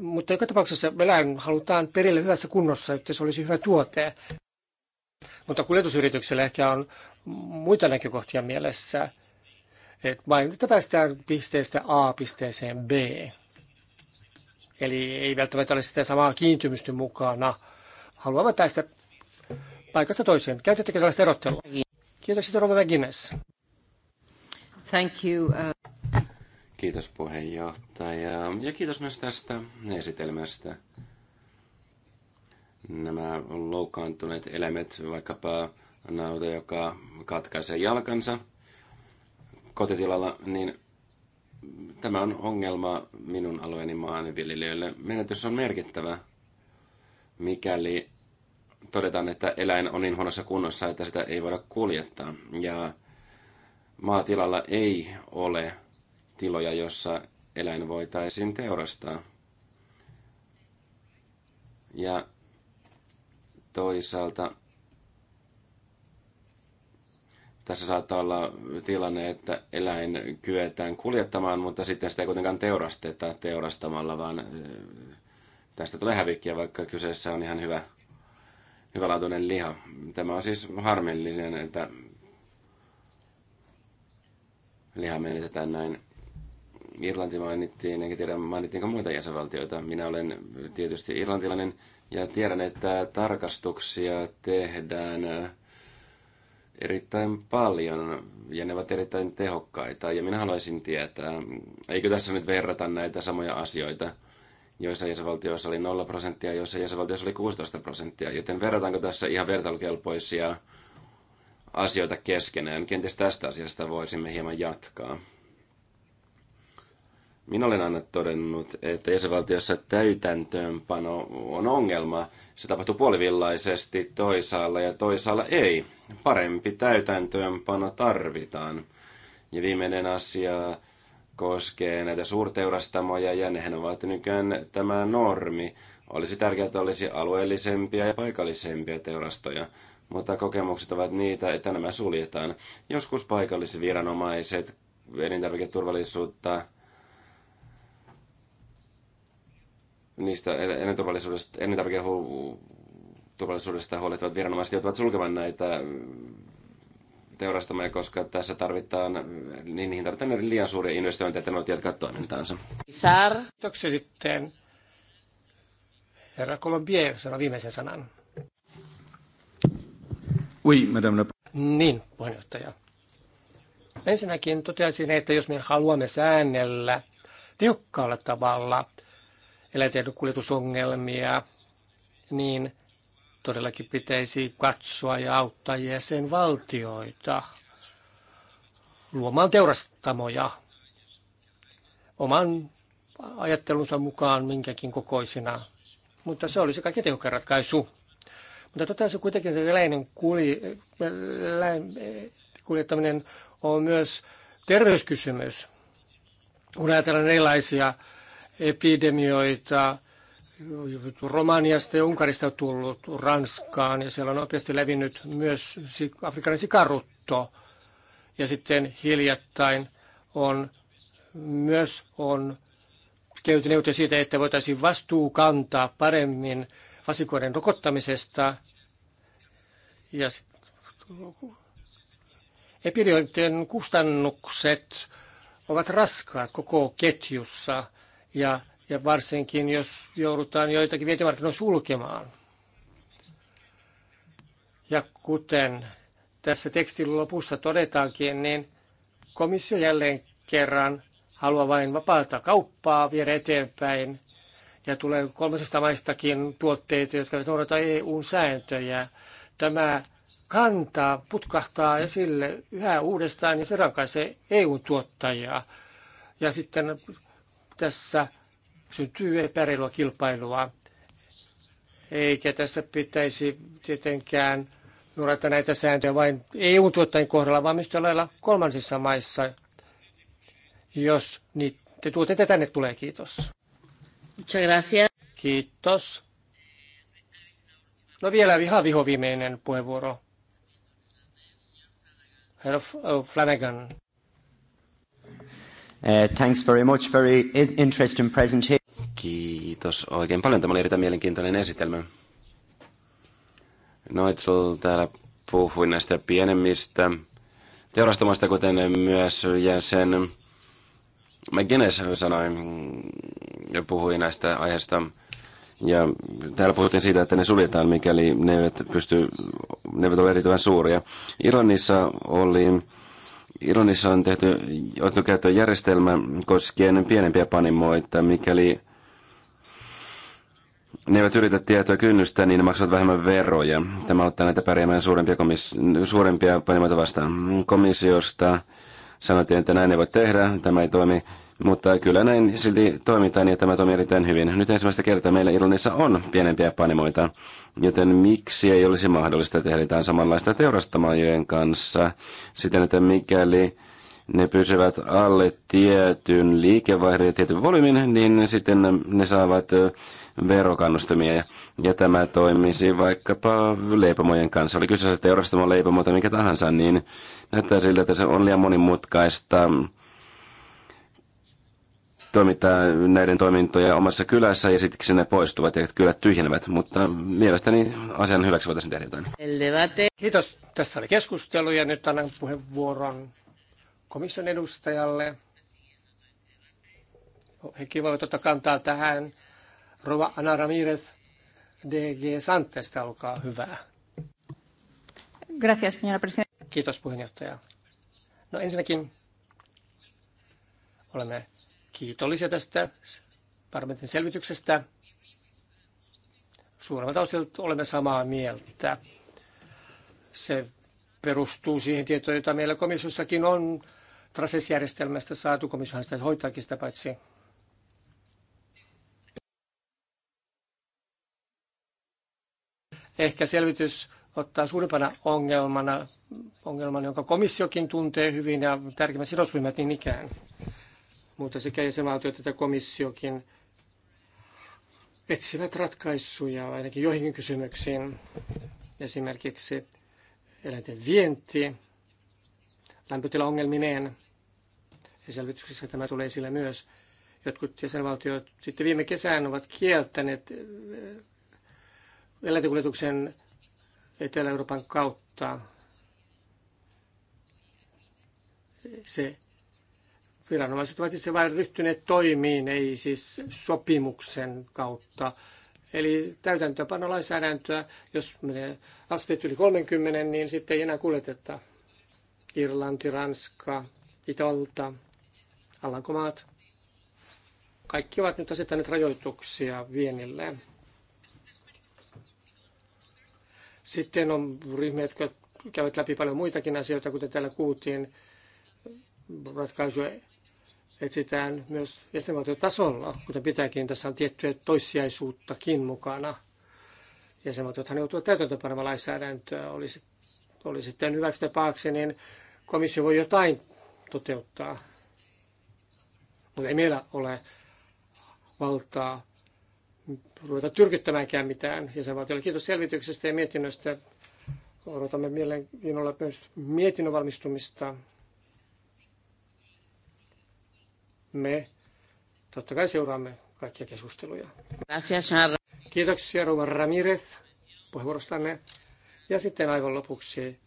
mutta joka tapauksessa eläin halutaan perille hyvässä kunnossa, että se olisi hyvä tuote. Mutta kuljetusyrityksellä ehkä on muita näkökohtia mielessä. Et että päästään pisteestä A pisteeseen B. Eli ei välttämättä ole sitä samaa kiintymystä mukana. Haluamme päästä paikasta toiseen. Käytettekö sellaista erottelua? Kiitoksia, Rova Guinness. Thank you. Uh... Kiitos puheenjohtaja ja kiitos myös tästä esitelmästä. Nämä loukkaantuneet eläimet, vaikkapa nauta, joka katkaisee jalkansa kotitilalla, niin tämä on ongelma minun alueeni maanviljelijöille. Menetys on merkittävä, mikäli todetaan, että eläin on niin huonossa kunnossa, että sitä ei voida kuljettaa. Ja maatilalla ei ole tiloja, jossa eläin voitaisiin teurastaa. Ja toisaalta tässä saattaa olla tilanne, että eläin kyetään kuljettamaan, mutta sitten sitä ei kuitenkaan teurasteta teurastamalla, vaan tästä tulee hävikkiä, vaikka kyseessä on ihan hyvä, hyvälaatuinen liha. Tämä on siis harmillinen, että liha menetetään näin Irlanti mainittiin, enkä tiedä mainittiinko muita jäsenvaltioita. Minä olen tietysti irlantilainen ja tiedän, että tarkastuksia tehdään äh, erittäin paljon ja ne ovat erittäin tehokkaita. Ja minä haluaisin tietää, eikö tässä nyt verrata näitä samoja asioita, joissa jäsenvaltioissa oli 0 prosenttia, joissa jäsenvaltioissa oli 16 prosenttia. Joten verrataanko tässä ihan vertailukelpoisia asioita keskenään? Kenties tästä asiasta voisimme hieman jatkaa. Minä olen aina todennut, että jäsenvaltiossa täytäntöönpano on ongelma. Se tapahtuu puolivillaisesti toisaalla ja toisaalla ei. Parempi täytäntöönpano tarvitaan. Ja viimeinen asia koskee näitä suurteurastamoja ja nehän ovat nykyään tämä normi. Olisi tärkeää, että olisi alueellisempia ja paikallisempia teurastoja mutta kokemukset ovat niitä, että nämä suljetaan. Joskus paikallisviranomaiset elintarviketurvallisuutta niistä elintarviketurvallisuudesta, elintarviketurvallisuudesta huolehtivat viranomaiset joutuvat sulkemaan näitä teurastamoja, koska tässä tarvitaan, niin niihin tarvitaan liian suuria investointeja, että ne voivat jatkaa toimintaansa. Sär. Kiitoksia sitten. Herra Colombier sanoi viimeisen sanan. Oui, madame la... Niin, puheenjohtaja. Ensinnäkin toteaisin, että jos me haluamme säännellä tiukkaalla tavalla eläinten kuljetusongelmia, niin todellakin pitäisi katsoa ja auttaa jäsenvaltioita luomaan teurastamoja oman ajattelunsa mukaan minkäkin kokoisina. Mutta se olisi kaikki tehokkain ratkaisu. Mutta totesi kuitenkin, että eläinen kulj- eläin kuljettaminen on myös terveyskysymys. Kun ajatellaan erilaisia epidemioita. Romaniasta ja Unkarista on tullut Ranskaan ja siellä on nopeasti levinnyt myös afrikkalainen sikarutto. Ja sitten hiljattain on myös on käyty neuvottelu siitä, että voitaisiin vastuu kantaa paremmin vasikoiden rokottamisesta ja epidemioiden kustannukset ovat raskaat koko ketjussa – ja, ja varsinkin jos joudutaan joitakin vientimarkkinoita sulkemaan. Ja kuten tässä tekstin lopussa todetaankin, niin komissio jälleen kerran haluaa vain vapaata kauppaa viedä eteenpäin ja tulee kolmasesta maistakin tuotteita, jotka eivät noudata EUn sääntöjä. Tämä kantaa putkahtaa esille yhä uudestaan ja se rankaisee EUn tuottajaa. Ja sitten tässä syntyy epäreilua kilpailua. Eikä tässä pitäisi tietenkään noudata näitä sääntöjä vain EU-tuottajien kohdalla, vaan myös lailla kolmansissa maissa, jos niitä tuotteita tänne tulee. Kiitos. Kiitos. No vielä ihan viimeinen puheenvuoro. Herra Flanagan. Eh, thanks very much, very interesting presentation. Kiitos oikein paljon. Tämä oli erittäin mielenkiintoinen esitelmä. Noitsul täällä puhui näistä pienemmistä teurastamoista, kuten myös jäsen McGinnis sanoi ja puhui näistä aiheista. Ja täällä puhuttiin siitä, että ne suljetaan, mikäli ne eivät, pysty, ne eivät ole erittäin suuria. Irlannissa oli Ironissa on tehty, otettu käyttöön järjestelmä koskien pienempiä panimoita, mikäli ne eivät yritä tietoa kynnystä, niin ne maksavat vähemmän veroja. Tämä auttaa näitä pärjäämään suurempia, komis- suurempia panimoita vastaan komissiosta. Sanottiin, että näin ei voi tehdä, tämä ei toimi. Mutta kyllä näin silti toimitaan ja tämä toimii erittäin hyvin. Nyt ensimmäistä kertaa meillä Irlannissa on pienempiä panimoita, joten miksi ei olisi mahdollista tehdä jotain samanlaista teurastamajojen kanssa siten, että mikäli ne pysyvät alle tietyn liikevaihdon ja tietyn volyymin, niin sitten ne saavat verokannustumia. Ja tämä toimisi vaikkapa leipomojen kanssa. Oli kyseessä teurastamo, leipomota, mikä tahansa, niin näyttää siltä, että se on liian monimutkaista toimittaa näiden toimintoja omassa kylässä ja sitten ne poistuvat ja kylät tyhjenevät, mutta mielestäni asian hyväksi voitaisiin tehdä jotain. Kiitos. Tässä oli keskustelu ja nyt annan puheenvuoron komission edustajalle. Hekin voivat ottaa kantaa tähän. Rova Ana Ramirez, DG Santesta, olkaa hyvä. Gracias, señora presidenta. Kiitos puheenjohtaja. No ensinnäkin olemme kiitollisia tästä parlamentin selvityksestä. Suuremmat osat olemme samaa mieltä. Se perustuu siihen tietoon, jota meillä komissiossakin on Trases-järjestelmästä saatu. Komissiohan sitä hoitaakin sitä paitsi. Ehkä selvitys ottaa suurimpana ongelmana, ongelman, jonka komissiokin tuntee hyvin ja tärkeimmät sidosryhmät niin ikään mutta sekä jäsenvaltiot että komissiokin etsivät ratkaisuja ainakin joihinkin kysymyksiin. Esimerkiksi eläinten vienti lämpötilaongelmineen. Ja selvityksessä tämä tulee esille myös. Jotkut jäsenvaltiot sitten viime kesään ovat kieltäneet eh, eläintekuljetuksen Etelä-Euroopan kautta. Se Viranomaiset ovat itse vain ryhtyneet toimiin, ei siis sopimuksen kautta. Eli täytäntöpano lainsäädäntöä, jos menee asteet yli 30, niin sitten ei enää kuljeteta. Irlanti, Ranska, Italta, Alankomaat. Kaikki ovat nyt asettaneet rajoituksia vienille. Sitten on ryhmiä, jotka käyvät läpi paljon muitakin asioita, kuten täällä kuultiin, ratkaisuja etsitään myös tasolla, kuten pitääkin. Tässä on tiettyä toissijaisuuttakin mukana. Jäsenvaltiothan joutuvat täytäntöönpanemaan lainsäädäntöä. Olisi, oli sitten hyväksi tapaaksi, niin komissio voi jotain toteuttaa. Mutta ei meillä ole valtaa ruveta tyrkyttämäänkään mitään jäsenvaltiolle. Kiitos selvityksestä ja mietinnöstä. Odotamme mielenkiinnolla myös mietinnön valmistumista. me totta kai seuraamme kaikkia keskusteluja. Kiitoksia Rova Ramirez puheenvuorostanne. Ja sitten aivan lopuksi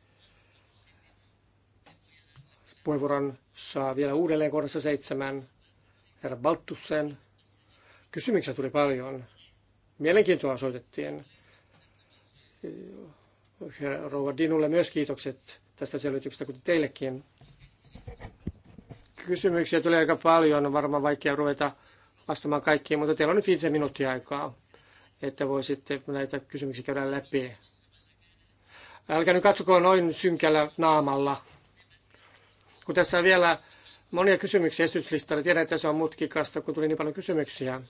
puheenvuoron saa vielä uudelleen kohdassa seitsemän herra Baltusen Kysymyksiä tuli paljon. Mielenkiintoa osoitettiin. Rouva Dinulle myös kiitokset tästä selvityksestä, kuten teillekin kysymyksiä tulee aika paljon, on varmaan vaikea ruveta vastaamaan kaikkiin, mutta teillä on nyt viisi minuuttia aikaa, että sitten näitä kysymyksiä käydä läpi. Älkää nyt katsoko noin synkällä naamalla. Kun tässä on vielä monia kysymyksiä esityslistalla, tiedän, että se on mutkikasta, kun tuli niin paljon kysymyksiä.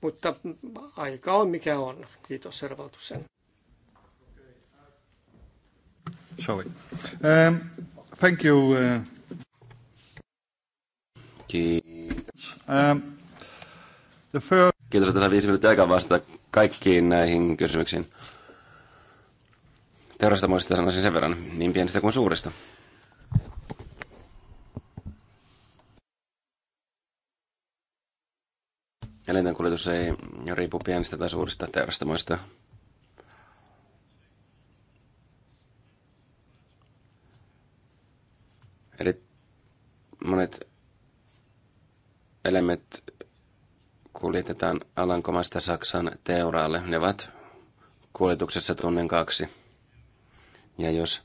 Mutta aika on mikä on. Kiitos Servaltusen. Shall we? Um, Thank you. Uh, Kiitos. Uh, the first... Kiitos, että sain viisi minuuttia aikaa vastata kaikkiin näihin kysymyksiin. Teurastamoista sanoisin sen verran, niin pienestä kuin suurista. Eläinten kuljetus ei riipu pienistä tai suurista teurastamoista. Eli monet elementit kuljetetaan Alankomasta Saksan teuraalle. Ne ovat kuljetuksessa tunnen kaksi. Ja jos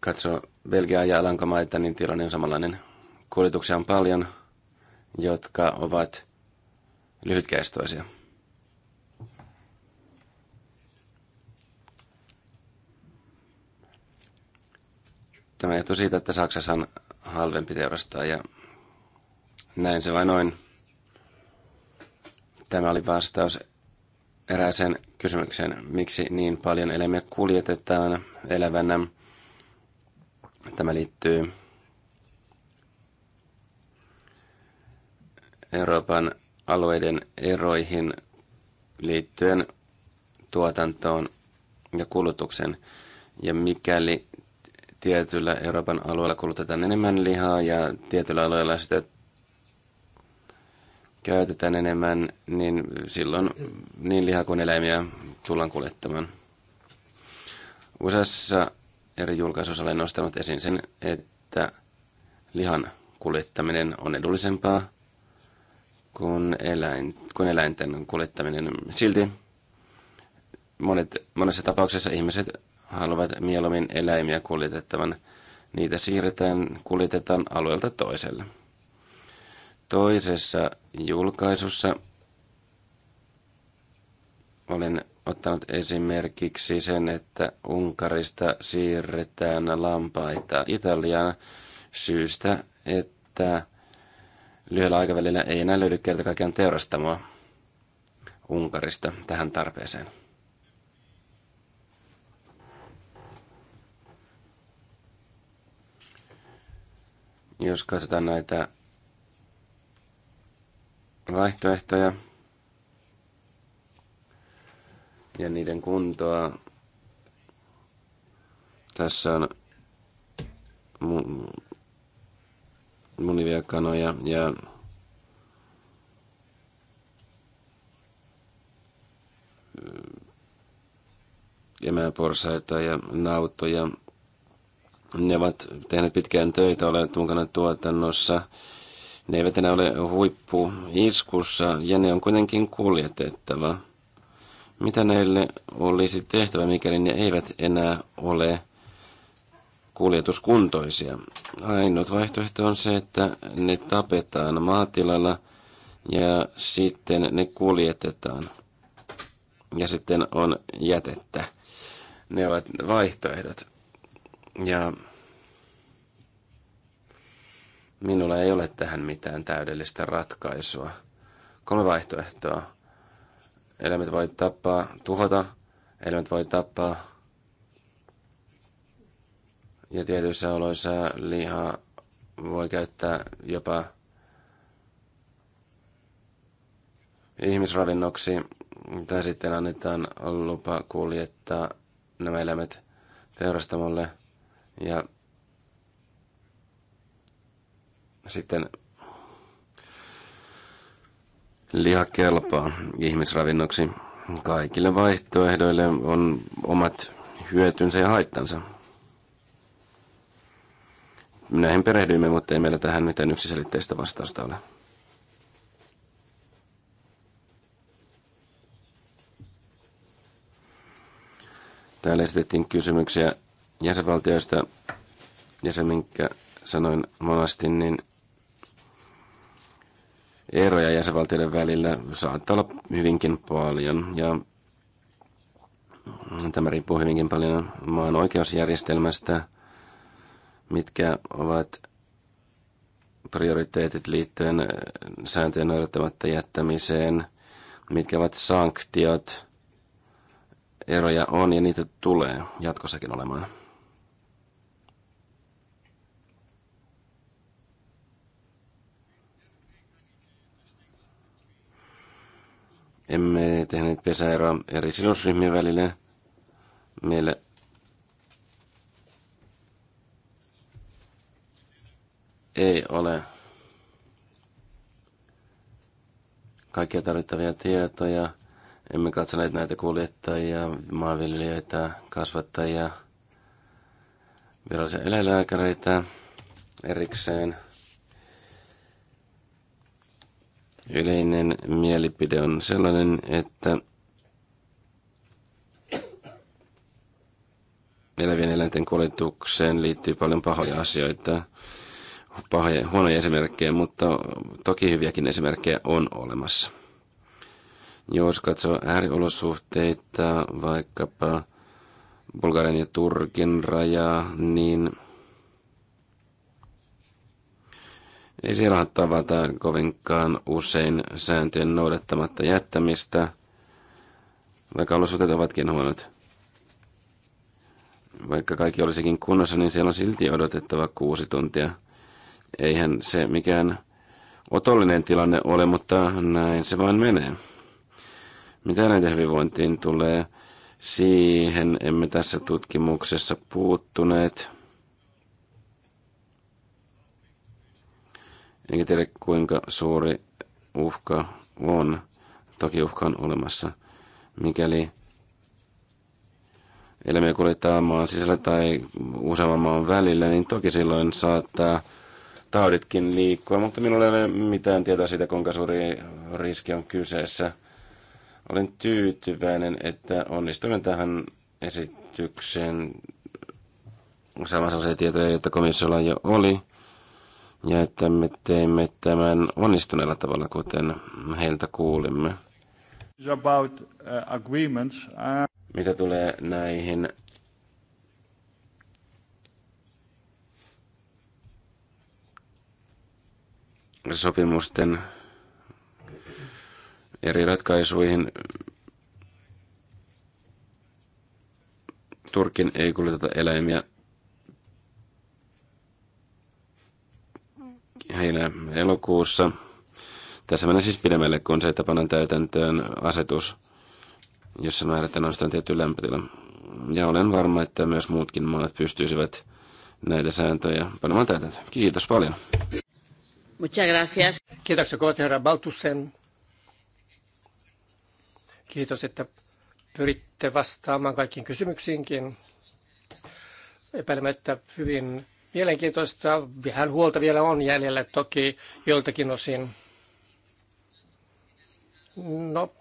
katsoo Belgiaa ja Alankomaita, niin tilanne on samanlainen. Kuljetuksia on paljon, jotka ovat lyhytkäistoisia. Tämä johtuu siitä, että Saksassa on halvempi teurastaa ja näin se vain noin. Tämä oli vastaus erääseen kysymykseen, miksi niin paljon eläimiä kuljetetaan elävänä. Tämä liittyy Euroopan alueiden eroihin liittyen tuotantoon ja kulutuksen. Ja mikäli tietyllä Euroopan alueella kulutetaan enemmän lihaa ja tietyllä alueella sitä käytetään enemmän, niin silloin niin liha kuin eläimiä tullaan kuljettamaan. Useassa eri julkaisuissa olen nostanut esiin sen, että lihan kuljettaminen on edullisempaa kuin, eläin, kuin eläinten kuljettaminen. Silti monet, monessa tapauksessa ihmiset haluavat mieluummin eläimiä kuljetettavan. Niitä siirretään, kuljetetaan alueelta toiselle. Toisessa julkaisussa olen ottanut esimerkiksi sen, että Unkarista siirretään lampaita Italiaan syystä, että lyhyellä aikavälillä ei enää löydy kaikkiaan teurastamoa Unkarista tähän tarpeeseen. Jos katsotaan näitä vaihtoehtoja ja niiden kuntoa, tässä on mu- kanoja ja emäporsaita ja nautoja ne ovat tehneet pitkään töitä, olleet mukana tuotannossa. Ne eivät enää ole huippu iskussa ja ne on kuitenkin kuljetettava. Mitä näille olisi tehtävä, mikäli ne eivät enää ole kuljetuskuntoisia? Ainut vaihtoehto on se, että ne tapetaan maatilalla ja sitten ne kuljetetaan. Ja sitten on jätettä. Ne ovat vaihtoehdot. Ja minulla ei ole tähän mitään täydellistä ratkaisua. Kolme vaihtoehtoa. Elämät voi tappaa, tuhota, Elämät voi tappaa. Ja tietyissä oloissa lihaa voi käyttää jopa ihmisravinnoksi, tai sitten annetaan lupa kuljettaa nämä eläimet teurastamolle – ja sitten liha kelpaa ihmisravinnoksi. Kaikille vaihtoehdoille on omat hyötynsä ja haittansa. Näihin perehdyimme, mutta ei meillä tähän mitään yksiselitteistä vastausta ole. Täällä esitettiin kysymyksiä jäsenvaltioista ja se, minkä sanoin monasti, niin eroja jäsenvaltioiden välillä saattaa olla hyvinkin paljon ja tämä riippuu hyvinkin paljon maan oikeusjärjestelmästä, mitkä ovat prioriteetit liittyen sääntöjen noudattamatta jättämiseen, mitkä ovat sanktiot, eroja on ja niitä tulee jatkossakin olemaan. Emme tehneet pesäeroa eri sidosryhmien välillä. Meillä ei ole kaikkia tarvittavia tietoja. Emme katsoneet näitä kuljettajia, maanviljelijöitä, kasvattajia, virallisia eläinlääkäreitä erikseen – Yleinen mielipide on sellainen, että elävien eläinten kuljetukseen liittyy paljon pahoja asioita, pahoja, huonoja esimerkkejä, mutta toki hyviäkin esimerkkejä on olemassa. Jos katsoo ääriolosuhteita, vaikkapa Bulgarian ja Turkin rajaa, niin – Ei siellä tavata kovinkaan usein sääntöjen noudattamatta jättämistä, vaikka olosuhteet ovatkin huonot. Vaikka kaikki olisikin kunnossa, niin siellä on silti odotettava kuusi tuntia. Eihän se mikään otollinen tilanne ole, mutta näin se vain menee. Mitä näitä hyvinvointiin tulee, siihen emme tässä tutkimuksessa puuttuneet – Enkä tiedä kuinka suuri uhka on. Toki uhka on olemassa. Mikäli eläimiä kuljettaa maan sisällä tai useamman maan välillä, niin toki silloin saattaa tauditkin liikkua, mutta minulla ei ole mitään tietoa siitä, kuinka suuri riski on kyseessä. Olen tyytyväinen, että onnistuimme tähän esitykseen saamaan sellaisia tietoja, joita komissiolla jo oli ja että me teemme tämän onnistuneella tavalla, kuten heiltä kuulimme. About, uh, uh, Mitä tulee näihin sopimusten eri ratkaisuihin, Turkin ei kuljeteta eläimiä heinä-elokuussa. Tässä menee siis pidemmälle kuin se, että pannaan täytäntöön asetus, jossa määrätään nostan tietty lämpötila. Ja olen varma, että myös muutkin maat pystyisivät näitä sääntöjä panemaan täytäntöön. Kiitos paljon. Muchas gracias. Kiitoksia kovasti herra Baltusen. Kiitos, että pyritte vastaamaan kaikkiin kysymyksiinkin. Epäilemättä hyvin Mielenkiintoista, vähän huolta vielä on jäljellä toki joiltakin osin. No,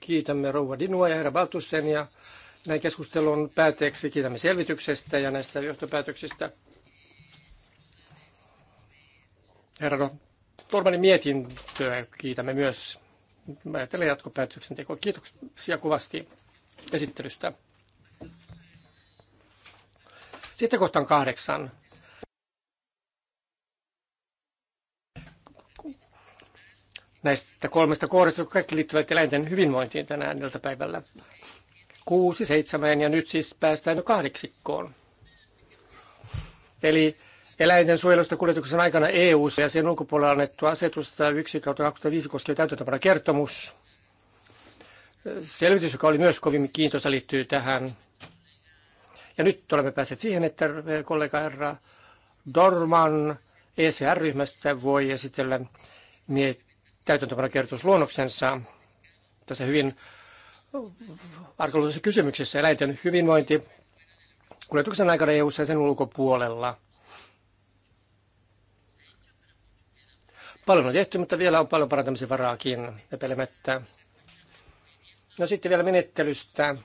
kiitämme Rouva Dinua ja herra Baltusten ja näin keskustelun päätteeksi kiitämme selvityksestä ja näistä johtopäätöksistä. Herra Tormanin mietintöä kiitämme myös. Mä ajattelen jatkopäätöksentekoa. Kiitoksia kuvasti esittelystä. Sitten kohtaan kahdeksan. Näistä kolmesta kohdasta, jotka kaikki liittyvät eläinten hyvinvointiin tänään iltapäivällä. Kuusi, seitsemän ja nyt siis päästään jo kahdeksikkoon. Eli eläinten suojelusta kuljetuksen aikana eu ja sen ulkopuolella annettu asetus 1 2005 koskee täytäntöpana kertomus. Selvitys, joka oli myös kovin kiintoista, liittyy tähän ja nyt olemme päässeet siihen, että eh, kollega Erra Dorman ECR-ryhmästä voi esitellä kertomusluonnoksensa tässä hyvin arkaluontoisessa kysymyksessä eläinten hyvinvointi kuljetuksen aikana eu ja sen ulkopuolella. Paljon on tehty, mutta vielä on paljon parantamisen varaakin epäilemättä. No sitten vielä menettelystä.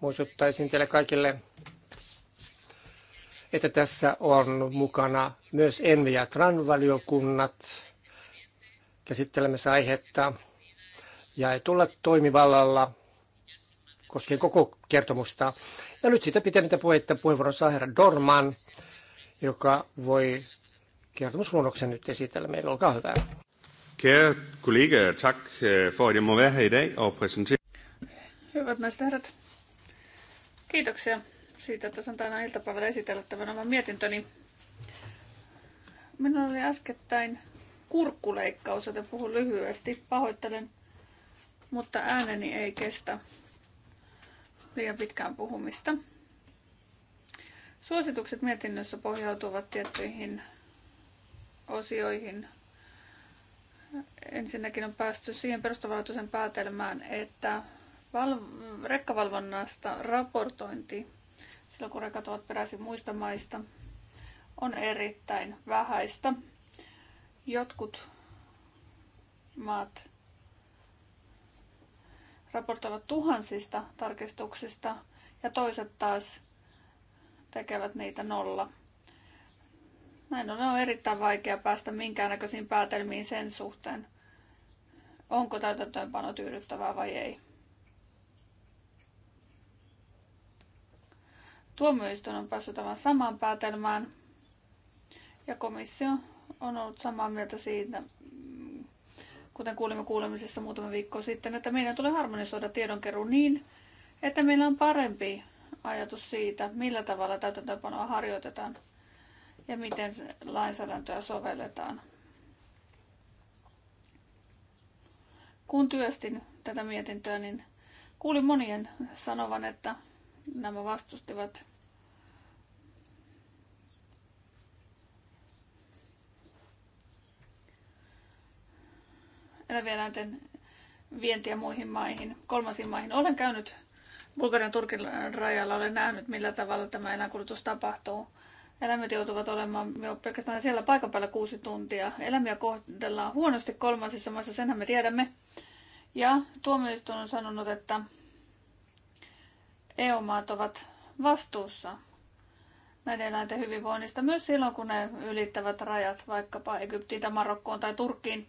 Muistuttaisin teille kaikille, että tässä on mukana myös Envi- ja Tran-valiokunnat käsittelemässä aihetta tulla toimivallalla koskien koko kertomusta. Ja nyt sitä pitemmittä puhetta puheenvuoron saa herra Dorman, joka voi kertomusluonnoksen nyt esitellä meillä. Olkaa hyvä. Kære kollegaer, tak øh, for at jeg må være her i dag og præsentere. Hyvät naiset herrat, kiitoksia siitä, että saan aina iltapäivällä esitellä tämän oman mietintöni. Minulla oli äskettäin kurkkuleikkaus, joten puhun lyhyesti. Pahoittelen, mutta ääneni ei kestä liian pitkään puhumista. Suositukset mietinnössä pohjautuvat tiettyihin osioihin. Ensinnäkin on päästy siihen perustavanlaatuisen päätelmään, että val- rekkavalvonnasta raportointi silloin kun rekat ovat peräisin muista maista, on erittäin vähäistä. Jotkut maat raportoivat tuhansista tarkistuksista ja toiset taas tekevät niitä nolla. Näin on, on erittäin vaikea päästä minkäännäköisiin päätelmiin sen suhteen, onko täytäntöönpano tyydyttävää vai ei. Tuomioistuin on päässyt tämän samaan päätelmään ja komissio on ollut samaa mieltä siitä, mm, kuten kuulimme kuulemisessa muutama viikko sitten, että meidän tulee harmonisoida tiedonkeruu niin, että meillä on parempi ajatus siitä, millä tavalla täytäntöönpanoa harjoitetaan ja miten lainsäädäntöä sovelletaan. Kun työstin tätä mietintöä, niin kuulin monien sanovan, että nämä vastustivat. elävieläinten vientiä muihin maihin, kolmansiin maihin. Olen käynyt Bulgarian Turkin rajalla, olen nähnyt millä tavalla tämä eläinkulutus tapahtuu. Eläimet joutuvat olemaan jo pelkästään siellä paikan päällä kuusi tuntia. Eläimiä kohdellaan huonosti kolmansissa maissa, senhän me tiedämme. Ja tuomioistuin on sanonut, että EU-maat ovat vastuussa näiden eläinten hyvinvoinnista myös silloin, kun ne ylittävät rajat vaikkapa Egyptiin tai Marokkoon tai Turkkiin.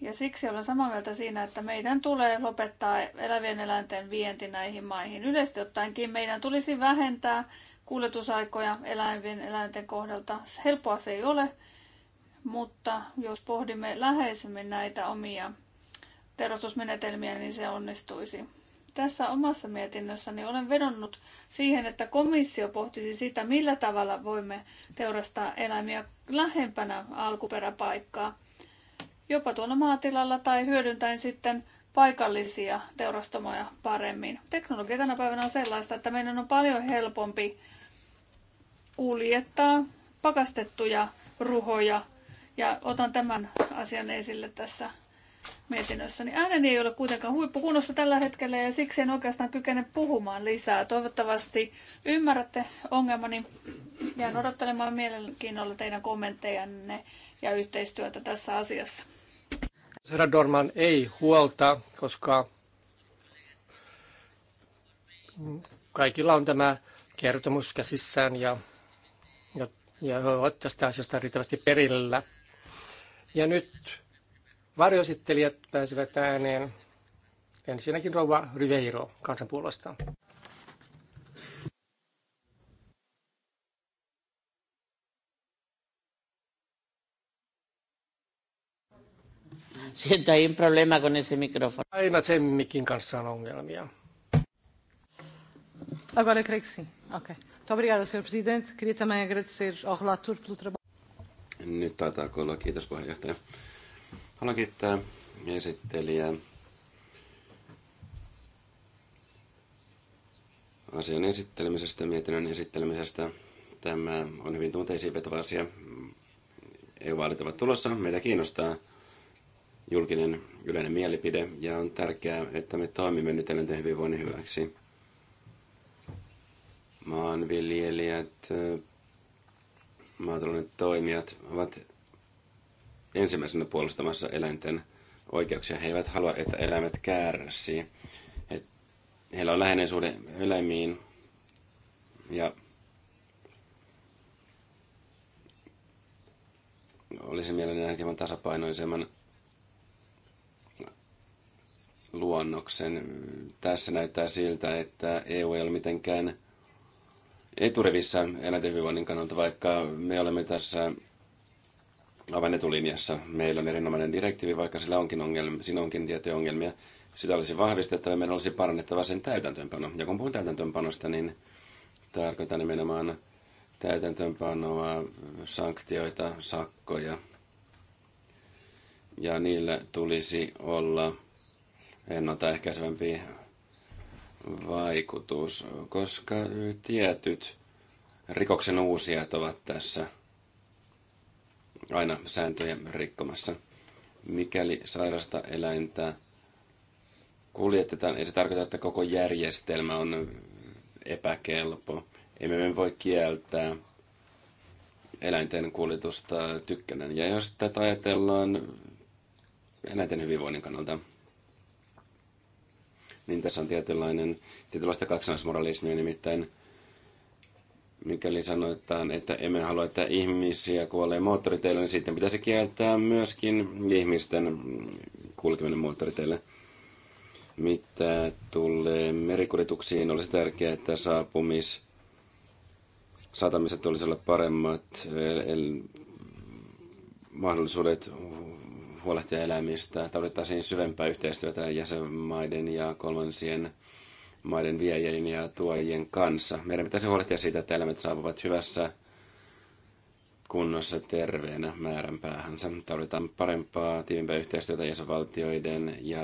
Ja siksi olen samaa mieltä siinä, että meidän tulee lopettaa elävien eläinten vienti näihin maihin. Yleisesti ottaenkin meidän tulisi vähentää kuljetusaikoja eläinvien eläinten kohdalta. Helppoa se ei ole, mutta jos pohdimme läheisemmin näitä omia terostusmenetelmiä, niin se onnistuisi tässä omassa mietinnössäni olen vedonnut siihen, että komissio pohtisi sitä, millä tavalla voimme teurastaa eläimiä lähempänä alkuperäpaikkaa, jopa tuolla maatilalla tai hyödyntäen sitten paikallisia teurastamoja paremmin. Teknologia tänä päivänä on sellaista, että meidän on paljon helpompi kuljettaa pakastettuja ruhoja ja otan tämän asian esille tässä mietinnössä, niin ääneni ei ole kuitenkaan huippukunnossa tällä hetkellä ja siksi en oikeastaan kykene puhumaan lisää. Toivottavasti ymmärrätte ongelmani. Jään odottelemaan mielenkiinnolla teidän kommenttejanne ja yhteistyötä tässä asiassa. Herra Dorman ei huolta, koska kaikilla on tämä kertomus käsissään ja, ja, ja he ovat tästä asiasta riittävästi perillä. Ja nyt varjoesittelijät pääsivät ääneen. Ensinnäkin rouva Ribeiro kansanpuolesta. Siento hay un problema con ese micrófono. Aina sen mikin kanssa on ongelmia. Agora creio que sim. Ok. Muito obrigada, Sr. Presidente. Queria também agradecer ao relator pelo trabalho. Nyt taitaa olla. Kiitos puheenjohtaja. Haluan kiittää esittelijää. asian esittelemisestä, mietinnön esittelemisestä. Tämä on hyvin tunteisiin vetova asia. EU-vaalit ovat tulossa. Meitä kiinnostaa julkinen yleinen mielipide ja on tärkeää, että me toimimme nyt eläinten hyvinvoinnin hyväksi. Maanviljelijät, maatalouden toimijat ovat ensimmäisenä puolustamassa eläinten oikeuksia. He eivät halua, että eläimet kärsii. He, heillä on läheinen suhde eläimiin ja olisi mielelläni hieman tasapainoisemman luonnoksen. Tässä näyttää siltä, että EU ei ole mitenkään eturivissä eläinten hyvinvoinnin kannalta, vaikka me olemme tässä aivan etulinjassa. Meillä on erinomainen direktiivi, vaikka sillä onkin ongelmia, siinä onkin tiettyjä ongelmia. Sitä olisi vahvistettava ja meidän olisi parannettava sen täytäntöönpano. Ja kun puhun täytäntöönpanosta, niin tarkoitan nimenomaan täytäntöönpanoa, sanktioita, sakkoja. Ja niillä tulisi olla ennaltaehkäisevämpi vaikutus, koska tietyt rikoksen uusijat ovat tässä – aina sääntöjä rikkomassa. Mikäli sairasta eläintä kuljetetaan, ei se tarkoita, että koko järjestelmä on epäkelpo. Emme me voi kieltää eläinten kuljetusta tykkänen. Ja jos tätä ajatellaan eläinten hyvinvoinnin kannalta, niin tässä on tietynlainen, tietynlaista kaksinaismoralismia, nimittäin – mikäli sanotaan, että emme halua, että ihmisiä kuolee moottoriteillä, niin sitten pitäisi kieltää myöskin ihmisten kulkeminen moottoriteillä. Mitä tulee merikuljetuksiin, olisi tärkeää, että saapumis satamiset olisi olla paremmat mahdollisuudet huolehtia eläimistä. Tarvittaisiin syvempää yhteistyötä jäsenmaiden ja kolmansien maiden viejien ja tuojien kanssa. Meidän pitäisi huolehtia siitä, että eläimet saavuvat hyvässä kunnossa terveenä määränpäähänsä. Tarvitaan parempaa, tiivimpää yhteistyötä jäsenvaltioiden ja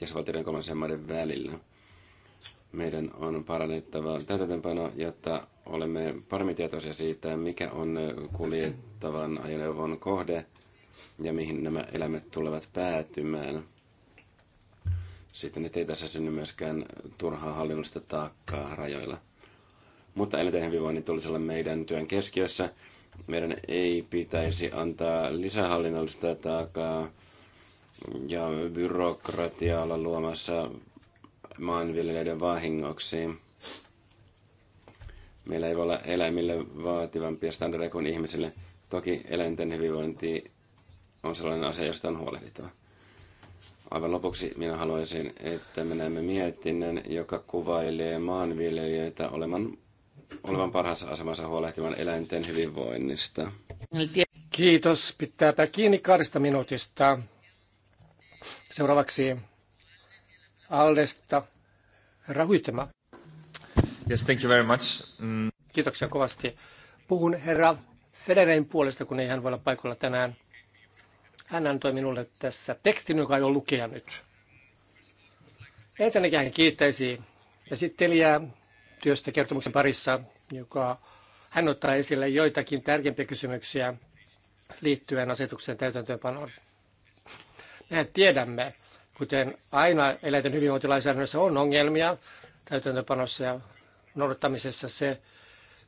jäsenvaltioiden kolmansien maiden välillä. Meidän on parannettava täytäntöönpano, jotta olemme paremmin tietoisia siitä, mikä on kuljettavan ajoneuvon kohde ja mihin nämä eläimet tulevat päätymään – sitten ettei tässä synny myöskään turhaa hallinnollista taakkaa rajoilla. Mutta eläinten hyvinvoinnin tulisi olla meidän työn keskiössä. Meidän ei pitäisi antaa lisähallinnollista taakkaa ja byrokratiaa olla luomassa maanviljelijöiden vahingoksi. Meillä ei voi olla eläimille vaativampia standardeja kuin ihmisille. Toki eläinten hyvinvointi on sellainen asia, josta on huolehdittava. Aivan lopuksi minä haluaisin, että me näemme mietinnön, joka kuvailee maanviljelijöitä olevan, olevan parhaassa asemassa huolehtivan eläinten hyvinvoinnista. Kiitos. Pitääpä kiinni kahdesta minuutista. Seuraavaksi Aldesta Rahuitema. Yes, thank you very much. Mm. Kiitoksia kovasti. Puhun herra Federein puolesta, kun ei hän voi olla paikalla tänään. Hän antoi minulle tässä tekstin, joka aion lukea nyt. Ensinnäkin hän kiittäisi esittelijää työstä kertomuksen parissa, joka hän ottaa esille joitakin tärkeimpiä kysymyksiä liittyen asetuksen täytäntöönpanoon. Mehän tiedämme, kuten aina eläinten hyvinvointilainsäädännössä on ongelmia täytäntöönpanossa ja noudattamisessa, se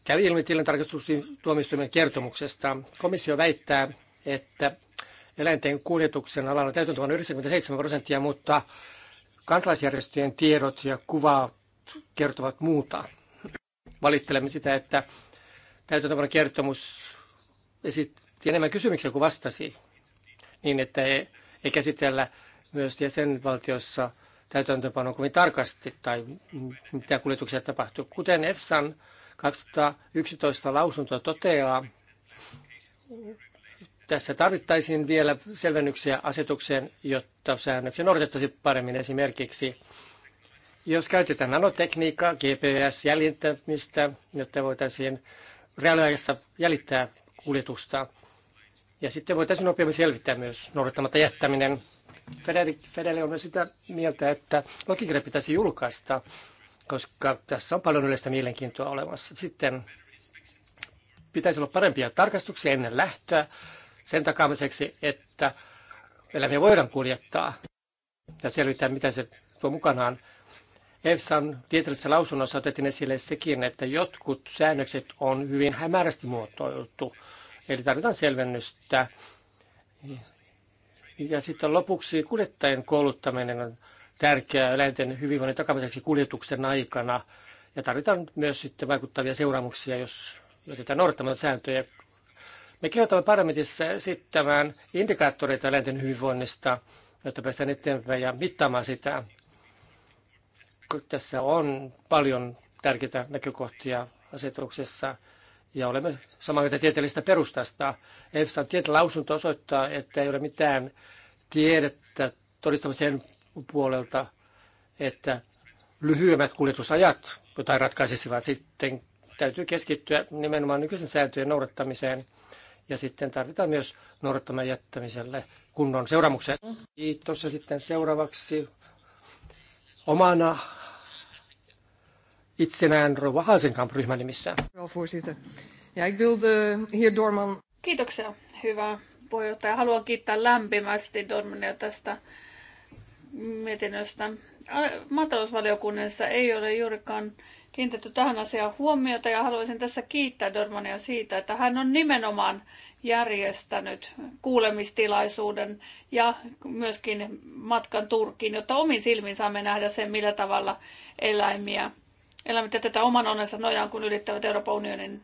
kävi ilmi tilintarkastustuomioistuimen kertomuksesta. Komissio väittää, että eläinten kuljetuksen alalla täytäntöön on 97 prosenttia, mutta kansalaisjärjestöjen tiedot ja kuvat kertovat muuta. Valittelemme sitä, että täytäntöön kertomus esitti enemmän kysymyksiä kuin vastasi, niin että ei, ei käsitellä myös jäsenvaltiossa täytäntöönpanon kovin tarkasti tai mitä kuljetuksia tapahtuu. Kuten EFSAn 2011 lausunto toteaa, tässä tarvittaisiin vielä selvennyksiä asetukseen, jotta säännöksiä noudatettaisiin paremmin esimerkiksi. Jos käytetään nanotekniikkaa, GPS-jäljittämistä, jotta voitaisiin reaaliajassa jäljittää kuljetusta. Ja sitten voitaisiin nopeammin selvittää myös noudattamatta jättäminen. Fedele on myös sitä mieltä, että logikirja pitäisi julkaista, koska tässä on paljon yleistä mielenkiintoa olemassa. Sitten pitäisi olla parempia tarkastuksia ennen lähtöä sen takaamiseksi, että eläimiä voidaan kuljettaa ja selvittää, mitä se tuo mukanaan. EFSAn tieteellisessä lausunnossa otettiin esille sekin, että jotkut säännökset on hyvin hämärästi muotoiltu, eli tarvitaan selvennystä. Ja sitten lopuksi kuljettajien kouluttaminen on tärkeää eläinten hyvinvoinnin takamiseksi kuljetuksen aikana. Ja tarvitaan myös sitten vaikuttavia seuraamuksia, jos jätetään noudattamatta sääntöjä. Me kehotamme parlamentissa esittämään indikaattoreita eläinten hyvinvoinnista, jotta päästään eteenpäin ja mittaamaan sitä. Tässä on paljon tärkeitä näkökohtia asetuksessa ja olemme samaa mieltä tieteellisestä perustasta. EFSAn lausunto osoittaa, että ei ole mitään tiedettä todistamisen puolelta, että lyhyemmät kuljetusajat jotain ratkaisisivat. Sitten täytyy keskittyä nimenomaan nykyisen sääntöjen noudattamiseen ja sitten tarvitaan myös noudattamaan jättämiselle kunnon seuraamuksen. Kiitos. sitten seuraavaksi omana itsenään Rova Haasenkamp ryhmän nimissä. Ja Dorman... Kiitoksia, hyvä puheenjohtaja. Haluan kiittää lämpimästi Dormania tästä mietinnöstä. Maatalousvaliokunnassa ei ole juurikaan kiinnitetty tähän asiaan huomiota ja haluaisin tässä kiittää Dormania siitä, että hän on nimenomaan järjestänyt kuulemistilaisuuden ja myöskin matkan Turkkiin, jotta omin silmin saamme nähdä sen, millä tavalla eläimiä, eläimet tätä oman onnensa nojaan, kun ylittävät Euroopan unionin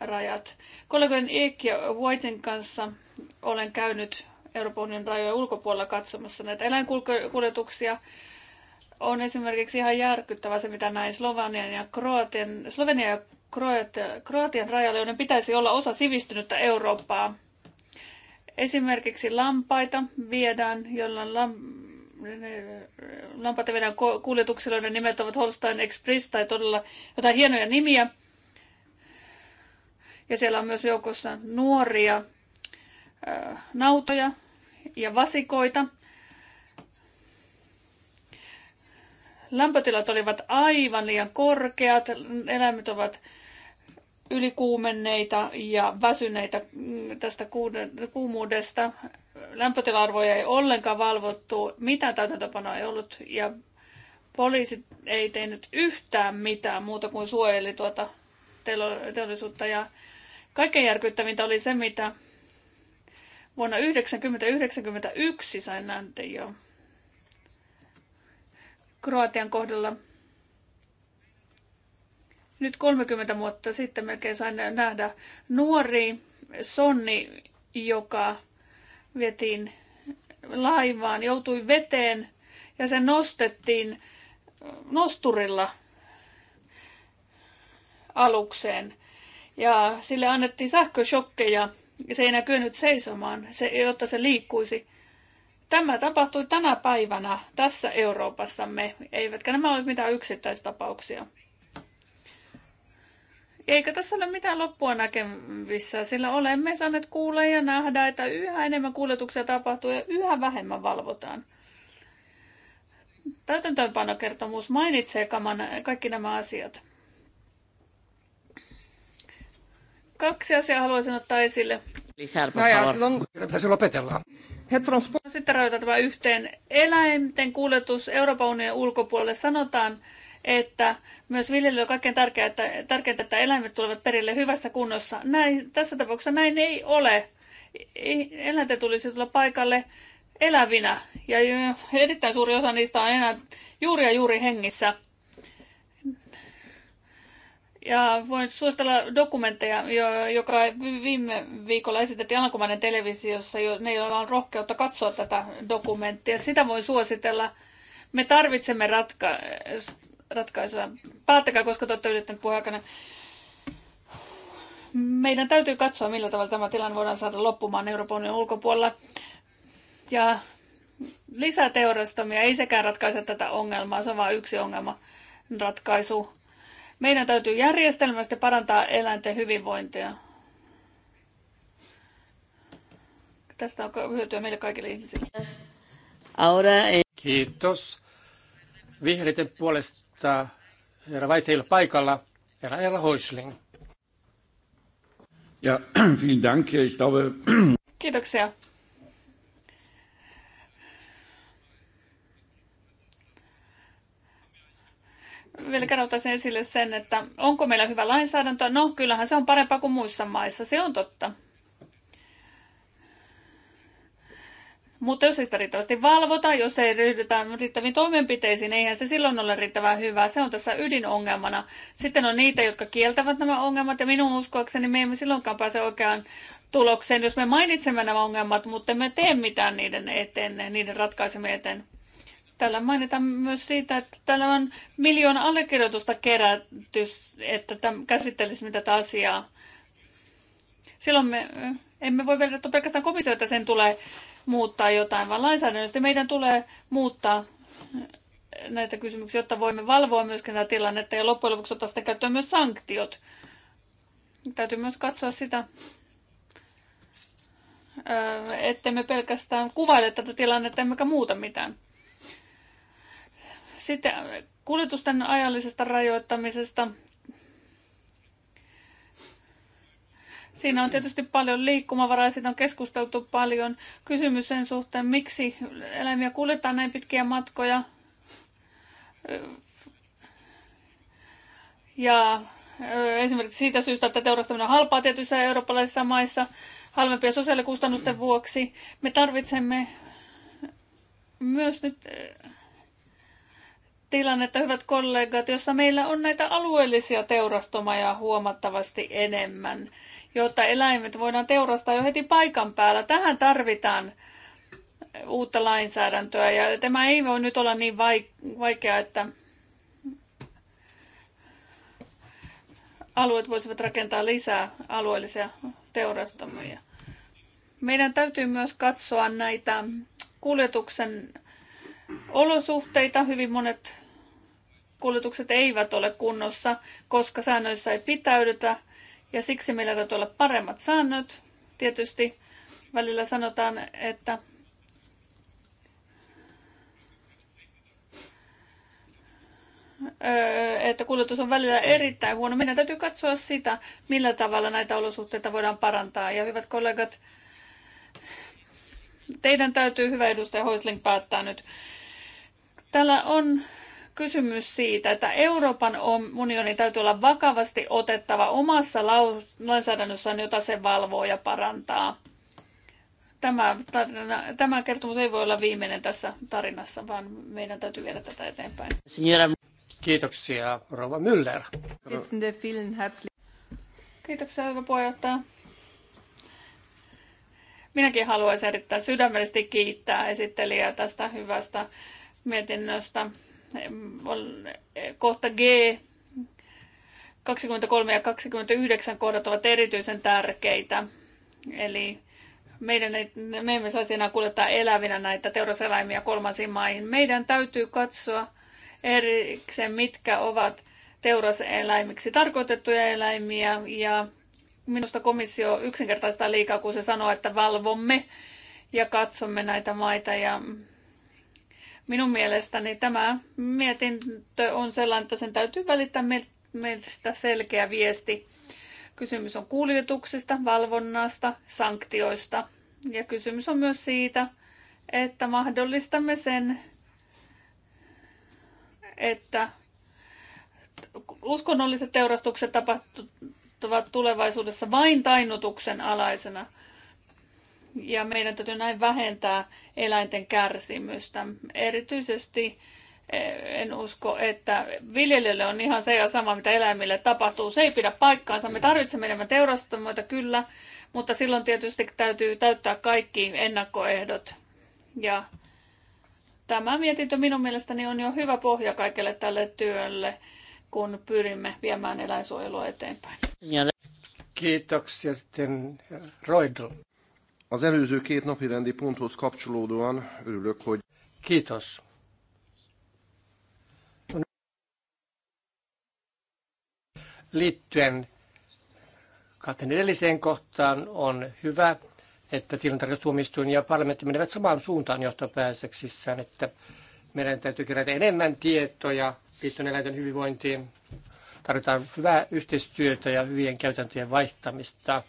rajat. Kollegojen Eek ja Whiten kanssa olen käynyt Euroopan unionin rajojen ulkopuolella katsomassa näitä eläinkuljetuksia on esimerkiksi ihan järkyttävä se, mitä näin Slovenian ja Kroatian, Slovenian ja Kroatian, Kroatian rajalle, joiden pitäisi olla osa sivistynyttä Eurooppaa. Esimerkiksi lampaita viedään, joilla lam, lampaita viedään kuljetuksilla, joiden nimet ovat Holstein Express tai todella jotain hienoja nimiä. Ja siellä on myös joukossa nuoria nautoja ja vasikoita – lämpötilat olivat aivan liian korkeat, eläimet ovat ylikuumenneita ja väsyneitä mm, tästä kuumuudesta. Lämpötilarvoja ei ollenkaan valvottu, mitään täytäntöpanoa ei ollut ja poliisi ei tehnyt yhtään mitään muuta kuin suojeli tuota teollisuutta. Ja kaikkein järkyttävintä oli se, mitä vuonna 1991 sain näynte jo Kroatian kohdalla. Nyt 30 vuotta sitten melkein sain nähdä nuori sonni, joka vietiin laivaan, joutui veteen ja se nostettiin nosturilla alukseen. Ja sille annettiin sähköshokkeja, se ei näkynyt seisomaan, se, jotta se liikkuisi. Tämä tapahtui tänä päivänä tässä Euroopassamme, eivätkä nämä ole mitään yksittäistapauksia. Eikä tässä ole mitään loppua näkevissä, sillä olemme saaneet kuulla ja nähdä, että yhä enemmän kuljetuksia tapahtuu ja yhä vähemmän valvotaan. Täytäntöönpanokertomus mainitsee kaikki nämä asiat. Kaksi asiaa haluaisin ottaa esille. Lisää, no ja, long... No sitten rajoitetaan tämä yhteen. Eläinten kuljetus Euroopan unionin ulkopuolelle sanotaan, että myös viljelijöille on kaikkein tärkeää että, tärkeintä, että eläimet tulevat perille hyvässä kunnossa. Näin, tässä tapauksessa näin ei ole. Eläinten tulisi tulla paikalle elävinä ja erittäin suuri osa niistä on enää juuri ja juuri hengissä. Ja voin suositella dokumentteja, joka viime viikolla esitettiin alankomainen televisiossa, ne joilla on rohkeutta katsoa tätä dokumenttia. Sitä voin suositella. Me tarvitsemme ratka- ratkaisua. Päättäkää, koska te olette yrittäneet aikana. Meidän täytyy katsoa, millä tavalla tämä tilanne voidaan saada loppumaan Euroopan unionin ulkopuolella. Ja lisää teurastamia ei sekään ratkaise tätä ongelmaa, se on vain yksi ongelma ratkaisu meidän täytyy järjestelmästi parantaa eläinten hyvinvointia. Tästä on hyötyä meille kaikille ihmisille. Eh, Kiitos. Vihreiden puolesta herra Vaiteil paikalla, herra Herra Häusling. Ja, [CLEARS THROAT] vielen Dank. Ich glaube... [CLEARS THROAT] Kiitoksia. vielä ottaisin esille sen, että onko meillä hyvä lainsäädäntö. No, kyllähän se on parempaa kuin muissa maissa, se on totta. Mutta jos ei sitä riittävästi valvota, jos ei ryhdytä riittäviin toimenpiteisiin, eihän se silloin ole riittävän hyvää. Se on tässä ydinongelmana. Sitten on niitä, jotka kieltävät nämä ongelmat, ja minun uskoakseni me emme silloinkaan pääse oikeaan tulokseen, jos me mainitsemme nämä ongelmat, mutta me teemme mitään niiden eteen, niiden ratkaisemme eteen. Täällä mainitaan myös siitä, että täällä on miljoona allekirjoitusta kerätty, että käsittelisimme tätä asiaa. Silloin me emme voi että pelkästään komissio, että sen tulee muuttaa jotain, vaan lainsäädännöstä meidän tulee muuttaa näitä kysymyksiä, jotta voimme valvoa myöskin tätä tilannetta ja loppujen lopuksi ottaa sitä käyttöön myös sanktiot. Täytyy myös katsoa sitä, ettei me pelkästään kuvaile tätä tilannetta emmekä muuta mitään. Sitten kuljetusten ajallisesta rajoittamisesta. Siinä on tietysti paljon liikkumavaraa, siitä on keskusteltu paljon. Kysymys sen suhteen, miksi eläimiä kuljetaan näin pitkiä matkoja. Ja esimerkiksi siitä syystä, että teurastaminen on halpaa tietyissä eurooppalaisissa maissa halvempia sosiaalikustannusten vuoksi. Me tarvitsemme myös nyt tilannetta, hyvät kollegat, jossa meillä on näitä alueellisia teurastomaja huomattavasti enemmän, jotta eläimet voidaan teurastaa jo heti paikan päällä. Tähän tarvitaan uutta lainsäädäntöä ja tämä ei voi nyt olla niin vaikea, että alueet voisivat rakentaa lisää alueellisia teurastamoja. Meidän täytyy myös katsoa näitä kuljetuksen olosuhteita. Hyvin monet kuljetukset eivät ole kunnossa, koska säännöissä ei pitäydytä. Ja siksi meillä täytyy olla paremmat säännöt. Tietysti välillä sanotaan, että että kuljetus on välillä erittäin huono. Meidän täytyy katsoa sitä, millä tavalla näitä olosuhteita voidaan parantaa. Ja hyvät kollegat, teidän täytyy, hyvä edustaja Hoisling, päättää nyt. Täällä on kysymys siitä, että Euroopan unioni täytyy olla vakavasti otettava omassa lainsäädännössään, jota se valvoo ja parantaa. Tämä, tarina, tämä kertomus ei voi olla viimeinen tässä tarinassa, vaan meidän täytyy viedä tätä eteenpäin. Kiitoksia, Rova Müller. Kiitoksia, hyvä puheenjohtaja. Minäkin haluaisin erittäin sydämellisesti kiittää esittelijää tästä hyvästä mietinnöstä. Kohta G, 23 ja 29 kohdat ovat erityisen tärkeitä. Eli meidän ei, me emme saisi enää kuljettaa elävinä näitä teuraseläimiä kolmansiin maihin. Meidän täytyy katsoa erikseen, mitkä ovat teuraseläimiksi tarkoitettuja eläimiä. Ja minusta komissio yksinkertaistaa liikaa, kun se sanoo, että valvomme ja katsomme näitä maita. Ja Minun mielestäni tämä mietintö on sellainen, että sen täytyy välittää meistä selkeä viesti. Kysymys on kuljetuksista, valvonnasta, sanktioista. Ja kysymys on myös siitä, että mahdollistamme sen, että uskonnolliset teurastukset tapahtuvat tulevaisuudessa vain tainnutuksen alaisena – ja meidän täytyy näin vähentää eläinten kärsimystä. Erityisesti eh, en usko, että viljelijöille on ihan se ja sama, mitä eläimille tapahtuu. Se ei pidä paikkaansa. Me tarvitsemme enemmän teurastamoita kyllä, mutta silloin tietysti täytyy täyttää kaikki ennakkoehdot. Ja tämä mietintö minun mielestäni on jo hyvä pohja kaikelle tälle työlle, kun pyrimme viemään eläinsuojelua eteenpäin. Kiitoksia sitten Roidl. Az előző két napi rendi ponthoz kapcsolódóan örülök, hogy... Kiitos. Liittyen kahteen edelliseen kohtaan on hyvä, että tilintarkastustuomioistuin ja parlamentti menevät samaan suuntaan johtopäätöksissään, että meidän täytyy kerätä enemmän tietoja liittyen eläinten hyvinvointiin. Tarvitaan hyvää yhteistyötä ja hyvien käytäntöjen vaihtamista.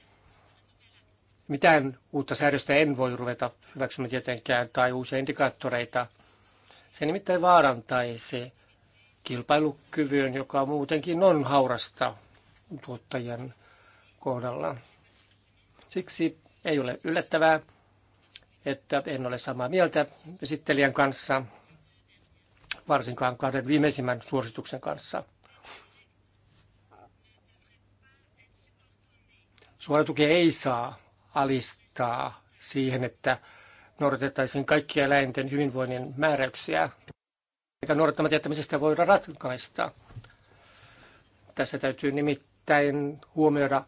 Mitään uutta säädöstä en voi ruveta hyväksymään tietenkään tai uusia indikaattoreita. Se nimittäin vaarantaisi kilpailukyvyn, joka muutenkin on haurasta tuottajien kohdalla. Siksi ei ole yllättävää, että en ole samaa mieltä esittelijän kanssa, varsinkaan kahden viimeisimmän suosituksen kanssa. Suora ei saa alistaa siihen, että noudatettaisiin kaikkia eläinten hyvinvoinnin määräyksiä, mitä noudattamatta jättämisestä voidaan ratkaista. Tässä täytyy nimittäin huomioida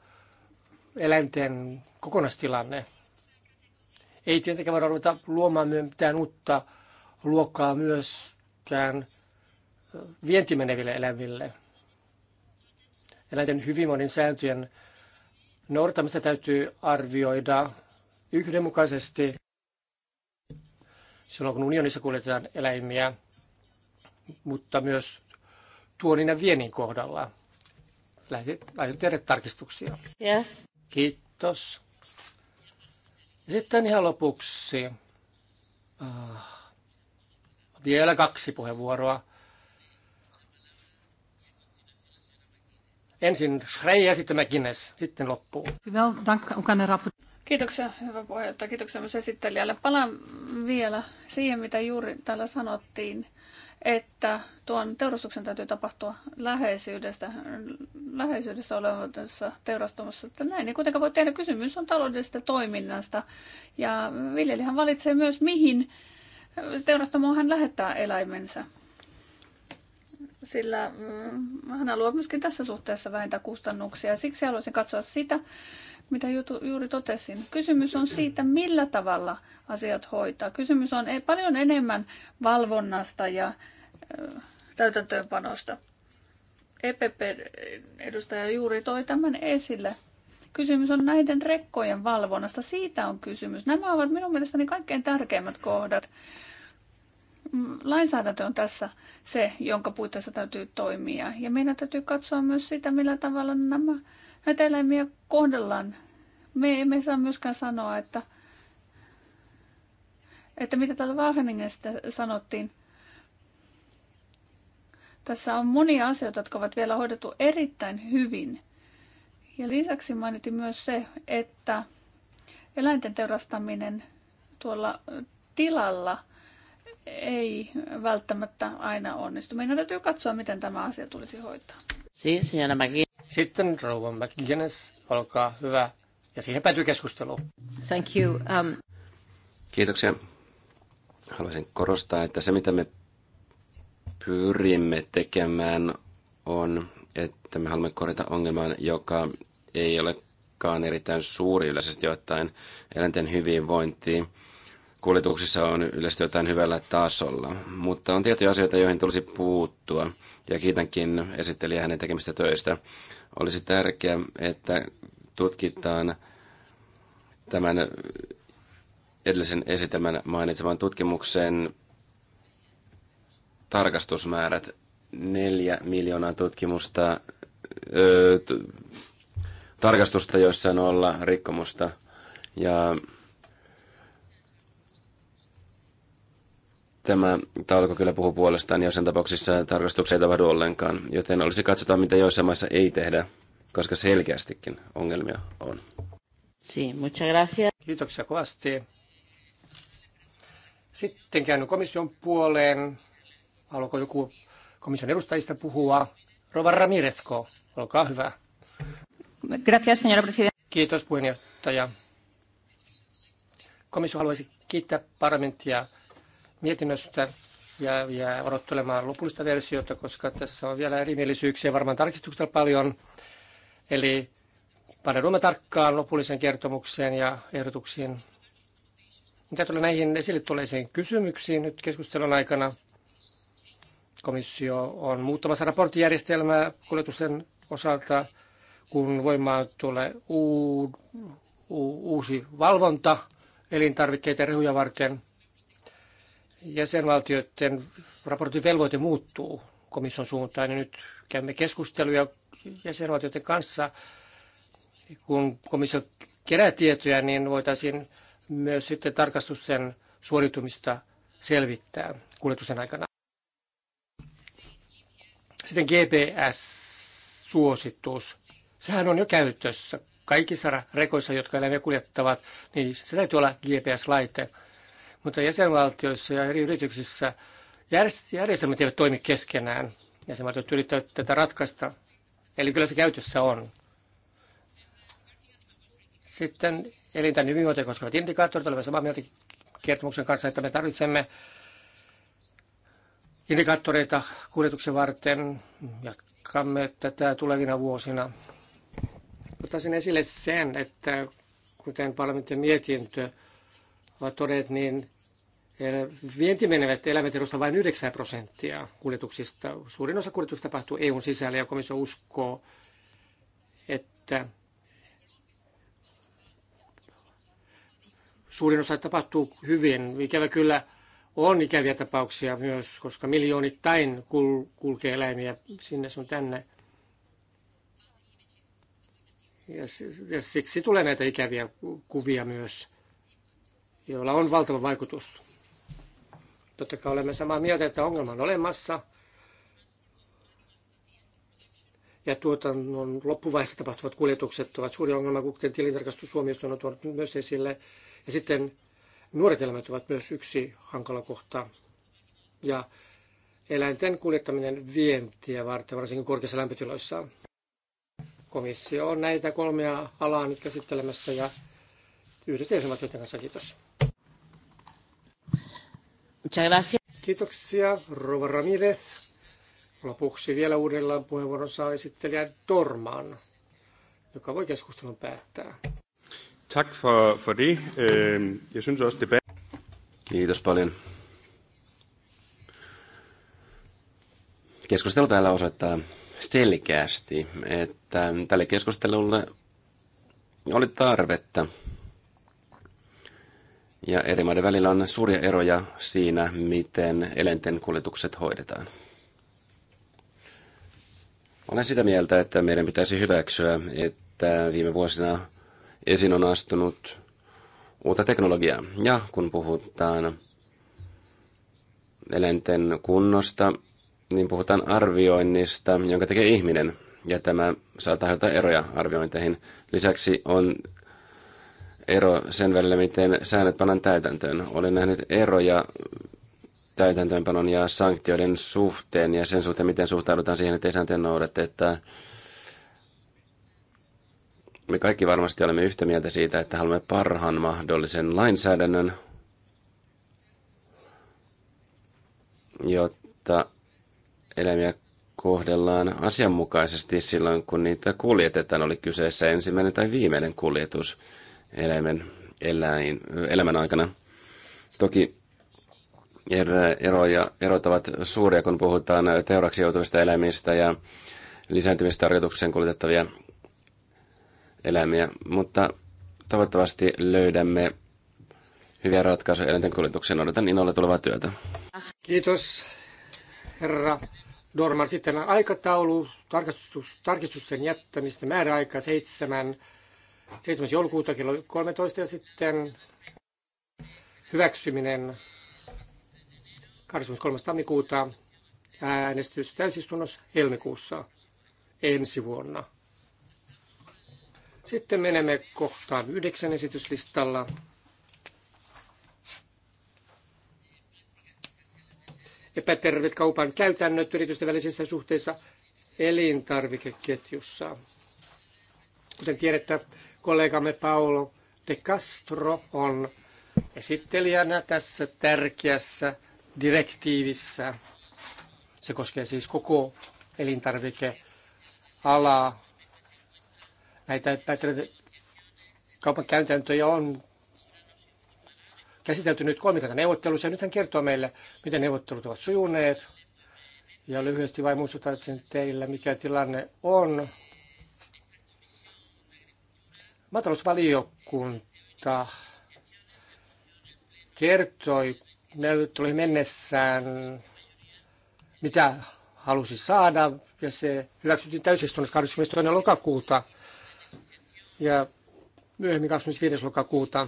eläinten kokonaistilanne. Ei tietenkään voida ruveta luomaan mitään uutta luokkaa myöskään vientimeneville eläimille. Eläinten hyvinvoinnin sääntöjen noudattamista täytyy arvioida yhdenmukaisesti silloin, kun unionissa kuljetetaan eläimiä, mutta myös tuonin ja viennin kohdalla. Lähdetään tehdä tarkistuksia. Yes. Kiitos. sitten ihan lopuksi. Ah, vielä kaksi puheenvuoroa. Ensin Schrei ja sitten McGuinness, sitten loppuu. Kiitoksia, hyvä puheenjohtaja. Kiitoksia myös esittelijälle. Palaan vielä siihen, mitä juuri täällä sanottiin, että tuon teurastuksen täytyy tapahtua läheisyydestä, läheisyydessä olevassa teurastumassa. Että näin ei kuitenkaan voi tehdä. Kysymys on taloudellisesta toiminnasta. Ja viljelijähän valitsee myös, mihin teurastamoon hän lähettää eläimensä sillä mm, hän haluaa myöskin tässä suhteessa vähentää kustannuksia. Siksi haluaisin katsoa sitä, mitä juuri totesin. Kysymys on siitä, millä tavalla asiat hoitaa. Kysymys on e, paljon enemmän valvonnasta ja täytäntöönpanosta. EPP-edustaja juuri toi tämän esille. Kysymys on näiden rekkojen valvonnasta. Siitä on kysymys. Nämä ovat minun mielestäni kaikkein tärkeimmät kohdat. Mm, lainsäädäntö on tässä se, jonka puitteissa täytyy toimia. Ja meidän täytyy katsoa myös sitä, millä tavalla nämä, näitä eläimiä kohdellaan. Me emme saa myöskään sanoa, että, että mitä täällä Wageningestä sanottiin. Tässä on monia asioita, jotka ovat vielä hoidettu erittäin hyvin. Ja lisäksi mainitin myös se, että eläinten teurastaminen tuolla tilalla – ei välttämättä aina onnistu. Meidän täytyy katsoa, miten tämä asia tulisi hoitaa. Siis, Sitten rouva McGuinness, olkaa hyvä. Ja siihen päätyy keskustelu. Thank you. Um... Kiitoksia. Haluaisin korostaa, että se mitä me pyrimme tekemään on, että me haluamme korjata ongelman, joka ei olekaan erittäin suuri yleisesti ottaen eläinten hyvinvointiin kuljetuksissa on yleisesti jotain hyvällä tasolla, mutta on tiettyjä asioita, joihin tulisi puuttua, ja kiitänkin esittelijä hänen tekemistä töistä. Olisi tärkeää, että tutkitaan tämän edellisen esitelmän mainitseman tutkimuksen tarkastusmäärät. Neljä miljoonaa tutkimusta, öö, t- tarkastusta, joissa on olla rikkomusta, ja Tämä taulukko kyllä puhuu puolestaan, sen tapauksissa tarkastuksia ei tapahdu ollenkaan, joten olisi katsotaan, mitä joissain maissa ei tehdä, koska selkeästikin ongelmia on. Sí, muchas gracias. Kiitoksia kovasti. Sitten käyn komission puoleen. Haluatko joku komission edustajista puhua? Rova Ramirezko, olkaa hyvä. Gracias, señora presidenta. Kiitos puheenjohtaja. Komissio haluaisi kiittää parlamenttia mietinnöstä ja, ja odottelemaan lopullista versiota, koska tässä on vielä erimielisyyksiä varmaan tarkistuksella paljon. Eli paneudumme tarkkaan lopulliseen kertomukseen ja ehdotuksiin. Mitä tulee näihin esille tuleisiin kysymyksiin nyt keskustelun aikana? Komissio on muuttamassa raporttijärjestelmää kuljetusten osalta, kun voimaan tulee uusi valvonta elintarvikkeiden rehuja varten – jäsenvaltioiden raportointivelvoite muuttuu komission suuntaan, ja nyt käymme keskusteluja jäsenvaltioiden kanssa. Kun komissio kerää tietoja, niin voitaisiin myös sitten tarkastusten suoritumista selvittää kuljetusten aikana. Sitten GPS-suositus. Sehän on jo käytössä. Kaikissa rekoissa, jotka eläimiä kuljettavat, niin se täytyy olla GPS-laite mutta jäsenvaltioissa ja eri yrityksissä järjestelmät eivät toimi keskenään. Jäsenvaltiot yrittävät tätä ratkaista. Eli kyllä se käytössä on. Sitten elinten hyvinvointia koskevat indikaattorit. Olemme samaa mieltä kertomuksen kanssa, että me tarvitsemme indikaattoreita kuljetuksen varten. Jatkamme tätä tulevina vuosina. Ottaisin esille sen, että kuten parlamentin mietintö ovat todenneet, niin vienti menevät eläimet edustavat vain 9 prosenttia kuljetuksista. Suurin osa kuljetuksista tapahtuu EUn sisällä ja komissio uskoo, että suurin osa tapahtuu hyvin. Ikävä kyllä on ikäviä tapauksia myös, koska miljoonittain kul- kulkee eläimiä sinne sun tänne. Ja, ja siksi tulee näitä ikäviä kuvia myös joilla on valtava vaikutus. Totta kai olemme samaa mieltä, että ongelma on olemassa ja tuotannon loppuvaiheessa tapahtuvat kuljetukset ovat suuri ongelma, kuten tilintarkastus Suomesta on tuonut myös esille. Ja sitten nuoret elämät ovat myös yksi hankala kohta. Ja eläinten kuljettaminen vientiä varten, varsinkin korkeissa lämpötiloissa. Komissio on näitä kolmea alaa nyt käsittelemässä ja yhdessä jäsenvaltioiden kanssa. Kiitos. Kiitoksia, Rova Ramirez. Lopuksi vielä uudellaan puheenvuoron saa esittelijä Dorman, joka voi keskustelun päättää. Tak for, for det. Jeg synes også, debat... Kiitos paljon. Keskustelu täällä osoittaa selkeästi, että tälle keskustelulle oli tarvetta ja eri maiden välillä on suuria eroja siinä, miten eläinten kuljetukset hoidetaan. Olen sitä mieltä, että meidän pitäisi hyväksyä, että viime vuosina esiin on astunut uutta teknologiaa. Ja kun puhutaan eläinten kunnosta, niin puhutaan arvioinnista, jonka tekee ihminen. Ja tämä saattaa aiheuttaa eroja arviointeihin. Lisäksi on ero sen välillä, miten säännöt panan täytäntöön. Olen nähnyt eroja täytäntöönpanon ja sanktioiden suhteen ja sen suhteen, miten suhtaudutaan siihen, että ei sääntöjä noudateta. Me kaikki varmasti olemme yhtä mieltä siitä, että haluamme parhaan mahdollisen lainsäädännön, jotta eläimiä kohdellaan asianmukaisesti silloin, kun niitä kuljetetaan, oli kyseessä ensimmäinen tai viimeinen kuljetus – eläimen eläin, elämän aikana. Toki eroja, erot ovat suuria, kun puhutaan teuraksi joutuvista eläimistä ja lisääntymistarjoituksen kuljetettavia eläimiä, mutta toivottavasti löydämme hyviä ratkaisuja eläinten kuljetukseen. Odotan innolla tulevaa työtä. Kiitos, herra Dorman. Sitten aikataulu, tarkistus, tarkistusten jättämistä, määräaika 7 7. joulukuuta kello 13 ja sitten hyväksyminen 23. tammikuuta äänestys täysistunnossa helmikuussa ensi vuonna. Sitten menemme kohtaan yhdeksän esityslistalla. Epäterveet kaupan käytännöt yritysten välisissä suhteissa elintarvikeketjussa. Kuten tiedettä, Kollegamme Paolo de Castro on esittelijänä tässä tärkeässä direktiivissä. Se koskee siis koko elintarvikealaa. Näitä kaupan käytäntöjä on käsitelty nyt kolmikata neuvottelussa. Nyt hän kertoo meille, miten neuvottelut ovat sujuneet. Ja lyhyesti vain muistutan teille, mikä tilanne on Maatalousvaliokunta kertoi neuvotteluihin mennessään, mitä halusi saada, ja se hyväksyttiin täysistunnossa 22. lokakuuta ja myöhemmin 25. lokakuuta.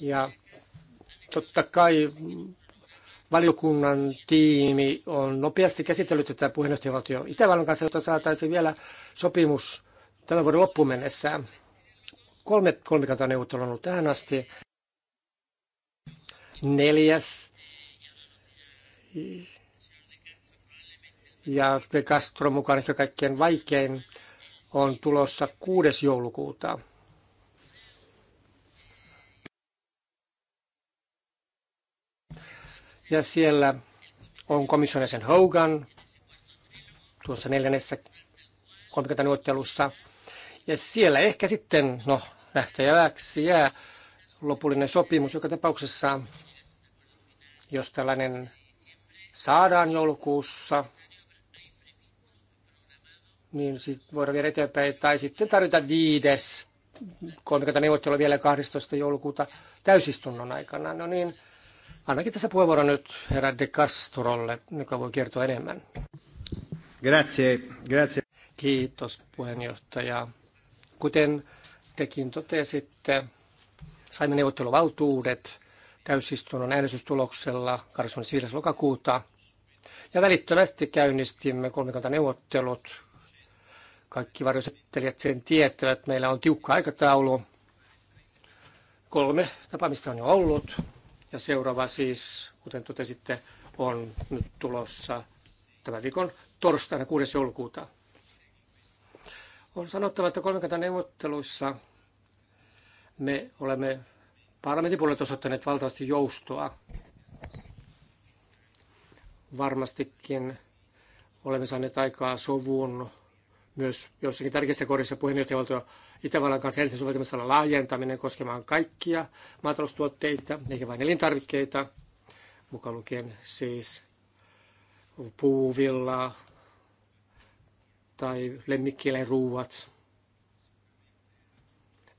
Ja totta kai valiokunnan tiimi on nopeasti käsitellyt tätä puheenjohtajavaltio Itävallan kanssa, jotta saataisiin vielä sopimus tämän vuoden loppuun mennessä. Kolme kolmikantaneuvottelua on ollut tähän asti. Neljäs ja De Castro mukaan ehkä kaikkein vaikein on tulossa 6. joulukuuta. Ja siellä on komission Hogan tuossa neljännessä kolmikantaneuvottelussa. Ja siellä ehkä sitten, no nähtäjäväksi jää lopullinen sopimus joka tapauksessa, jos tällainen saadaan joulukuussa, niin sitten voidaan viedä eteenpäin. Tai sitten tarvitaan viides neuvottelua vielä 12. joulukuuta täysistunnon aikana. No niin, annakin tässä puheenvuoro nyt herra De Castrolle, joka voi kertoa enemmän. Grazie, grazie. Kiitos puheenjohtaja. Kuten tekin totesitte, saimme neuvotteluvaltuudet täysistunnon äänestystuloksella 25. lokakuuta ja välittömästi käynnistimme kolmikantaneuvottelut. Kaikki varjosettelijat sen tietävät, että meillä on tiukka aikataulu. Kolme tapaamista on jo ollut ja seuraava siis, kuten totesitte, on nyt tulossa tämän viikon torstaina 6. joulukuuta. On sanottava, että neuvotteluissa me olemme parlamentin puolet osoittaneet valtavasti joustoa. Varmastikin olemme saaneet aikaa sovun myös joissakin tärkeissä kohdissa puheenjohtajavaltio Itävallan kanssa ensin soveltamisella laajentaminen koskemaan kaikkia maataloustuotteita, eikä vain elintarvikkeita, mukaan lukien siis puuvillaa, tai ruuat.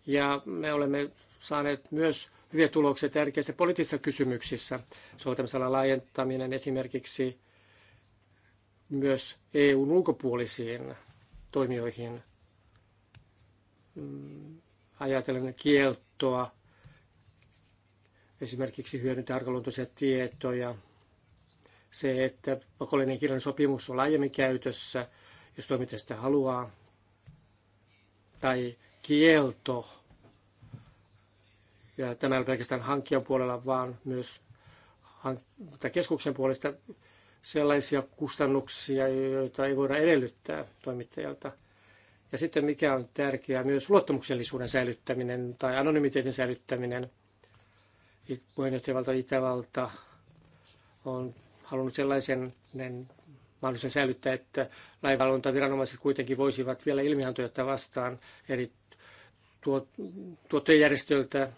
Ja me olemme saaneet myös hyviä tuloksia tärkeissä poliittisissa kysymyksissä. Soveltamisalan laajentaminen esimerkiksi myös EUn ulkopuolisiin toimijoihin. Mm, ajatellen kieltoa, esimerkiksi hyödyntää arkaluontoisia tietoja, se, että pakollinen kirjan sopimus on laajemmin käytössä – jos toimittaja sitä haluaa. Tai kielto, ja tämä ei ole pelkästään hankkijan puolella, vaan myös keskuksen puolesta sellaisia kustannuksia, joita ei voida edellyttää toimittajalta. Ja sitten mikä on tärkeää, myös luottamuksellisuuden säilyttäminen tai anonymiteetin säilyttäminen. Puheenjohtajavalta Itävalta on halunnut sellaisen mahdollisen säilyttää, että lainvalvontaviranomaiset kuitenkin voisivat vielä ilmiantoja ottaa vastaan eri tuottajajärjestöiltä.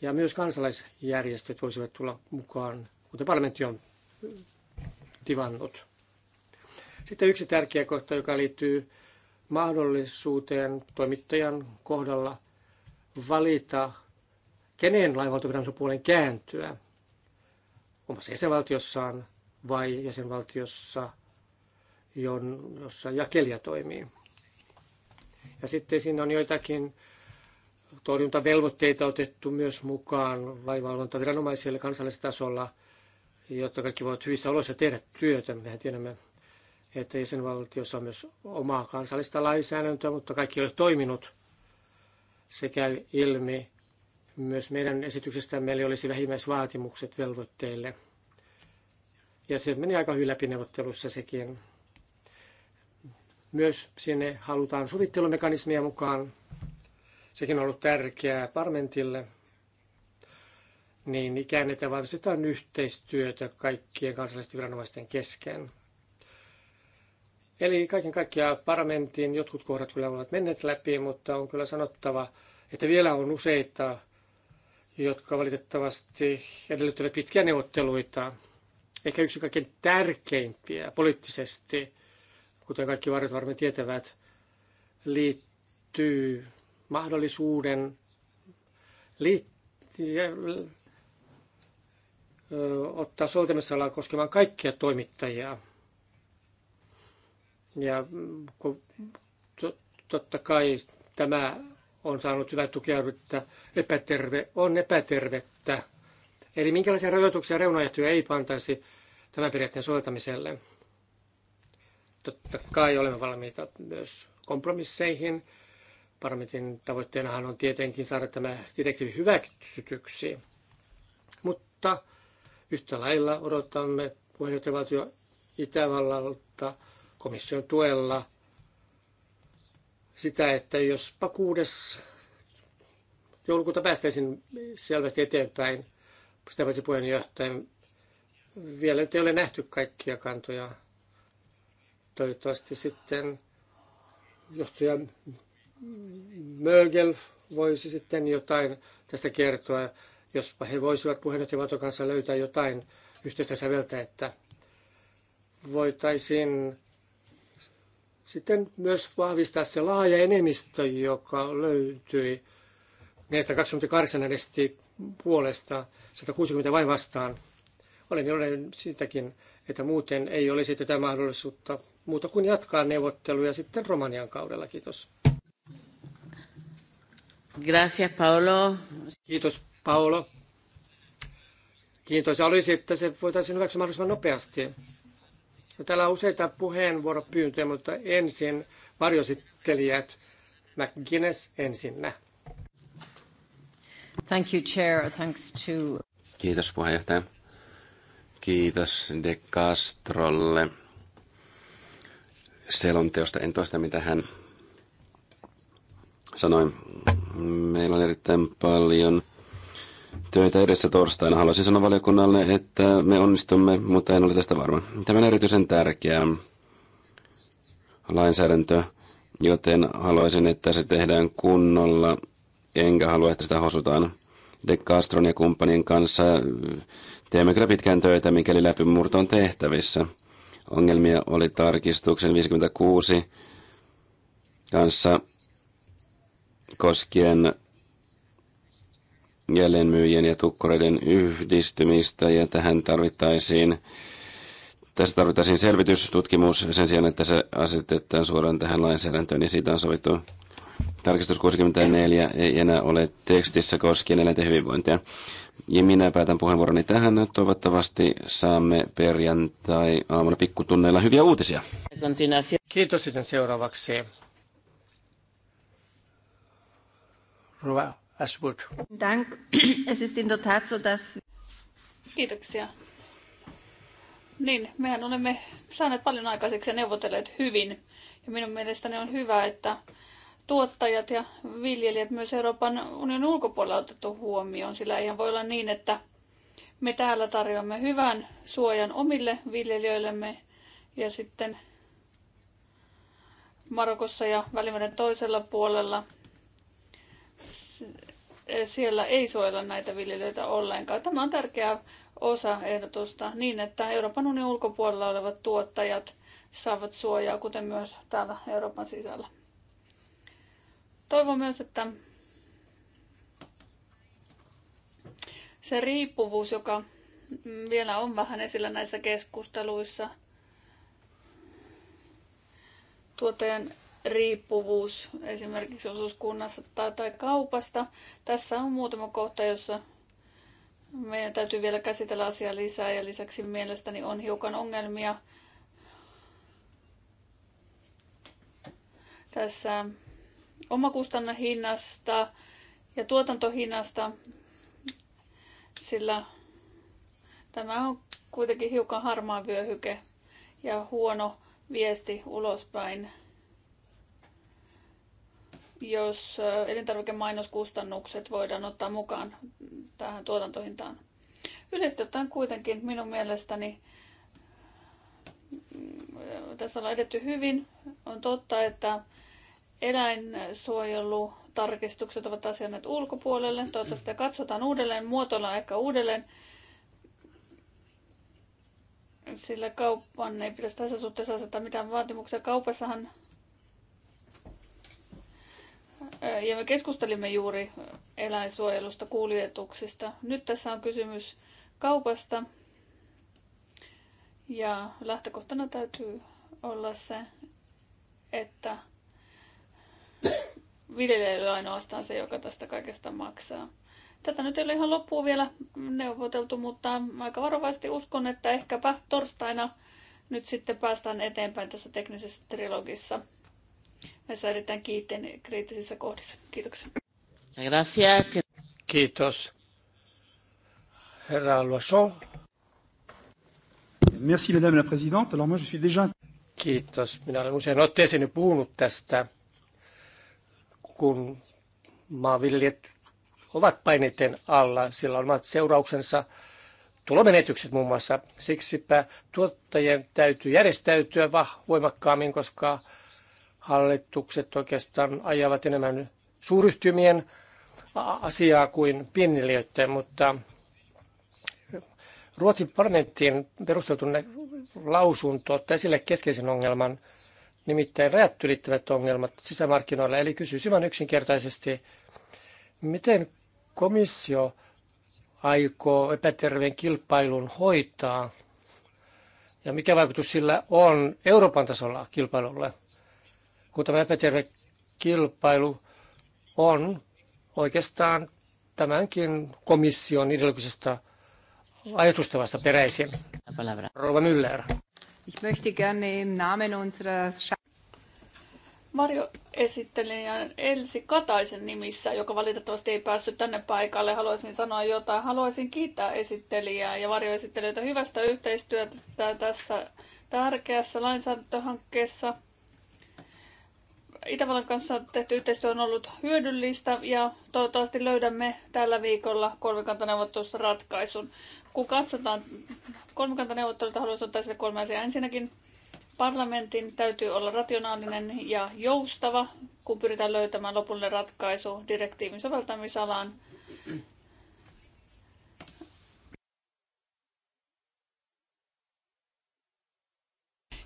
Ja myös kansalaisjärjestöt voisivat tulla mukaan, kuten parlamentti on tivannut. Sitten yksi tärkeä kohta, joka liittyy mahdollisuuteen toimittajan kohdalla valita, kenen lainvaltaviranomaisen puolen kääntyä omassa jäsenvaltiossaan vai jäsenvaltiossa, jossa jakelija toimii. Ja sitten siinä on joitakin torjuntavelvoitteita otettu myös mukaan laivalvontaviranomaisille kansallisella tasolla, jotta kaikki voivat hyvissä oloissa tehdä työtä. Mehän tiedämme, että jäsenvaltiossa on myös omaa kansallista lainsäädäntöä, mutta kaikki ei ole toiminut. Se käy ilmi myös meidän esityksestämme, eli olisi vähimmäisvaatimukset velvoitteille – ja se meni aika hyvin läpi neuvottelussa sekin. Myös sinne halutaan sovittelumekanismia mukaan. Sekin on ollut tärkeää parlamentille. Niin ikään, että vahvistetaan yhteistyötä kaikkien kansallisten viranomaisten kesken. Eli kaiken kaikkiaan parlamentin jotkut kohdat kyllä ovat menneet läpi, mutta on kyllä sanottava, että vielä on useita, jotka valitettavasti edellyttävät pitkiä neuvotteluita ehkä yksi kaikkein tärkeimpiä poliittisesti, kuten kaikki varjot varmaan tietävät, liittyy mahdollisuuden liittyä ottaa soveltamisalaa koskemaan kaikkia toimittajia. Ja totta kai tämä on saanut hyvää tukea, että epäterve on epätervettä Eli minkälaisia rajoituksia reunaehtoja ei pantaisi tämän periaatteen soveltamiselle. Totta kai olemme valmiita myös kompromisseihin. Parlamentin tavoitteenahan on tietenkin saada tämä direktiivi hyväksytyksi. Mutta yhtä lailla odotamme puheenjohtajavaltio Itävallalta komission tuella sitä, että jos kuudes joulukuuta päästäisiin selvästi eteenpäin sitä paitsi puheenjohtajan vielä nyt ei ole nähty kaikkia kantoja. Toivottavasti sitten johtaja Mögel voisi sitten jotain tästä kertoa, jospa he voisivat puheenjohtajan kanssa löytää jotain yhteistä säveltä, että voitaisiin sitten myös vahvistaa se laaja enemmistö, joka löytyi. Näistä 28 äänesti puolesta, 160 vai vastaan. Olen iloinen siitäkin, että muuten ei olisi tätä mahdollisuutta muuta kuin jatkaa neuvotteluja sitten Romanian kaudella. Kiitos. Gracias, Paolo. Kiitos, Paolo. Kiitos. olisi, että se voitaisiin hyväksyä mahdollisimman nopeasti. No, täällä on useita puheenvuoropyyntöjä, mutta ensin varjosittelijät. McGuinness ensinnä. Thank you, Chair. Thanks to... Kiitos puheenjohtaja. Kiitos De Castrolle selonteosta. En toista, mitä hän sanoi. Meillä on erittäin paljon töitä edessä torstaina. Haluaisin sanoa valiokunnalle, että me onnistumme, mutta en ole tästä varma. Tämä on erityisen tärkeä lainsäädäntö, joten haluaisin, että se tehdään kunnolla – enkä halua, että sitä hosutaan. De Castron ja kumppanien kanssa äh, teemme kyllä pitkään töitä, mikäli läpimurto on tehtävissä. Ongelmia oli tarkistuksen 56 kanssa koskien jälleenmyyjien ja tukkoreiden yhdistymistä, ja tähän tarvittaisiin tässä tarvittaisiin selvitys, tutkimus sen sijaan, että se asetetaan suoraan tähän lainsäädäntöön, niin siitä on sovittu Tarkistus 64 ei enää ole tekstissä koskien eläinten hyvinvointia. Ja minä päätän puheenvuoroni tähän. Toivottavasti saamme perjantai-aamuna pikkutunneilla hyviä uutisia. Kiitos sitten seuraavaksi. Rova Ashwood. Dank. Es ist in der Tat so, dass... Kiitoksia. Niin, mehän olemme saaneet paljon aikaiseksi ja neuvotelleet hyvin. Ja minun mielestäni on hyvä, että tuottajat ja viljelijät myös Euroopan unionin ulkopuolella otettu huomioon, sillä ihan voi olla niin, että me täällä tarjoamme hyvän suojan omille viljelijöillemme ja sitten Marokossa ja Välimeren toisella puolella siellä ei suojella näitä viljelijöitä ollenkaan. Tämä on tärkeä osa ehdotusta niin, että Euroopan unionin ulkopuolella olevat tuottajat saavat suojaa, kuten myös täällä Euroopan sisällä. Toivon myös, että se riippuvuus, joka vielä on vähän esillä näissä keskusteluissa, tuottajan riippuvuus esimerkiksi osuuskunnassa tai, tai kaupasta. Tässä on muutama kohta, jossa meidän täytyy vielä käsitellä asiaa lisää ja lisäksi mielestäni on hiukan ongelmia tässä omakustannehinnasta ja tuotantohinnasta, sillä tämä on kuitenkin hiukan harmaa vyöhyke ja huono viesti ulospäin, jos elintarvikemainoskustannukset voidaan ottaa mukaan tähän tuotantohintaan. Yleisesti ottaen kuitenkin minun mielestäni mm, tässä on edetty hyvin. On totta, että eläinsuojelutarkistukset ovat asianneet ulkopuolelle. Toivottavasti katsotaan uudelleen, muotoillaan ehkä uudelleen sillä kauppaan ei pitäisi tässä suhteessa asettaa mitään vaatimuksia. Kaupassahan, eh, ja me keskustelimme juuri eläinsuojelusta, kuljetuksista. Nyt tässä on kysymys kaupasta, ja lähtökohtana täytyy olla se, että viljelijöille ainoastaan se, joka tästä kaikesta maksaa. Tätä nyt ei ole ihan loppuun vielä neuvoteltu, mutta aika varovasti uskon, että ehkäpä torstaina nyt sitten päästään eteenpäin tässä teknisessä trilogissa Me säädetään kiitteen kriittisissä kohdissa. Kiitoksia. Kiitos. Herra Loisson. Merci, madame la présidente. Alors moi, je suis déjà... Kiitos. Minä olen usein otteeseen puhunut tästä kun maanviljelijät ovat paineiden alla. Sillä on omat seurauksensa tulomenetykset muun muassa. Siksipä tuottajien täytyy järjestäytyä voimakkaammin, koska hallitukset oikeastaan ajavat enemmän suuryhtymien asiaa kuin pienilijöiden, mutta Ruotsin parlamenttiin perusteltu lausunto ottaa esille keskeisen ongelman – nimittäin rajat ylittävät ongelmat sisämarkkinoilla. Eli kysyisin vain yksinkertaisesti, miten komissio aikoo epäterveen kilpailun hoitaa ja mikä vaikutus sillä on Euroopan tasolla kilpailulle, kun tämä epäterve kilpailu on oikeastaan tämänkin komission ideologisesta vasta peräisin. Rova Müller. Ich möchte gerne im Namen unserer Marjo esittelijän Elsi Kataisen nimissä, joka valitettavasti ei päässyt tänne paikalle, haluaisin sanoa jotain. Haluaisin kiittää esittelijää ja varjoesittelijöitä hyvästä yhteistyötä tässä tärkeässä lainsäädäntöhankkeessa. Itävallan kanssa tehty yhteistyö on ollut hyödyllistä ja toivottavasti löydämme tällä viikolla kolmikantaneuvottelussa ratkaisun kun katsotaan kolmikantaneuvottelut haluaisin ottaa sille kolme asiaa. Ensinnäkin parlamentin täytyy olla rationaalinen ja joustava, kun pyritään löytämään lopullinen ratkaisu direktiivin soveltamisalaan.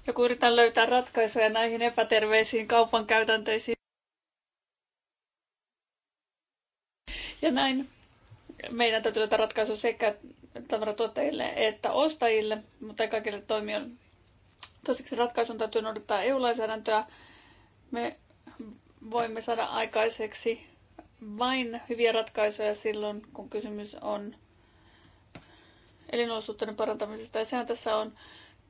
Ja kun yritetään löytää ratkaisuja näihin epäterveisiin kaupan käytänteisiin. Ja näin meidän täytyy löytää ratkaisu sekä tavaratuottajille että ostajille, mutta ei kaikille toimijoille. Toiseksi ratkaisun täytyy noudattaa EU-lainsäädäntöä. Me voimme saada aikaiseksi vain hyviä ratkaisuja silloin, kun kysymys on elinolosuhteiden parantamisesta. Ja sehän tässä on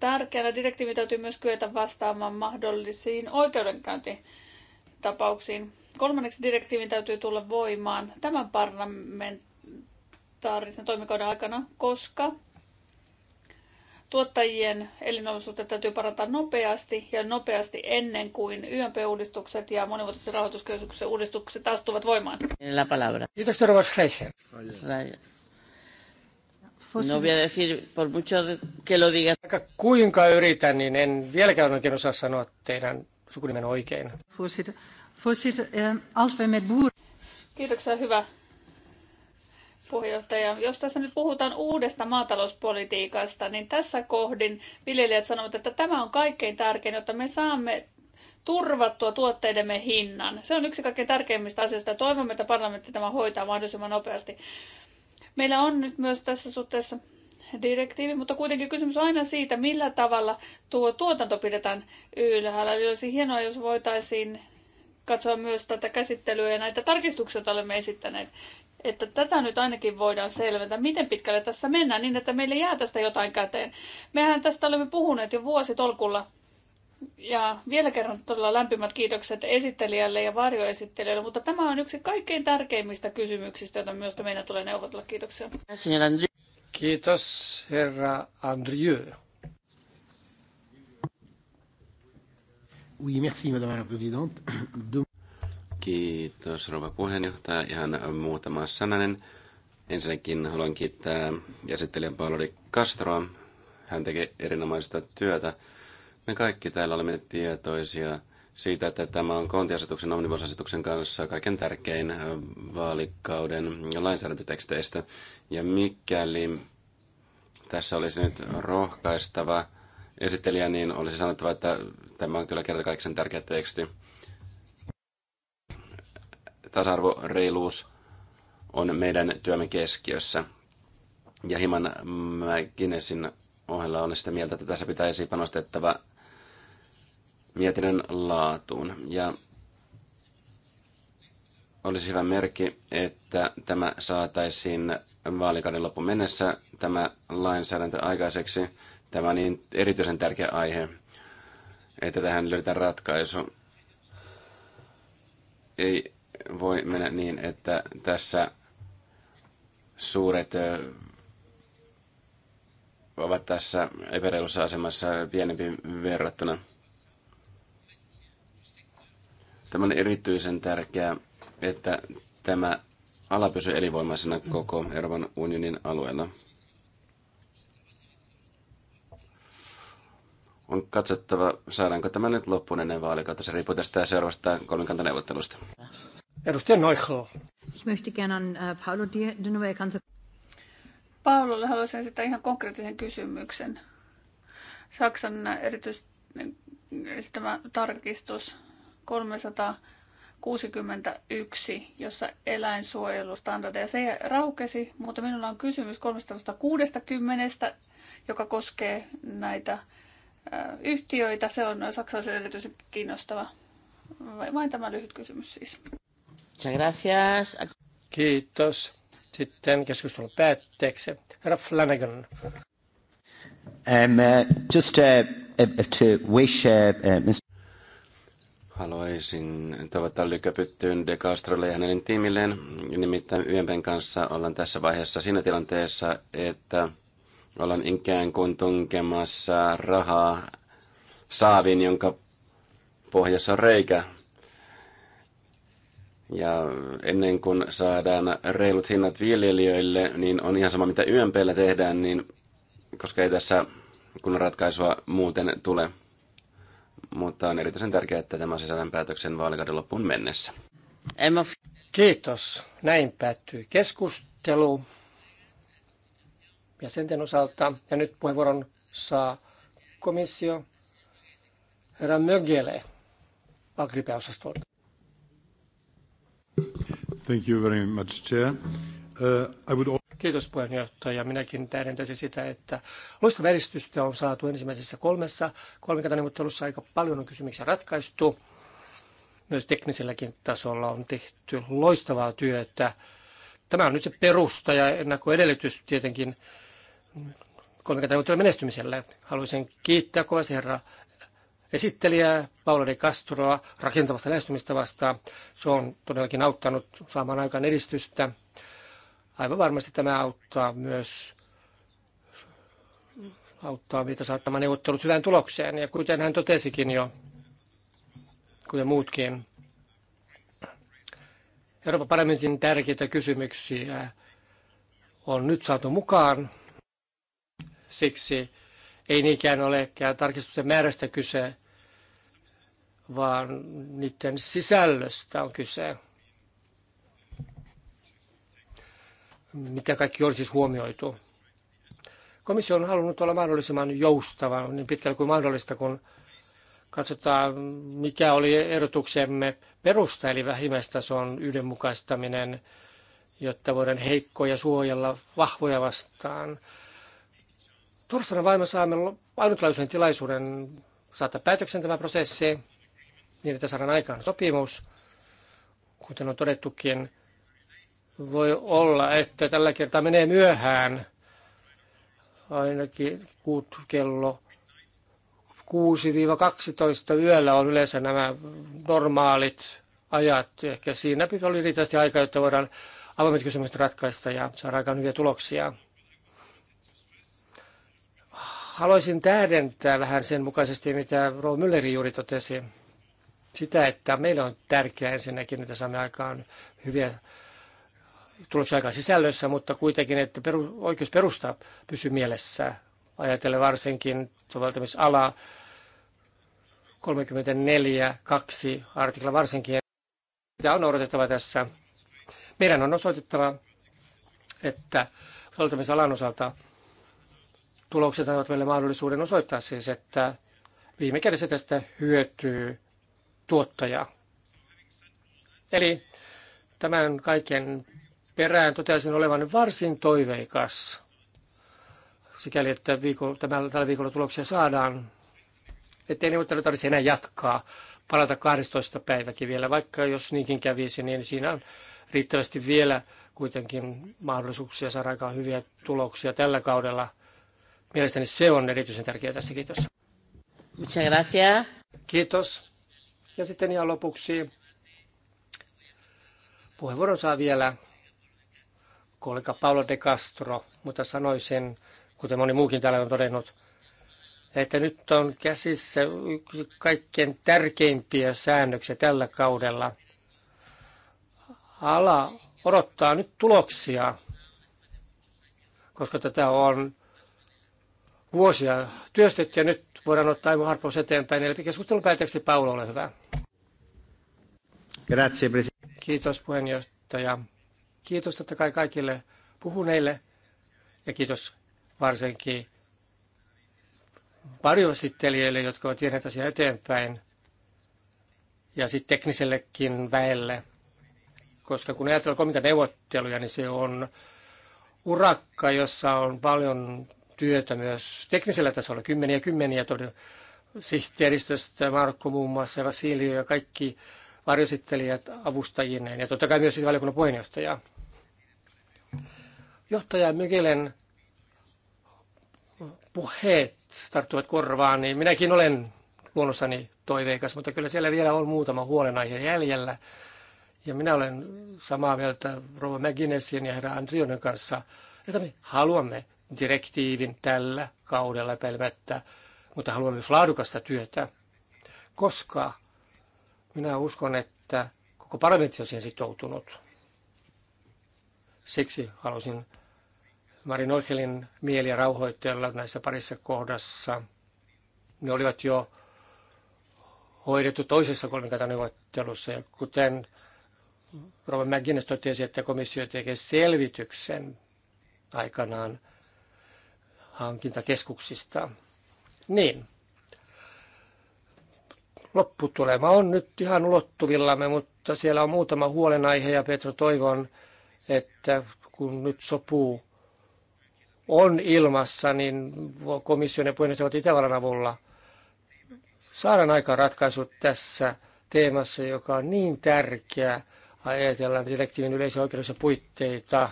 tärkeänä. Direktiivi täytyy myös kyetä vastaamaan mahdollisiin oikeudenkäyntitapauksiin. Kolmanneksi direktiivin täytyy tulla voimaan tämän parlamentin parlamentaarisen toimikauden aikana, koska tuottajien elinolosuhteet täytyy parantaa nopeasti ja nopeasti ennen kuin YMP-uudistukset ja monivuotisen rahoituskehityksen uudistukset astuvat voimaan. La palabra. Kiitos, Schleicher. No voy a decir, por mucho que lo diga. Vaikka kuinka yritän, niin en vieläkään oikein osaa sanoa teidän sukunimen oikein. Eh, Kiitoksia, hyvä puheenjohtaja, jos tässä nyt puhutaan uudesta maatalouspolitiikasta, niin tässä kohdin viljelijät sanovat, että tämä on kaikkein tärkein, jotta me saamme turvattua tuotteidemme hinnan. Se on yksi kaikkein tärkeimmistä asioista ja toivomme, että parlamentti tämä hoitaa mahdollisimman nopeasti. Meillä on nyt myös tässä suhteessa direktiivi, mutta kuitenkin kysymys on aina siitä, millä tavalla tuo tuotanto pidetään ylhäällä. Eli olisi hienoa, jos voitaisiin katsoa myös tätä käsittelyä ja näitä tarkistuksia, joita olemme esittäneet, että tätä nyt ainakin voidaan selventää, miten pitkälle tässä mennään niin, että meille jää tästä jotain käteen. Mehän tästä olemme puhuneet jo vuositolkulla. Ja vielä kerran todella lämpimät kiitokset esittelijälle ja varjoesittelijälle, mutta tämä on yksi kaikkein tärkeimmistä kysymyksistä, joita myös meidän tulee neuvotella. Kiitoksia. Kiitos, herra Andrieu. Oui, merci, madame la présidente. Kiitos rouva puheenjohtaja. Ihan muutama sananen. Ensinnäkin haluan kiittää jäsittelijän Pauloli Castroa. Hän tekee erinomaista työtä. Me kaikki täällä olemme tietoisia siitä, että tämä on kontiasetuksen omnibusasetuksen kanssa kaiken tärkein vaalikauden lainsäädäntöteksteistä. Ja mikäli tässä olisi nyt rohkaistava esittelijä, niin olisi sanottava, että tämä on kyllä kerta tärkeä teksti tasa-arvo, reiluus on meidän työmme keskiössä. Ja Himan Guinnessin ohella on sitä mieltä, että tässä pitäisi panostettava mietinnön laatuun. Ja olisi hyvä merkki, että tämä saataisiin vaalikauden loppu mennessä tämä lainsäädäntö aikaiseksi. Tämä on niin erityisen tärkeä aihe, että tähän löydetään ratkaisu. Ei voi mennä niin, että tässä suuret ovat tässä epäreilussa asemassa pienempi verrattuna. Tämä on erityisen tärkeää, että tämä ala pysyy elinvoimaisena koko Euroopan unionin alueella. On katsottava, saadaanko tämä nyt loppuun ennen vaalikautta. Se riippuu tästä seuraavasta kolmikantaneuvottelusta. Edustaja Neuchel. Ich möchte gerne an äh, Paolo Dynuve kanssa... Paololle haluaisin sitä ihan konkreettisen kysymyksen. Saksan äh, erityisesti äh, tämä tarkistus 361, jossa eläinsuojelustandardeja se raukesi, mutta minulla on kysymys 360, joka koskee näitä yhtiöitä. Se on saksalaisen erityisen kiinnostava. Vain tämä lyhyt kysymys siis. Muchas gracias. Kiitos. Sitten keskustelun päätteeksi. Herra Flanagan. Um, uh, just uh, uh, to wish uh, uh, Mr. Haluaisin toivottaa lykäpyttyyn De Castrolle ja hänen tiimilleen. Nimittäin YMPn kanssa ollaan tässä vaiheessa siinä tilanteessa, että ollaan ikään kuin tunkemassa rahaa saavin, jonka pohjassa on reikä. Ja ennen kuin saadaan reilut hinnat viljelijöille, niin on ihan sama mitä YMPllä tehdään, niin koska ei tässä kun ratkaisua muuten tule. Mutta on erityisen tärkeää, että tämä sisällön päätöksen vaalikauden loppuun mennessä. Kiitos. Näin päättyy keskustelu jäsenten osalta. Ja nyt puheenvuoron saa komissio herra Mögele Agripeosastolta. Thank you very much, Chair. Uh, Kiitos puheenjohtaja. Minäkin täydentäisin sitä, että loistava edistystä on saatu ensimmäisessä kolmessa kolmikantaneuvottelussa. Aika paljon on kysymyksiä ratkaistu. Myös tekniselläkin tasolla on tehty loistavaa työtä. Tämä on nyt se perusta ja ennakkoedellytys tietenkin kolmikantaneuvottelujen menestymiselle. Haluaisin kiittää kovasti herra esittelijää Paula de Castroa rakentavasta lähestymistä vastaan. Se on todellakin auttanut saamaan aikaan edistystä. Aivan varmasti tämä auttaa myös auttaa meitä saattamaan neuvottelut hyvään tulokseen. Ja kuten hän totesikin jo, kuten muutkin, Euroopan parlamentin tärkeitä kysymyksiä on nyt saatu mukaan. Siksi ei niinkään olekään tarkistusten määrästä kyse, vaan niiden sisällöstä on kyse. Mitä kaikki olisi siis huomioitu. Komissio on halunnut olla mahdollisimman joustava niin pitkälle kuin mahdollista, kun katsotaan, mikä oli erotuksemme perusta, eli vähimmäistason yhdenmukaistaminen, jotta voidaan heikkoja suojella vahvoja vastaan. Torstaina vaimo saamme ainutlaisuuden tilaisuuden saattaa päätöksen tämä prosessi, niin että saadaan aikaan sopimus. Kuten on todettukin, voi olla, että tällä kertaa menee myöhään, ainakin kello 6-12 yöllä on yleensä nämä normaalit ajat. Ehkä siinä oli riittävästi aikaa, jotta voidaan avoimet kysymykset ratkaista ja saada aikaan hyviä tuloksia haluaisin tähdentää vähän sen mukaisesti, mitä Roo Mülleri juuri totesi. Sitä, että meillä on tärkeää ensinnäkin, että saamme aikaan hyviä tuloksia aikaan sisällössä, mutta kuitenkin, että peru, oikeus perustaa pysyy mielessä. Ajatellen varsinkin soveltamisala 34.2 artikla varsinkin, mitä on odotettava tässä. Meidän on osoitettava, että soveltamisalan osalta tulokset antavat meille mahdollisuuden osoittaa siis, että viime kädessä tästä hyötyy tuottaja. Eli tämän kaiken perään toteaisin olevan varsin toiveikas, sikäli että viiko, tämän, tällä viikolla tuloksia saadaan, ettei neuvottelu tarvitse enää jatkaa, palata 12 päiväkin vielä, vaikka jos niinkin kävisi, niin siinä on riittävästi vielä kuitenkin mahdollisuuksia saada aikaan hyviä tuloksia tällä kaudella – Mielestäni se on erityisen tärkeää tässä. Kiitos. Muchas gracias. Kiitos. Ja sitten ihan lopuksi puheenvuoron saa vielä kollega Paolo de Castro, mutta sanoisin, kuten moni muukin täällä on todennut, että nyt on käsissä kaikkein tärkeimpiä säännöksiä tällä kaudella. Ala odottaa nyt tuloksia, koska tätä on vuosia työstetty ja nyt voidaan ottaa aivan harppaus eteenpäin. Eli keskustelun päätteeksi Paula, ole hyvä. Grazie, Kiitos puheenjohtaja. Kiitos totta kai kaikille puhuneille ja kiitos varsinkin varjoesittelijöille, jotka ovat vieneet asiaa eteenpäin ja sitten teknisellekin väelle. Koska kun ajatellaan komitaneuvotteluja, niin se on urakka, jossa on paljon työtä myös teknisellä tasolla, kymmeniä kymmeniä todella sihteeristöstä, Markku muun muassa, ja Vasilio ja kaikki varjosittelijat avustajineen ja totta kai myös valiokunnan puheenjohtaja. Johtaja Mykelen puheet tarttuvat korvaan, niin minäkin olen luonnossani toiveikas, mutta kyllä siellä vielä on muutama huolenaihe jäljellä. Ja minä olen samaa mieltä Rova McGinnessin ja herra Andrionen kanssa, että me haluamme direktiivin tällä kaudella epäilemättä, mutta haluamme myös laadukasta työtä, koska minä uskon, että koko parlamentti on siihen sitoutunut. Siksi halusin Marin Oikelin mieliä rauhoitella näissä parissa kohdassa. Ne olivat jo hoidettu toisessa kolmikantaneuvottelussa. Ja kuten Robert McGinnis totesi, että komissio tekee selvityksen aikanaan hankintakeskuksista. Niin. Lopputulema on nyt ihan ulottuvillamme, mutta siellä on muutama huolenaihe ja Petro toivon, että kun nyt sopuu on ilmassa, niin komission ja puheenjohtajat Itävallan avulla saadaan aika ratkaisut tässä teemassa, joka on niin tärkeä. Ajatellaan direktiivin yleisen oikeudessa puitteita.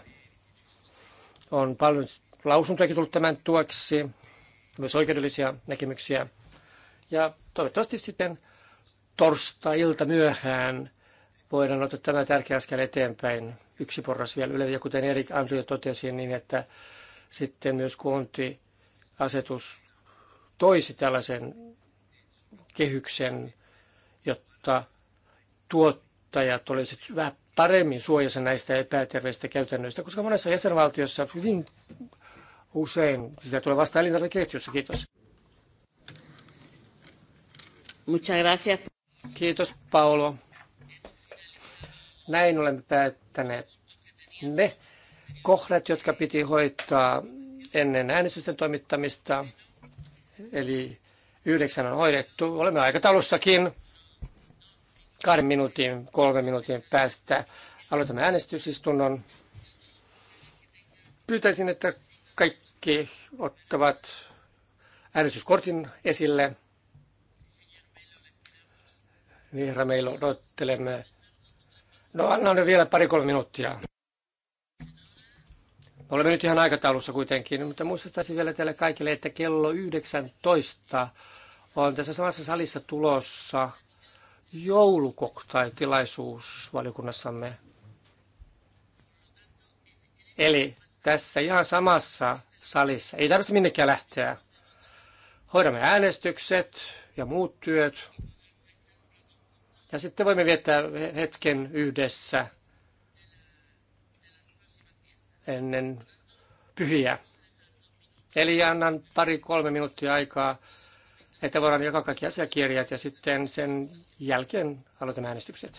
On paljon lausuntojakin tullut tämän tueksi, myös oikeudellisia näkemyksiä. Ja toivottavasti sitten torstai-ilta myöhään voidaan ottaa tämä tärkeä askel eteenpäin. Yksi porras vielä yle, ja kuten Erik Andrio totesi, niin että sitten myös asetus toisi tällaisen kehyksen, jotta tuottajat olisivat vähän paremmin suojassa näistä epäterveistä käytännöistä, koska monessa jäsenvaltiossa hyvin usein. Sitä tulee vasta elintarvikeketjussa. Kiitos. Muchas gracias. Kiitos Paolo. Näin olemme päättäneet ne kohdat, jotka piti hoitaa ennen äänestysten toimittamista. Eli yhdeksän on hoidettu. Olemme aikataulussakin kahden minuutin, kolme minuutin päästä. Aloitamme äänestysistunnon. Pyytäisin, että kaikki kaikki ottavat äänestyskortin esille. Niin herra, meillä odottelemme. No anna nyt vielä pari-kolme minuuttia. Me olemme nyt ihan aikataulussa kuitenkin, mutta muistuttaisin vielä teille kaikille, että kello 19 on tässä samassa salissa tulossa joulukoktailtilaisuus valiokunnassamme. Eli tässä ihan samassa salissa. Ei tarvitse minnekään lähteä. Hoidamme äänestykset ja muut työt. Ja sitten voimme viettää hetken yhdessä ennen pyhiä. Eli annan pari-kolme minuuttia aikaa, että voidaan jakaa kaikki asiakirjat ja sitten sen jälkeen aloitamme äänestykset.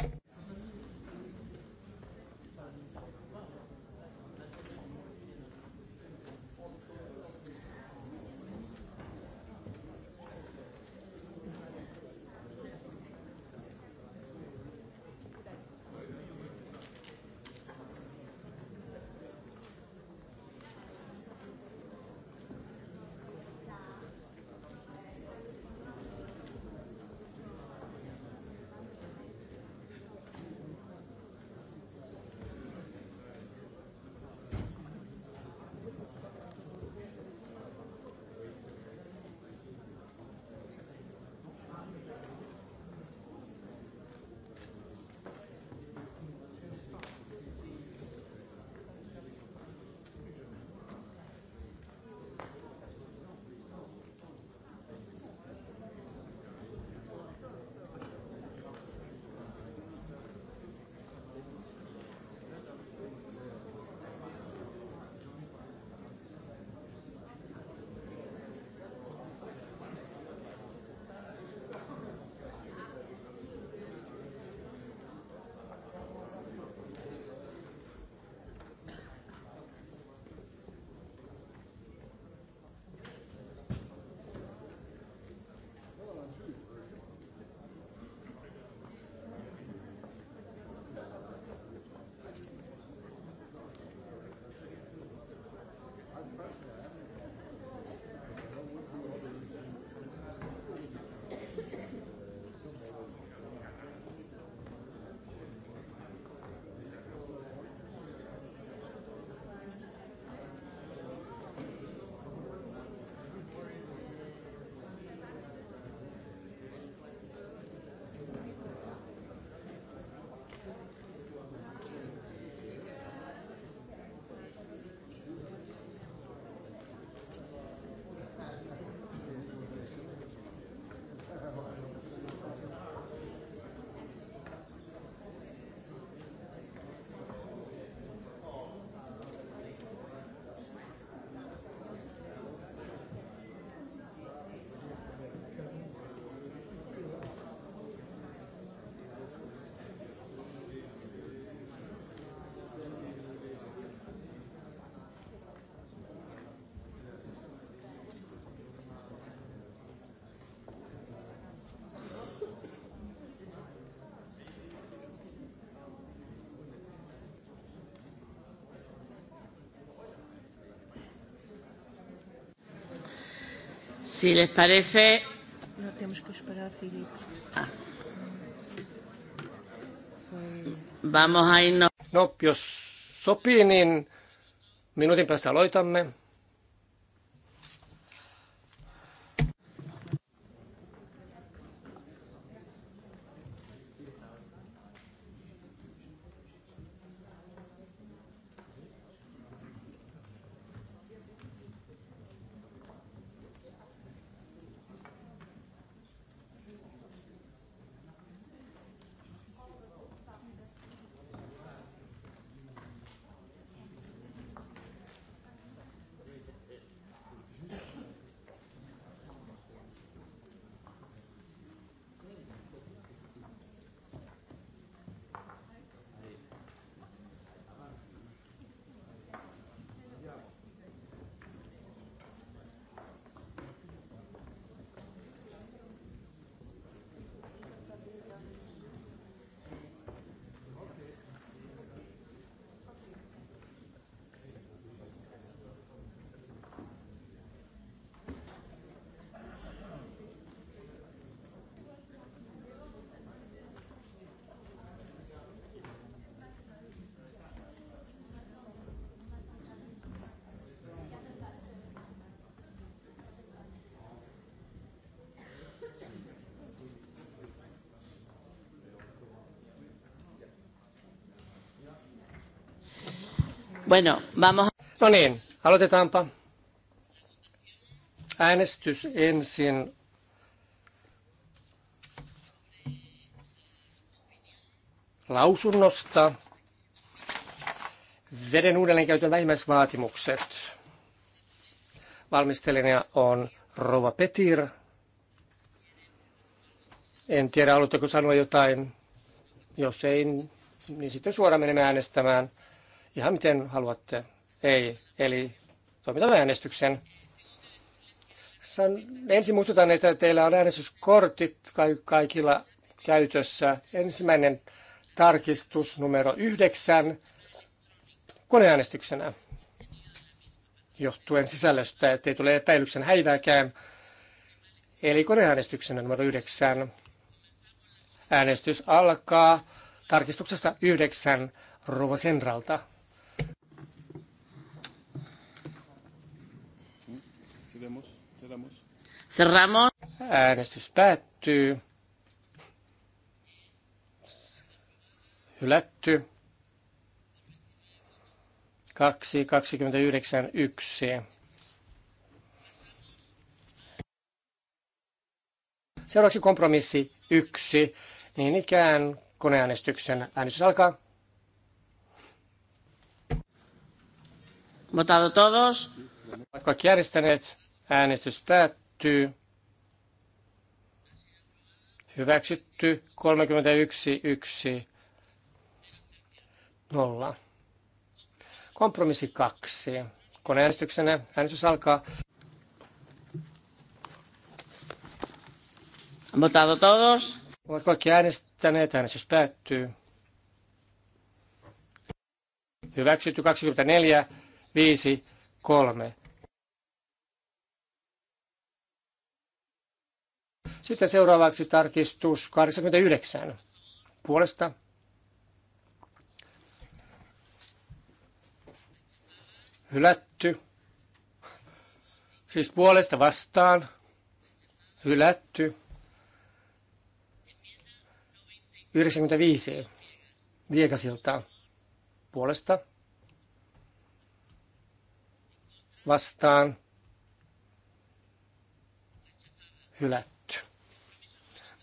Si les parece. No tenemos que esperar, Ah. Vamos a irnos. No, jos sopii, niin minuutin päästä aloitamme. Bueno, vamos. No niin, aloitetaanpa. Äänestys ensin. Lausunnosta. Veden uudelleenkäytön vähimmäisvaatimukset. valmistelija on Rova Petir. En tiedä, haluatteko sanoa jotain. Jos ei, niin sitten suoraan menemme äänestämään ihan miten haluatte. Ei, eli toimitamme äänestyksen. San, ensin muistutan, että teillä on äänestyskortit kaikilla käytössä. Ensimmäinen tarkistus numero yhdeksän koneäänestyksenä johtuen sisällöstä, ettei tule epäilyksen häivääkään. Eli koneäänestyksenä numero yhdeksän. Äänestys alkaa tarkistuksesta yhdeksän Rova Senralta. Cerramos. Äänestys päättyy. Hylätty. 2, 29, 1. Seuraavaksi kompromissi 1. Niin ikään koneäänestyksen äänestys alkaa. Votado todos. kaikki järjestäneet? Äänestys päättyy. Hyväksytty 31 1 0. Kompromissi 2. Kun äänestyksenä äänestys alkaa. Votado todos. Ovat kaikki äänestäneet. Äänestys päättyy. Hyväksytty 24 5 3. Sitten seuraavaksi tarkistus 89 puolesta. Hylätty. Siis puolesta vastaan. Hylätty. 95 Viekasilta puolesta vastaan hylätty.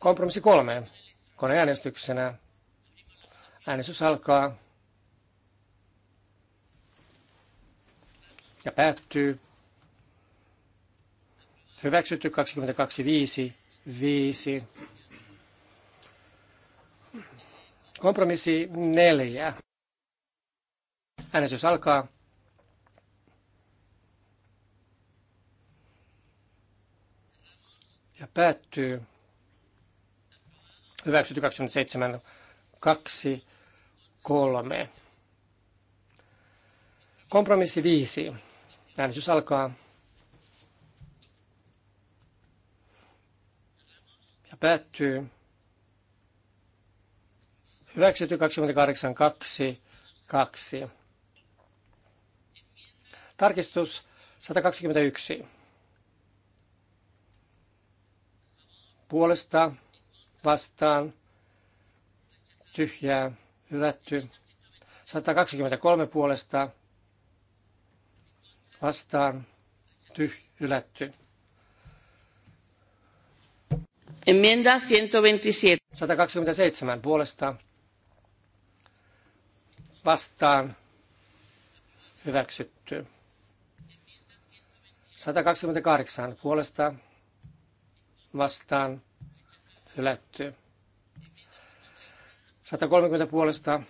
Kompromissi kolmeen. Koneäänestyksenä. Äänestys alkaa. Ja päättyy. Hyväksytty 22.5. viisi. Kompromissi neljä. Äänestys alkaa. Ja päättyy hyväksytty 27, 2, 3. Kompromissi 5. Äänestys alkaa. Ja päättyy. Hyväksytty 28, 2, 2. Tarkistus 121. Puolesta vastaan tyhjää hylätty. 123 puolesta vastaan tyh, hylätty. Enmienda 127. 127 puolesta vastaan hyväksytty. 128 puolesta vastaan hylätty. 130 puolesta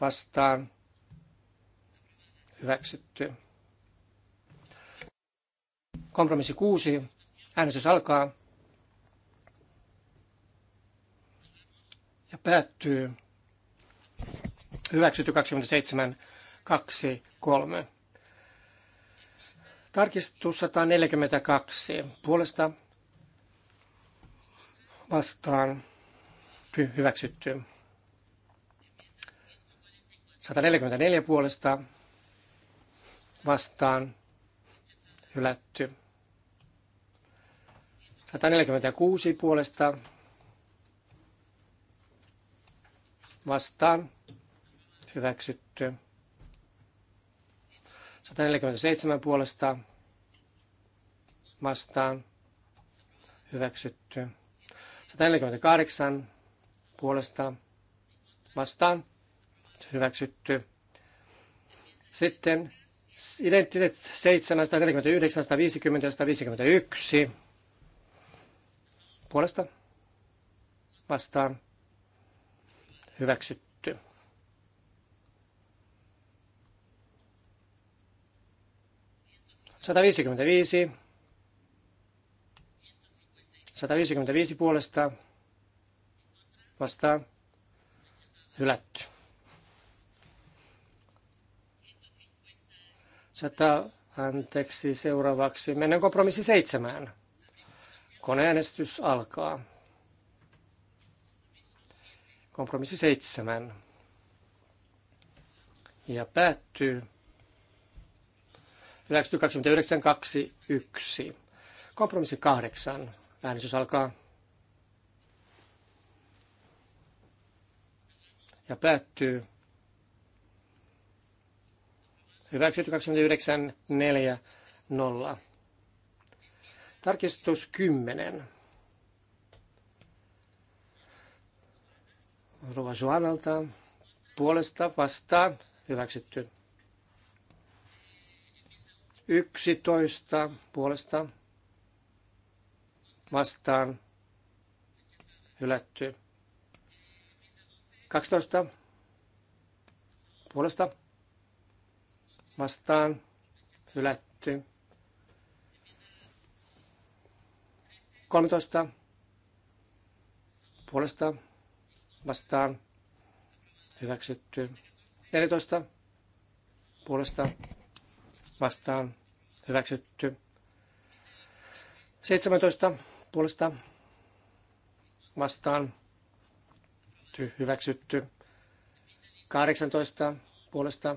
vastaan hyväksytty. Kompromissi 6. Äänestys alkaa ja päättyy. Hyväksytty 27, 2, 3. Tarkistus 142. Puolesta vastaan hyväksytty. 144 puolesta vastaan hylätty. 146 puolesta vastaan hyväksytty. 147 puolesta vastaan hyväksytty. 148 puolesta vastaan hyväksytty. Sitten identtiset 749, 150 ja 151 puolesta vastaan hyväksytty. Sataviisikymmentäviisi 155 puolesta vastaan hylätty. 100, anteeksi, seuraavaksi mennään kompromissi seitsemään. Koneäänestys alkaa. Kompromissi seitsemän. Ja päättyy. Hyväksytty 29.2.1. Kompromissi kahdeksan Äänestys alkaa. Ja päättyy. Hyväksytty 2940 Tarkistus 10. Rova Joanalta puolesta vastaan hyväksytty. 11 puolesta vastaan hylätty. 12 puolesta vastaan hylätty. 13 puolesta vastaan hyväksytty. 14 puolesta vastaan hyväksytty. 17 puolesta vastaan hyväksytty. 18 puolesta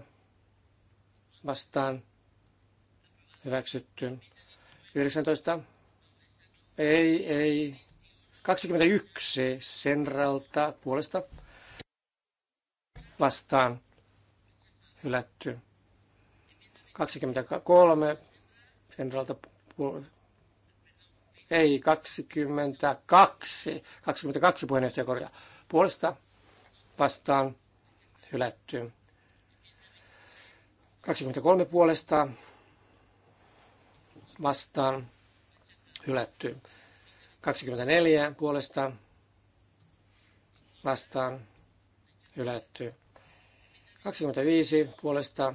vastaan hyväksytty. 19 ei, ei. 21 Senralta puolesta vastaan hylätty. 23 Senralta puolesta ei 22, 22 puheenjohtajakorja puolesta vastaan hylätty. 23 puolesta vastaan hylätty. 24 puolesta vastaan hylätty. 25 puolesta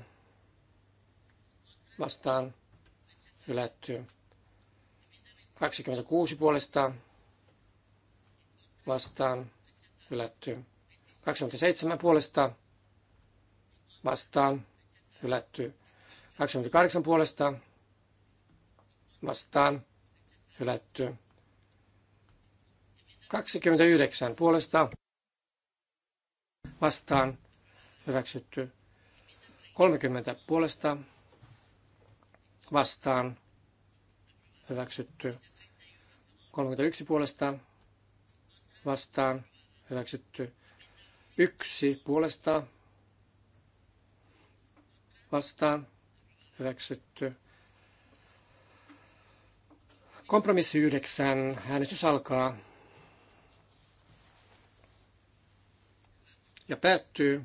vastaan hylätty. 26 puolesta vastaan hylätty. 27 puolesta vastaan hylätty. 28 puolesta vastaan hylätty. 29 puolesta vastaan hyväksytty. 30 puolesta vastaan hylätty hyväksytty. 31 puolesta vastaan hyväksytty. 1 puolesta vastaan hyväksytty. Kompromissi 9. Äänestys alkaa. Ja päättyy.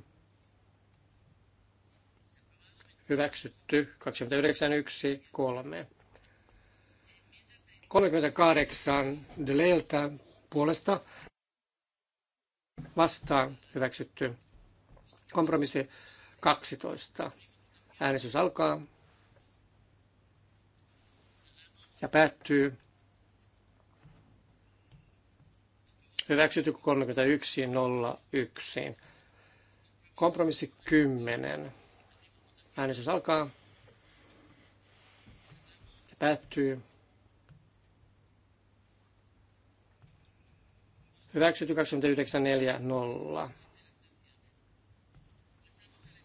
Hyväksytty 29.1.3. 38 Deleiltä puolesta vastaan hyväksytty. Kompromissi 12. Äänestys alkaa ja päättyy. Hyväksytty 31.01. Kompromissi 10. Äänestys alkaa ja päättyy. Hyväksytty 29.40.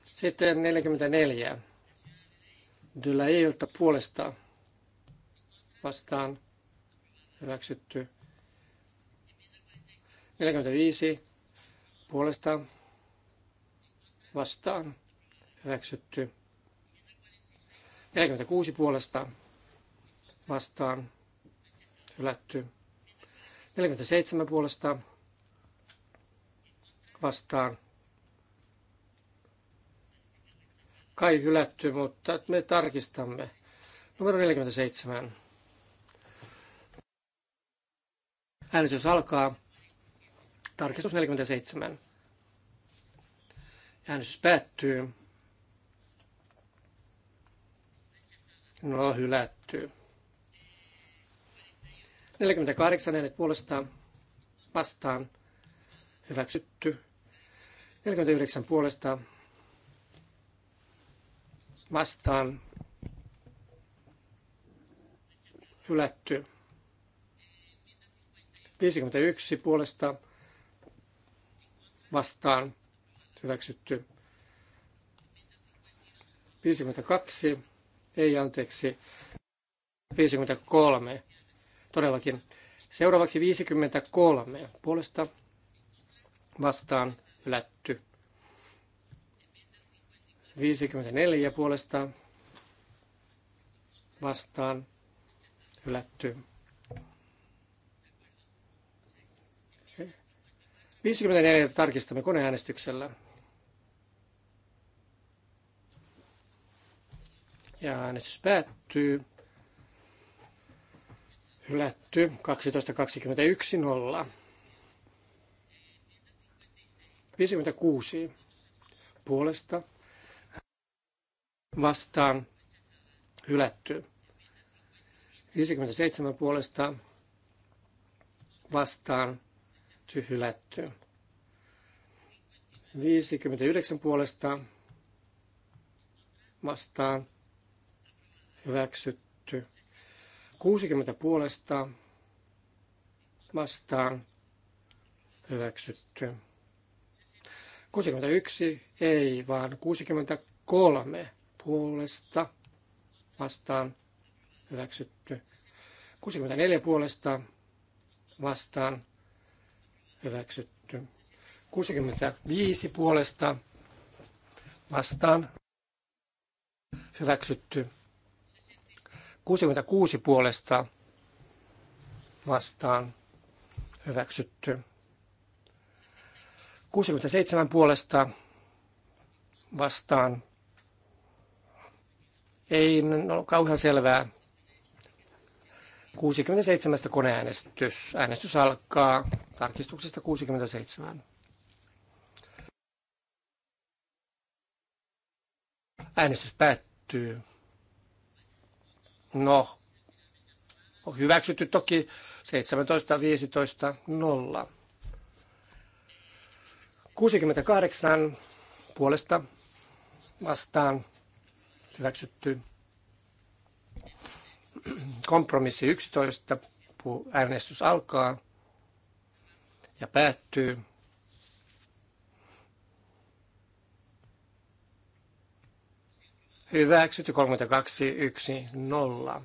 Sitten 44. Dylailta puolesta vastaan hyväksytty. 45 puolesta vastaan hyväksytty. 46 puolesta vastaan hylätty. 47 puolesta vastaan. Kai hylätty, mutta me tarkistamme. Numero 47. Äänestys alkaa. Tarkistus 47. Äänestys päättyy. No, hylätty. 48 äänet puolestaan, vastaan hyväksytty. 49 puolestaan, vastaan hylätty. 51 puolesta vastaan hyväksytty. 52, ei anteeksi, 53 todellakin. Seuraavaksi 53 puolesta vastaan hylätty. 54 puolesta vastaan hylätty. 54 tarkistamme koneäänestyksellä. Ja äänestys päättyy. Hylätty 12.21.0. 56 puolesta vastaan hylätty. 57 puolesta vastaan hylätty. 59 puolesta vastaan hyväksytty. 60 puolesta vastaan hyväksytty. 61 ei, vaan 63 puolesta vastaan hyväksytty. 64 puolesta vastaan hyväksytty. 65 puolesta vastaan hyväksytty. 66 puolesta vastaan hyväksytty. 67 puolesta vastaan ei ole no, kauhean selvää. 67 koneäänestys. Äänestys alkaa tarkistuksesta 67. Äänestys päättyy. No, on hyväksytty toki 17.15.0. 68 puolesta vastaan hyväksytty kompromissi 11. Äänestys alkaa ja päättyy. hyväksytty 32.1.0.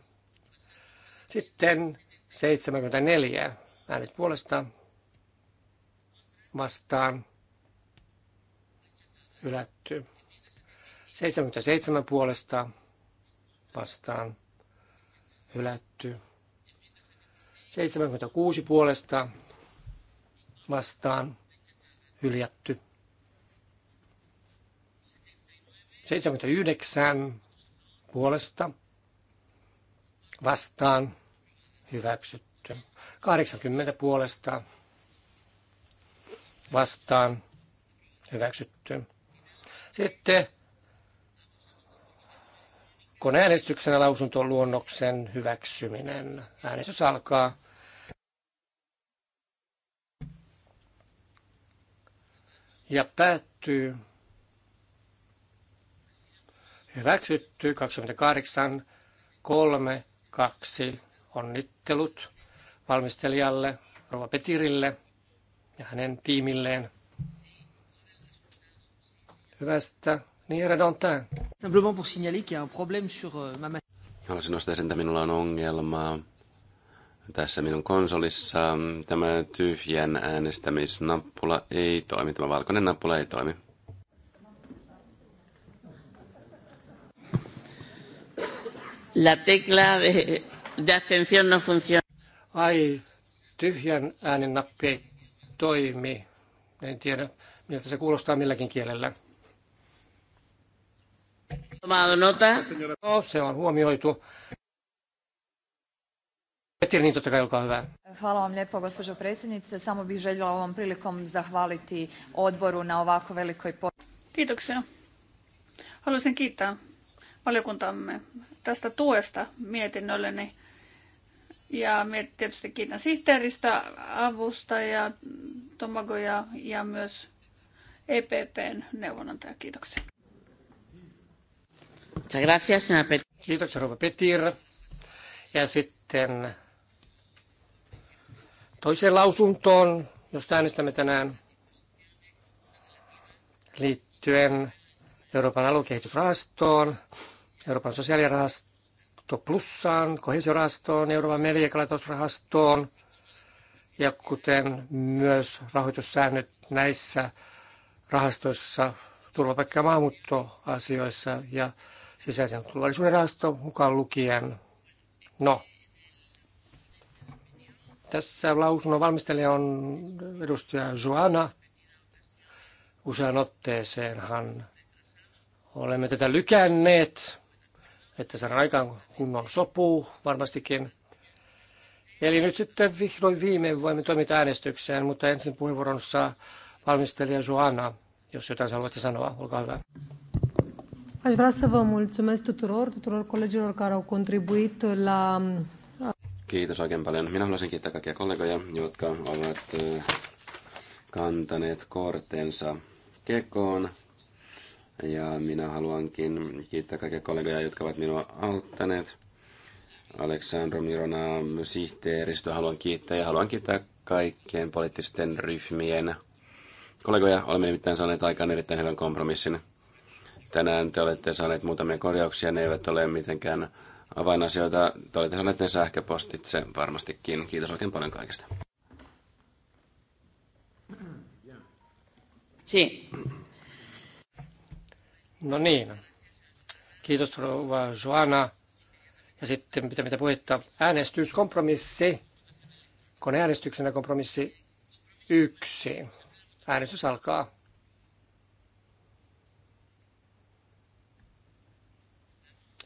Sitten 74 äänet puolesta vastaan hylätty. 77 puolesta vastaan hylätty. 76 puolesta vastaan hyljätty. 79 puolesta vastaan hyväksytty. 80 puolesta vastaan hyväksytty. Sitten kun lausunto luonnoksen hyväksyminen. Äänestys alkaa. Ja päättyy. Hyväksytty 28, 3, 2. Onnittelut valmistelijalle, Rova Petirille ja hänen tiimilleen. Hyvästä. Niin, Redontin. Simplement pour signaler qu'il y a un problème sur euh, ma Haluaisin nostaa sen, että minulla on ongelma tässä minun konsolissa. Tämä tyhjän äänestämisnappula ei toimi, tämä valkoinen nappula ei toimi. La tecla de, de abstención no funciona. Ai, tyhjän äänen nappi ei toimi. En tiedä, miltä se kuulostaa milläkin kielellä. No, se on huomioitu. niin totta kai, olkaa hyvä. Hvala vam lijepo, gospođo predsjednice. Samo bih željela ovom prilikom zahvaliti odboru na ovako velikoj... Kiitoksia. Haluaisin kiittää valiokuntamme tästä tuesta mietinnölleni. Ja tietysti kiitän sihteeristä avusta ja Tomagoja ja myös EPPn neuvonantaja. Kiitoksia. Kiitoksia, Rova Petir. Ja sitten toiseen lausuntoon, josta äänestämme tänään liittyen Euroopan aluekehitysrahastoon, Euroopan sosiaalirahasto plussaan, kohesiorahastoon, Euroopan mediakalatusrahastoon ja kuten myös rahoitussäännöt näissä rahastoissa turvapaikka- ja maahanmuuttoasioissa ja sisäisen turvallisuuden rahasto mukaan lukien. No, tässä lausunnon valmistelija on edustaja Joana. Usean otteeseen hän Olemme tätä lykänneet, että se aikaan kunnon sopuu varmastikin. Eli nyt sitten vihdoin viimein voimme toimita äänestykseen, mutta ensin puheenvuoronsa valmistelija Joanna, jos jotain haluatte sanoa, olkaa hyvä. Aș vrea să vă mulțumesc tuturor, tuturor colegilor care au contribuit la... Kiitos oikein paljon. Minä haluaisin kiittää kaikkia kollegoja, jotka ovat eh, kantaneet kortensa kekoon ja minä haluankin kiittää kaikkia kollegoja, jotka ovat minua auttaneet. Aleksandro Mirona, sihteeristö, haluan kiittää ja haluan kiittää kaikkien poliittisten ryhmien kollegoja. Olemme nimittäin saaneet aikaan erittäin hyvän kompromissin. Tänään te olette saaneet muutamia korjauksia, ne eivät ole mitenkään avainasioita. Te olette saaneet ne sähköpostitse varmastikin. Kiitos oikein paljon kaikesta. Sí. No niin. Kiitos rouva Joana. Ja sitten mitä puhetta äänestys, kompromissi. Koneäänestyksenä kompromissi yksi. Äänestys alkaa.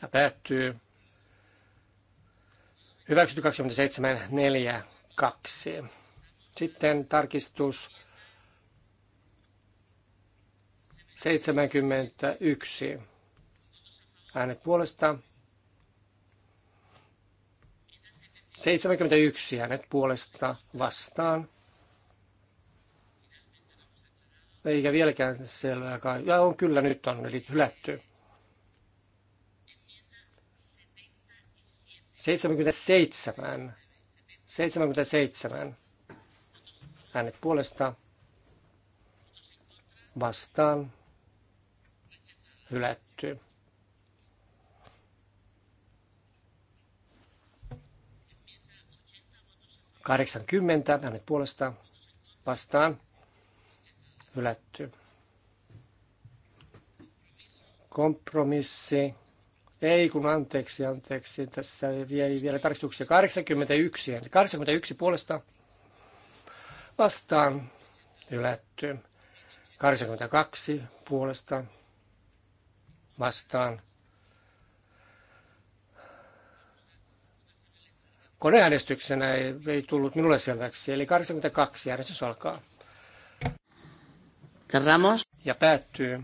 Ja päättyy. Hyväksytty 27.4.2. Sitten tarkistus 71. Äänet puolesta. 71 äänet puolesta vastaan. Eikä vieläkään selvää kai. Ja on kyllä nyt on, eli hylätty. 77. 77 äänet puolesta vastaan hylätty. Kahdeksankymmentä, hänet puolesta vastaan, hylätty. Kompromissi, ei kun anteeksi, anteeksi, tässä ei vielä tarkistuksia. 81, 81 puolesta vastaan, hylätty. 82 puolesta vastaan. Koneäänestyksenä ei, ei tullut minulle selväksi, eli 82 äänestys alkaa. Ramos. Ja päättyy.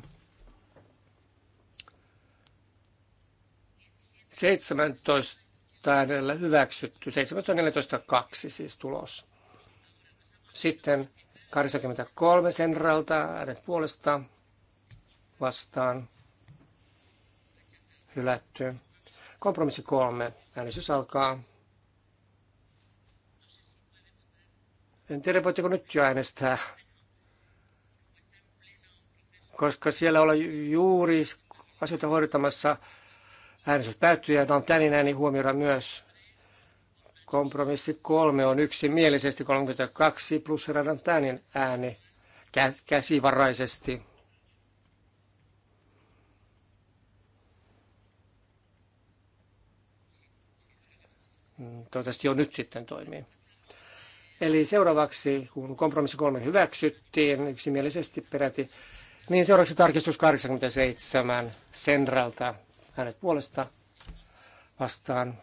17 äänellä hyväksytty, 17.14.2 siis tulos. Sitten 83 senralta äänet puolesta vastaan hylätty. Kompromissi kolme. Äänestys alkaa. En tiedä, voitteko nyt jo äänestää, koska siellä ollaan juuri asioita hoidettamassa. Äänestys päättyy ja tänin ääni huomioida myös. Kompromissi kolme on yksimielisesti 32 plus tänin ääni käsivaraisesti. toivottavasti jo nyt sitten toimii. Eli seuraavaksi, kun kompromissi kolme hyväksyttiin yksimielisesti peräti, niin seuraavaksi tarkistus 87 Senralta hänet puolesta vastaan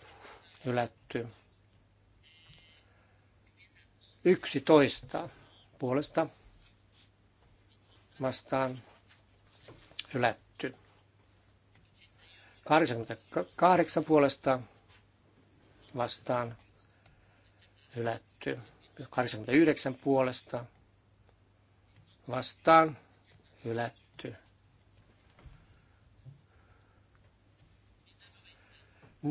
hylätty. 11 puolesta vastaan hylätty. 88 puolesta vastaan hylätty. 89 puolesta vastaan hylätty.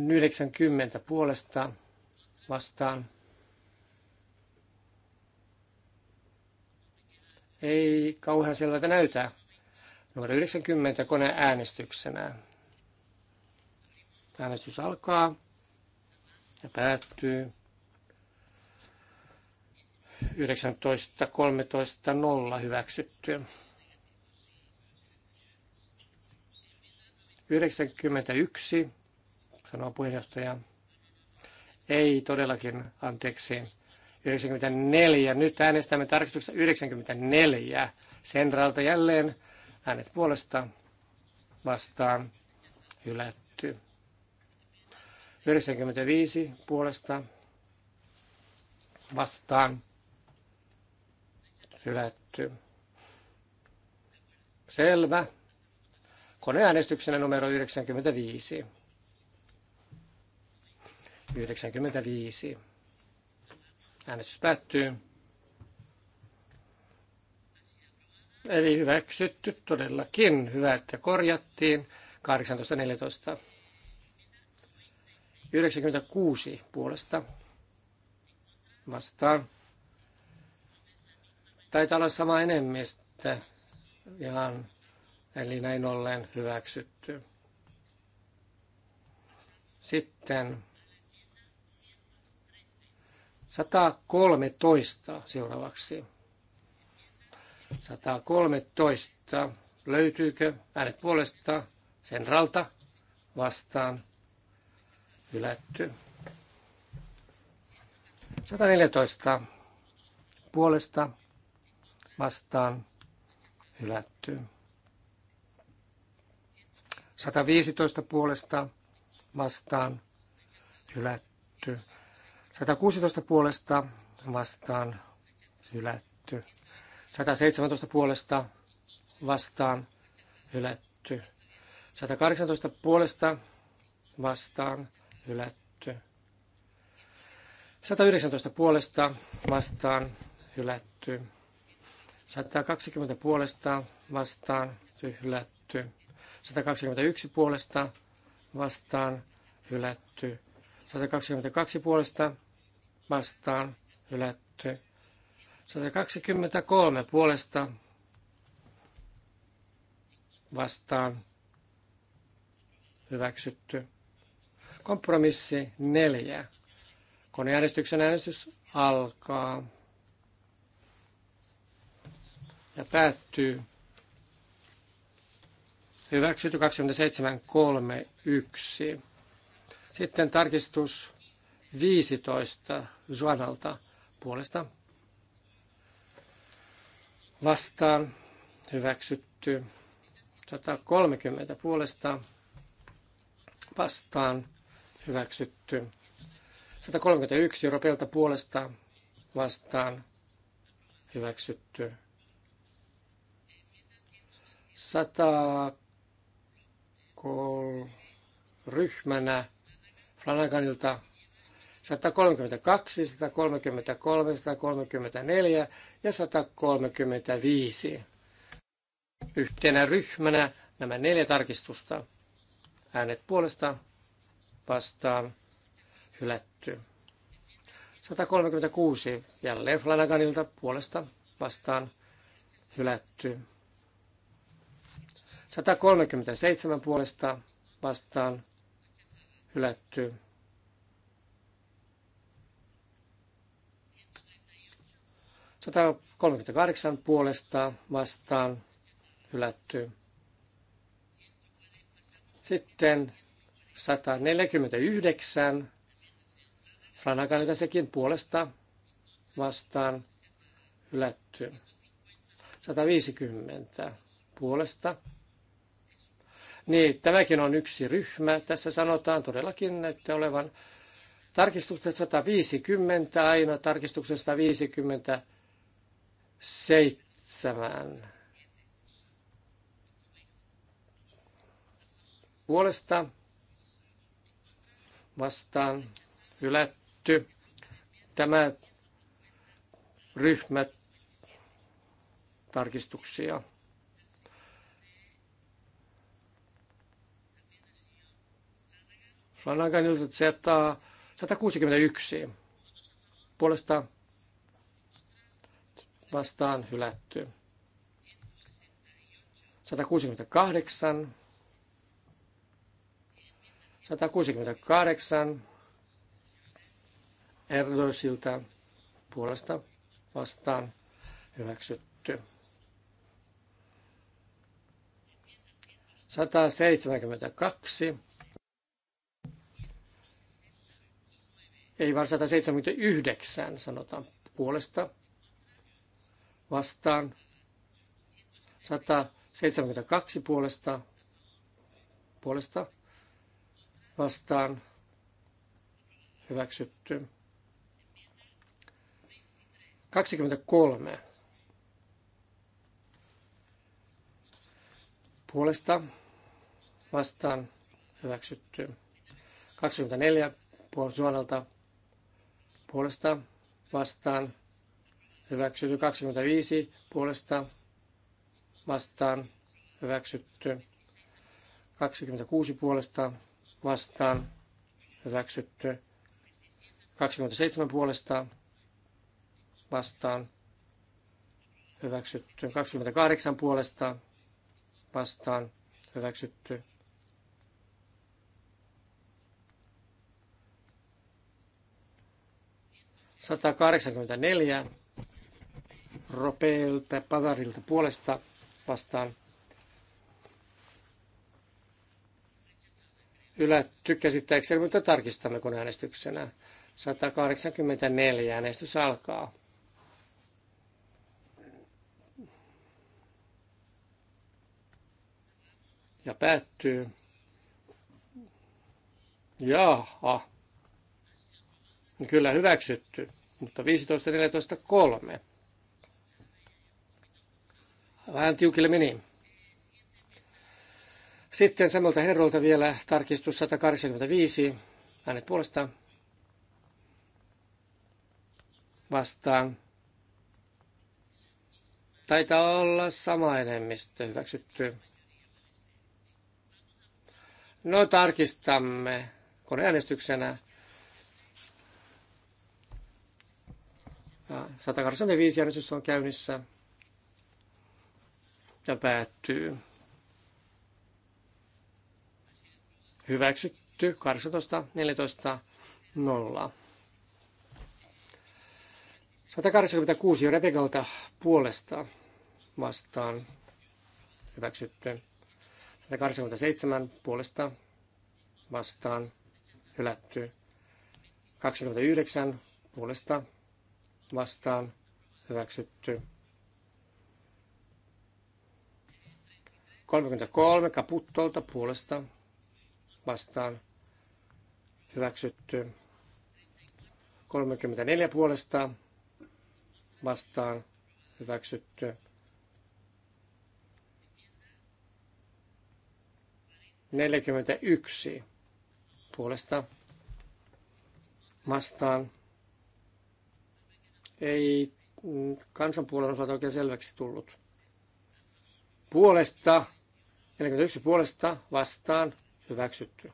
Yhdeksänkymmentä puolesta vastaan. Ei kauhean selvältä näytä. Numero 90 kone äänestyksenä. Äänestys alkaa ja päättyy 19.13.0 hyväksyttyä. 91, sanoo puheenjohtaja. Ei todellakin, anteeksi. 94. Nyt äänestämme tarkistuksesta 94. Senralta jälleen äänet puolesta vastaan hylätty. 95 puolesta vastaan hylätty. Selvä. Koneäänestyksenä numero 95. 95. Äänestys päättyy. Eli hyväksytty todellakin. Hyvä, että korjattiin. 18.14. 96 puolesta vastaan. Taitaa olla sama enemmistö ihan, eli näin ollen hyväksytty. Sitten 113 seuraavaksi. 113. Löytyykö äänet puolesta sen ralta vastaan? Hylätty. 114 puolesta vastaan hylätty. 115 puolesta vastaan hylätty. 116 puolesta vastaan hylätty. 117 puolesta vastaan hylätty. 118 puolesta vastaan hylätty hylätty. 119 puolesta vastaan hylätty. 120 puolesta vastaan hylätty. 121 puolesta vastaan hylätty. 122 puolesta vastaan hylätty. 123 puolesta vastaan hyväksytty. Kompromissi neljä. Koneäänestyksen äänestys alkaa ja päättyy. Hyväksytty 27.3.1. Sitten tarkistus 15 suomalta puolesta. Vastaan hyväksytty 130 puolesta. Vastaan hyväksytty. 131 Euroopelta puolesta vastaan hyväksytty. 100 ryhmänä Flanaganilta 132, 133, 134 ja 135. Yhtenä ryhmänä nämä neljä tarkistusta. Äänet puolesta vastaan hylätty. 136 jälleen Flanaganilta puolesta vastaan hylätty. 137 puolesta vastaan hylätty. Sata puolesta vastaan hylätty. Sitten 149. Flanaganilta sekin puolesta vastaan hylätty. 150 puolesta. Niin, tämäkin on yksi ryhmä. Tässä sanotaan todellakin että olevan tarkistukset 150 aina tarkistuksesta 157 Puolesta vastaan hylätty. Tämä ryhmä tarkistuksia. Flanagan Z 161 puolesta vastaan hylätty. 168 168 Erdoisilta puolesta vastaan hyväksytty. 172. Ei vaan 179 sanotaan puolesta vastaan. 172 puolesta puolesta vastaan hyväksytty. 23 puolesta vastaan hyväksytty. 24 suonalta puolesta vastaan hyväksytty. 25 puolesta vastaan hyväksytty. 26 puolesta vastaan hyväksytty. 27 puolesta vastaan hyväksytty. 28 puolesta vastaan hyväksytty. Satakahdeksankymmentäneljä Ropeelta Padarilta puolesta vastaan ylätty käsittääkseni, mutta tarkistamme kun äänestyksenä. 184 äänestys alkaa. Ja päättyy. Jaha. Kyllä hyväksytty, mutta 15, 14, 3. Vähän tiukille meni. Sitten samalta herrolta vielä tarkistus 185. Hänet puolestaan vastaan. Taitaa olla sama enemmistö hyväksytty. No tarkistamme koneäänestyksenä. 185 ah, äänestys on käynnissä ja päättyy. hyväksytty 18.14.0. 186 Rebekalta puolesta vastaan hyväksytty. 187 puolesta vastaan hylätty. 29 puolesta vastaan hyväksytty. 33 Kaputtolta puolesta vastaan hyväksytty. 34 puolesta vastaan hyväksytty. 41 puolesta vastaan. Ei kansanpuolen osalta oikein selväksi tullut. Puolesta, 41 puolesta vastaan hyväksytty.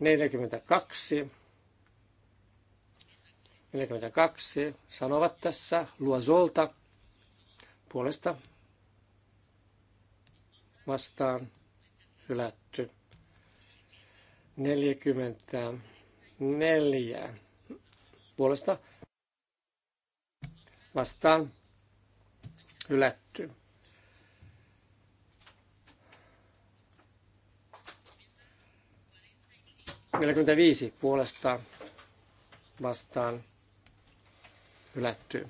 Neljäkymmentäkaksi. 42 sanovat tässä Luosolta puolesta vastaan hylätty. 44 puolesta vastaan Hylätty. Neljäkymmentäviisi puolesta vastaan hylätty.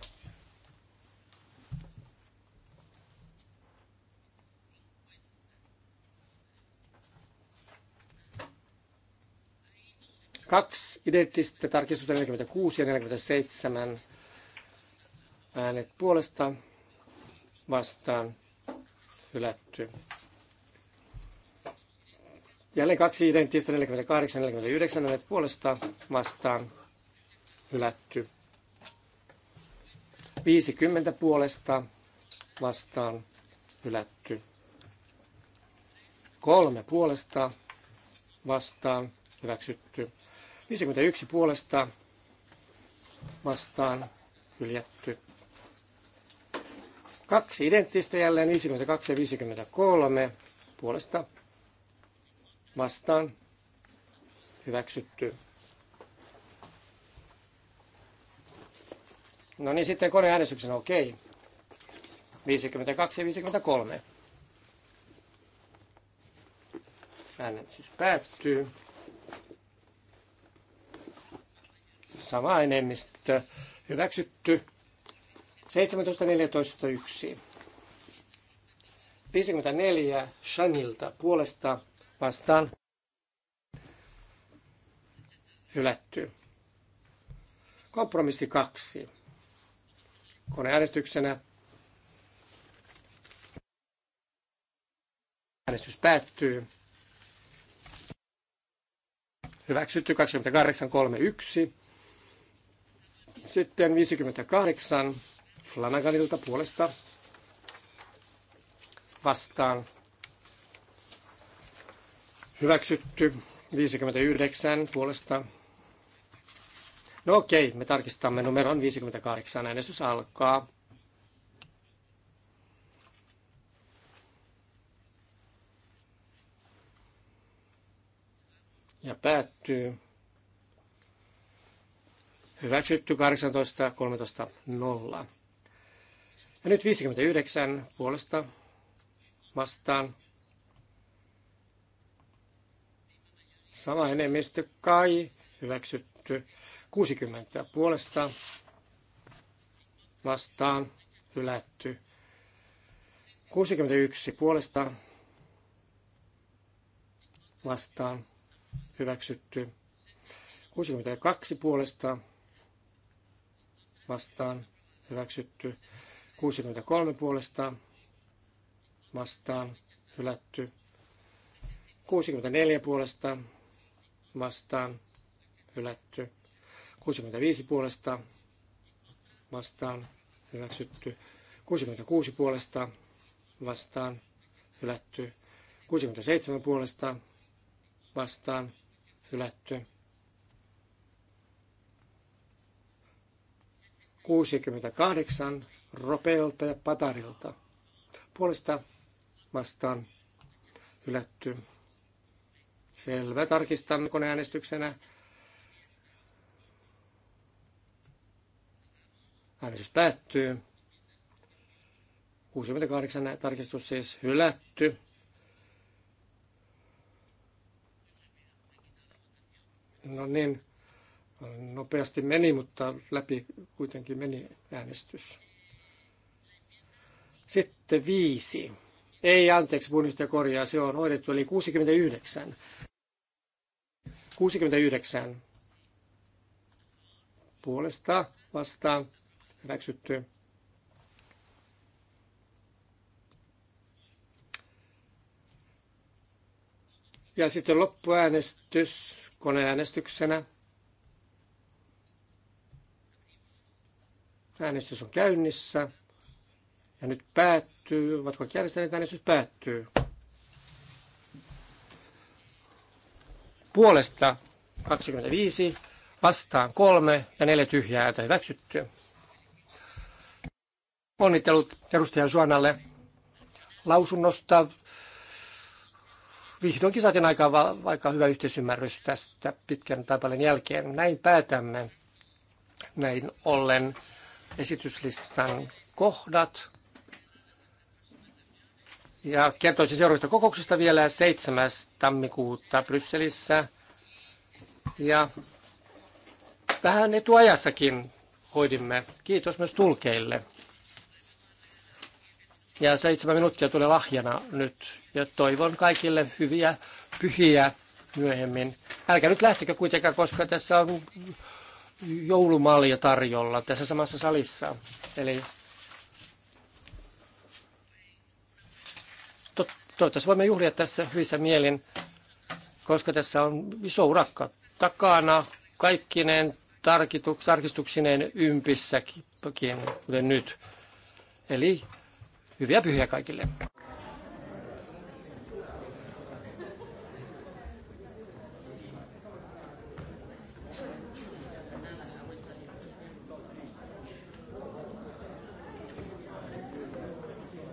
Kaksi identtistä tarkistusta 46 ja 47 äänet puolesta vastaan hylätty. Jälleen kaksi identtistä 48-49 äänet puolesta vastaan hylätty. 50 puolesta vastaan hylätty. Kolme puolesta vastaan hyväksytty. 51 puolesta vastaan hyljätty. Kaksi identtistä jälleen 52 ja 53 puolesta vastaan hyväksytty. No niin, sitten koneäänestyksen okei. Okay. 52 ja 53. Äänet siis päättyy. Sama enemmistö hyväksytty. 17.14.1. 54 Shanilta puolesta vastaan hylätty. Kompromissi 2. Koneäänestyksenä äänestys päättyy. Hyväksytty 28.31. Sitten 58 Flanaganilta puolesta vastaan. Hyväksytty 59 puolesta. No okei, me tarkistamme numeron 58. Äänestys alkaa. Ja päättyy. Hyväksytty 18.13.0. Ja nyt 59 puolesta vastaan. Sama enemmistö kai hyväksytty. 60 puolesta vastaan hylätty. 61 puolesta vastaan hyväksytty. 62 puolesta vastaan hyväksytty. 63 puolesta vastaan hylätty. 64 puolesta vastaan hylätty. 65 puolesta vastaan hyväksytty. 66 puolesta vastaan hylätty. 67 puolesta vastaan hylätty. 68 Ropeelta ja Patarilta. Puolesta vastaan hylätty. Selvä. Tarkistamme koneäänestyksenä. Äänestys päättyy. 68 tarkistus siis hylätty. No niin, Nopeasti meni, mutta läpi kuitenkin meni äänestys. Sitten viisi. Ei, anteeksi, mun yhtä korjaa, se on hoidettu, eli 69. 69 puolesta vastaan hyväksytty. Ja sitten loppuäänestys koneäänestyksenä. Äänestys on käynnissä. Ja nyt päättyy. Ovatko kaikki äänestäneet? Äänestys päättyy. Puolesta 25, vastaan 3 ja neljä tyhjää ääntä hyväksytty. Onnittelut edustaja Suonalle lausunnosta. Vihdoinkin saatiin aika, aika hyvä yhteisymmärrys tästä pitkän taipaleen jälkeen. Näin päätämme näin ollen esityslistan kohdat. Ja kertoisin seuraavista kokouksista vielä 7. tammikuuta Brysselissä. Ja vähän etuajassakin hoidimme. Kiitos myös tulkeille. Ja seitsemän minuuttia tulee lahjana nyt. Ja toivon kaikille hyviä pyhiä myöhemmin. Älkää nyt lähtekö kuitenkaan, koska tässä on joulumalja tarjolla tässä samassa salissa. Eli to- toivottavasti voimme juhlia tässä hyvissä mielin, koska tässä on iso urakka takana kaikkineen tarkistuksineen ympissäkin, kuten nyt. Eli hyviä pyhiä kaikille.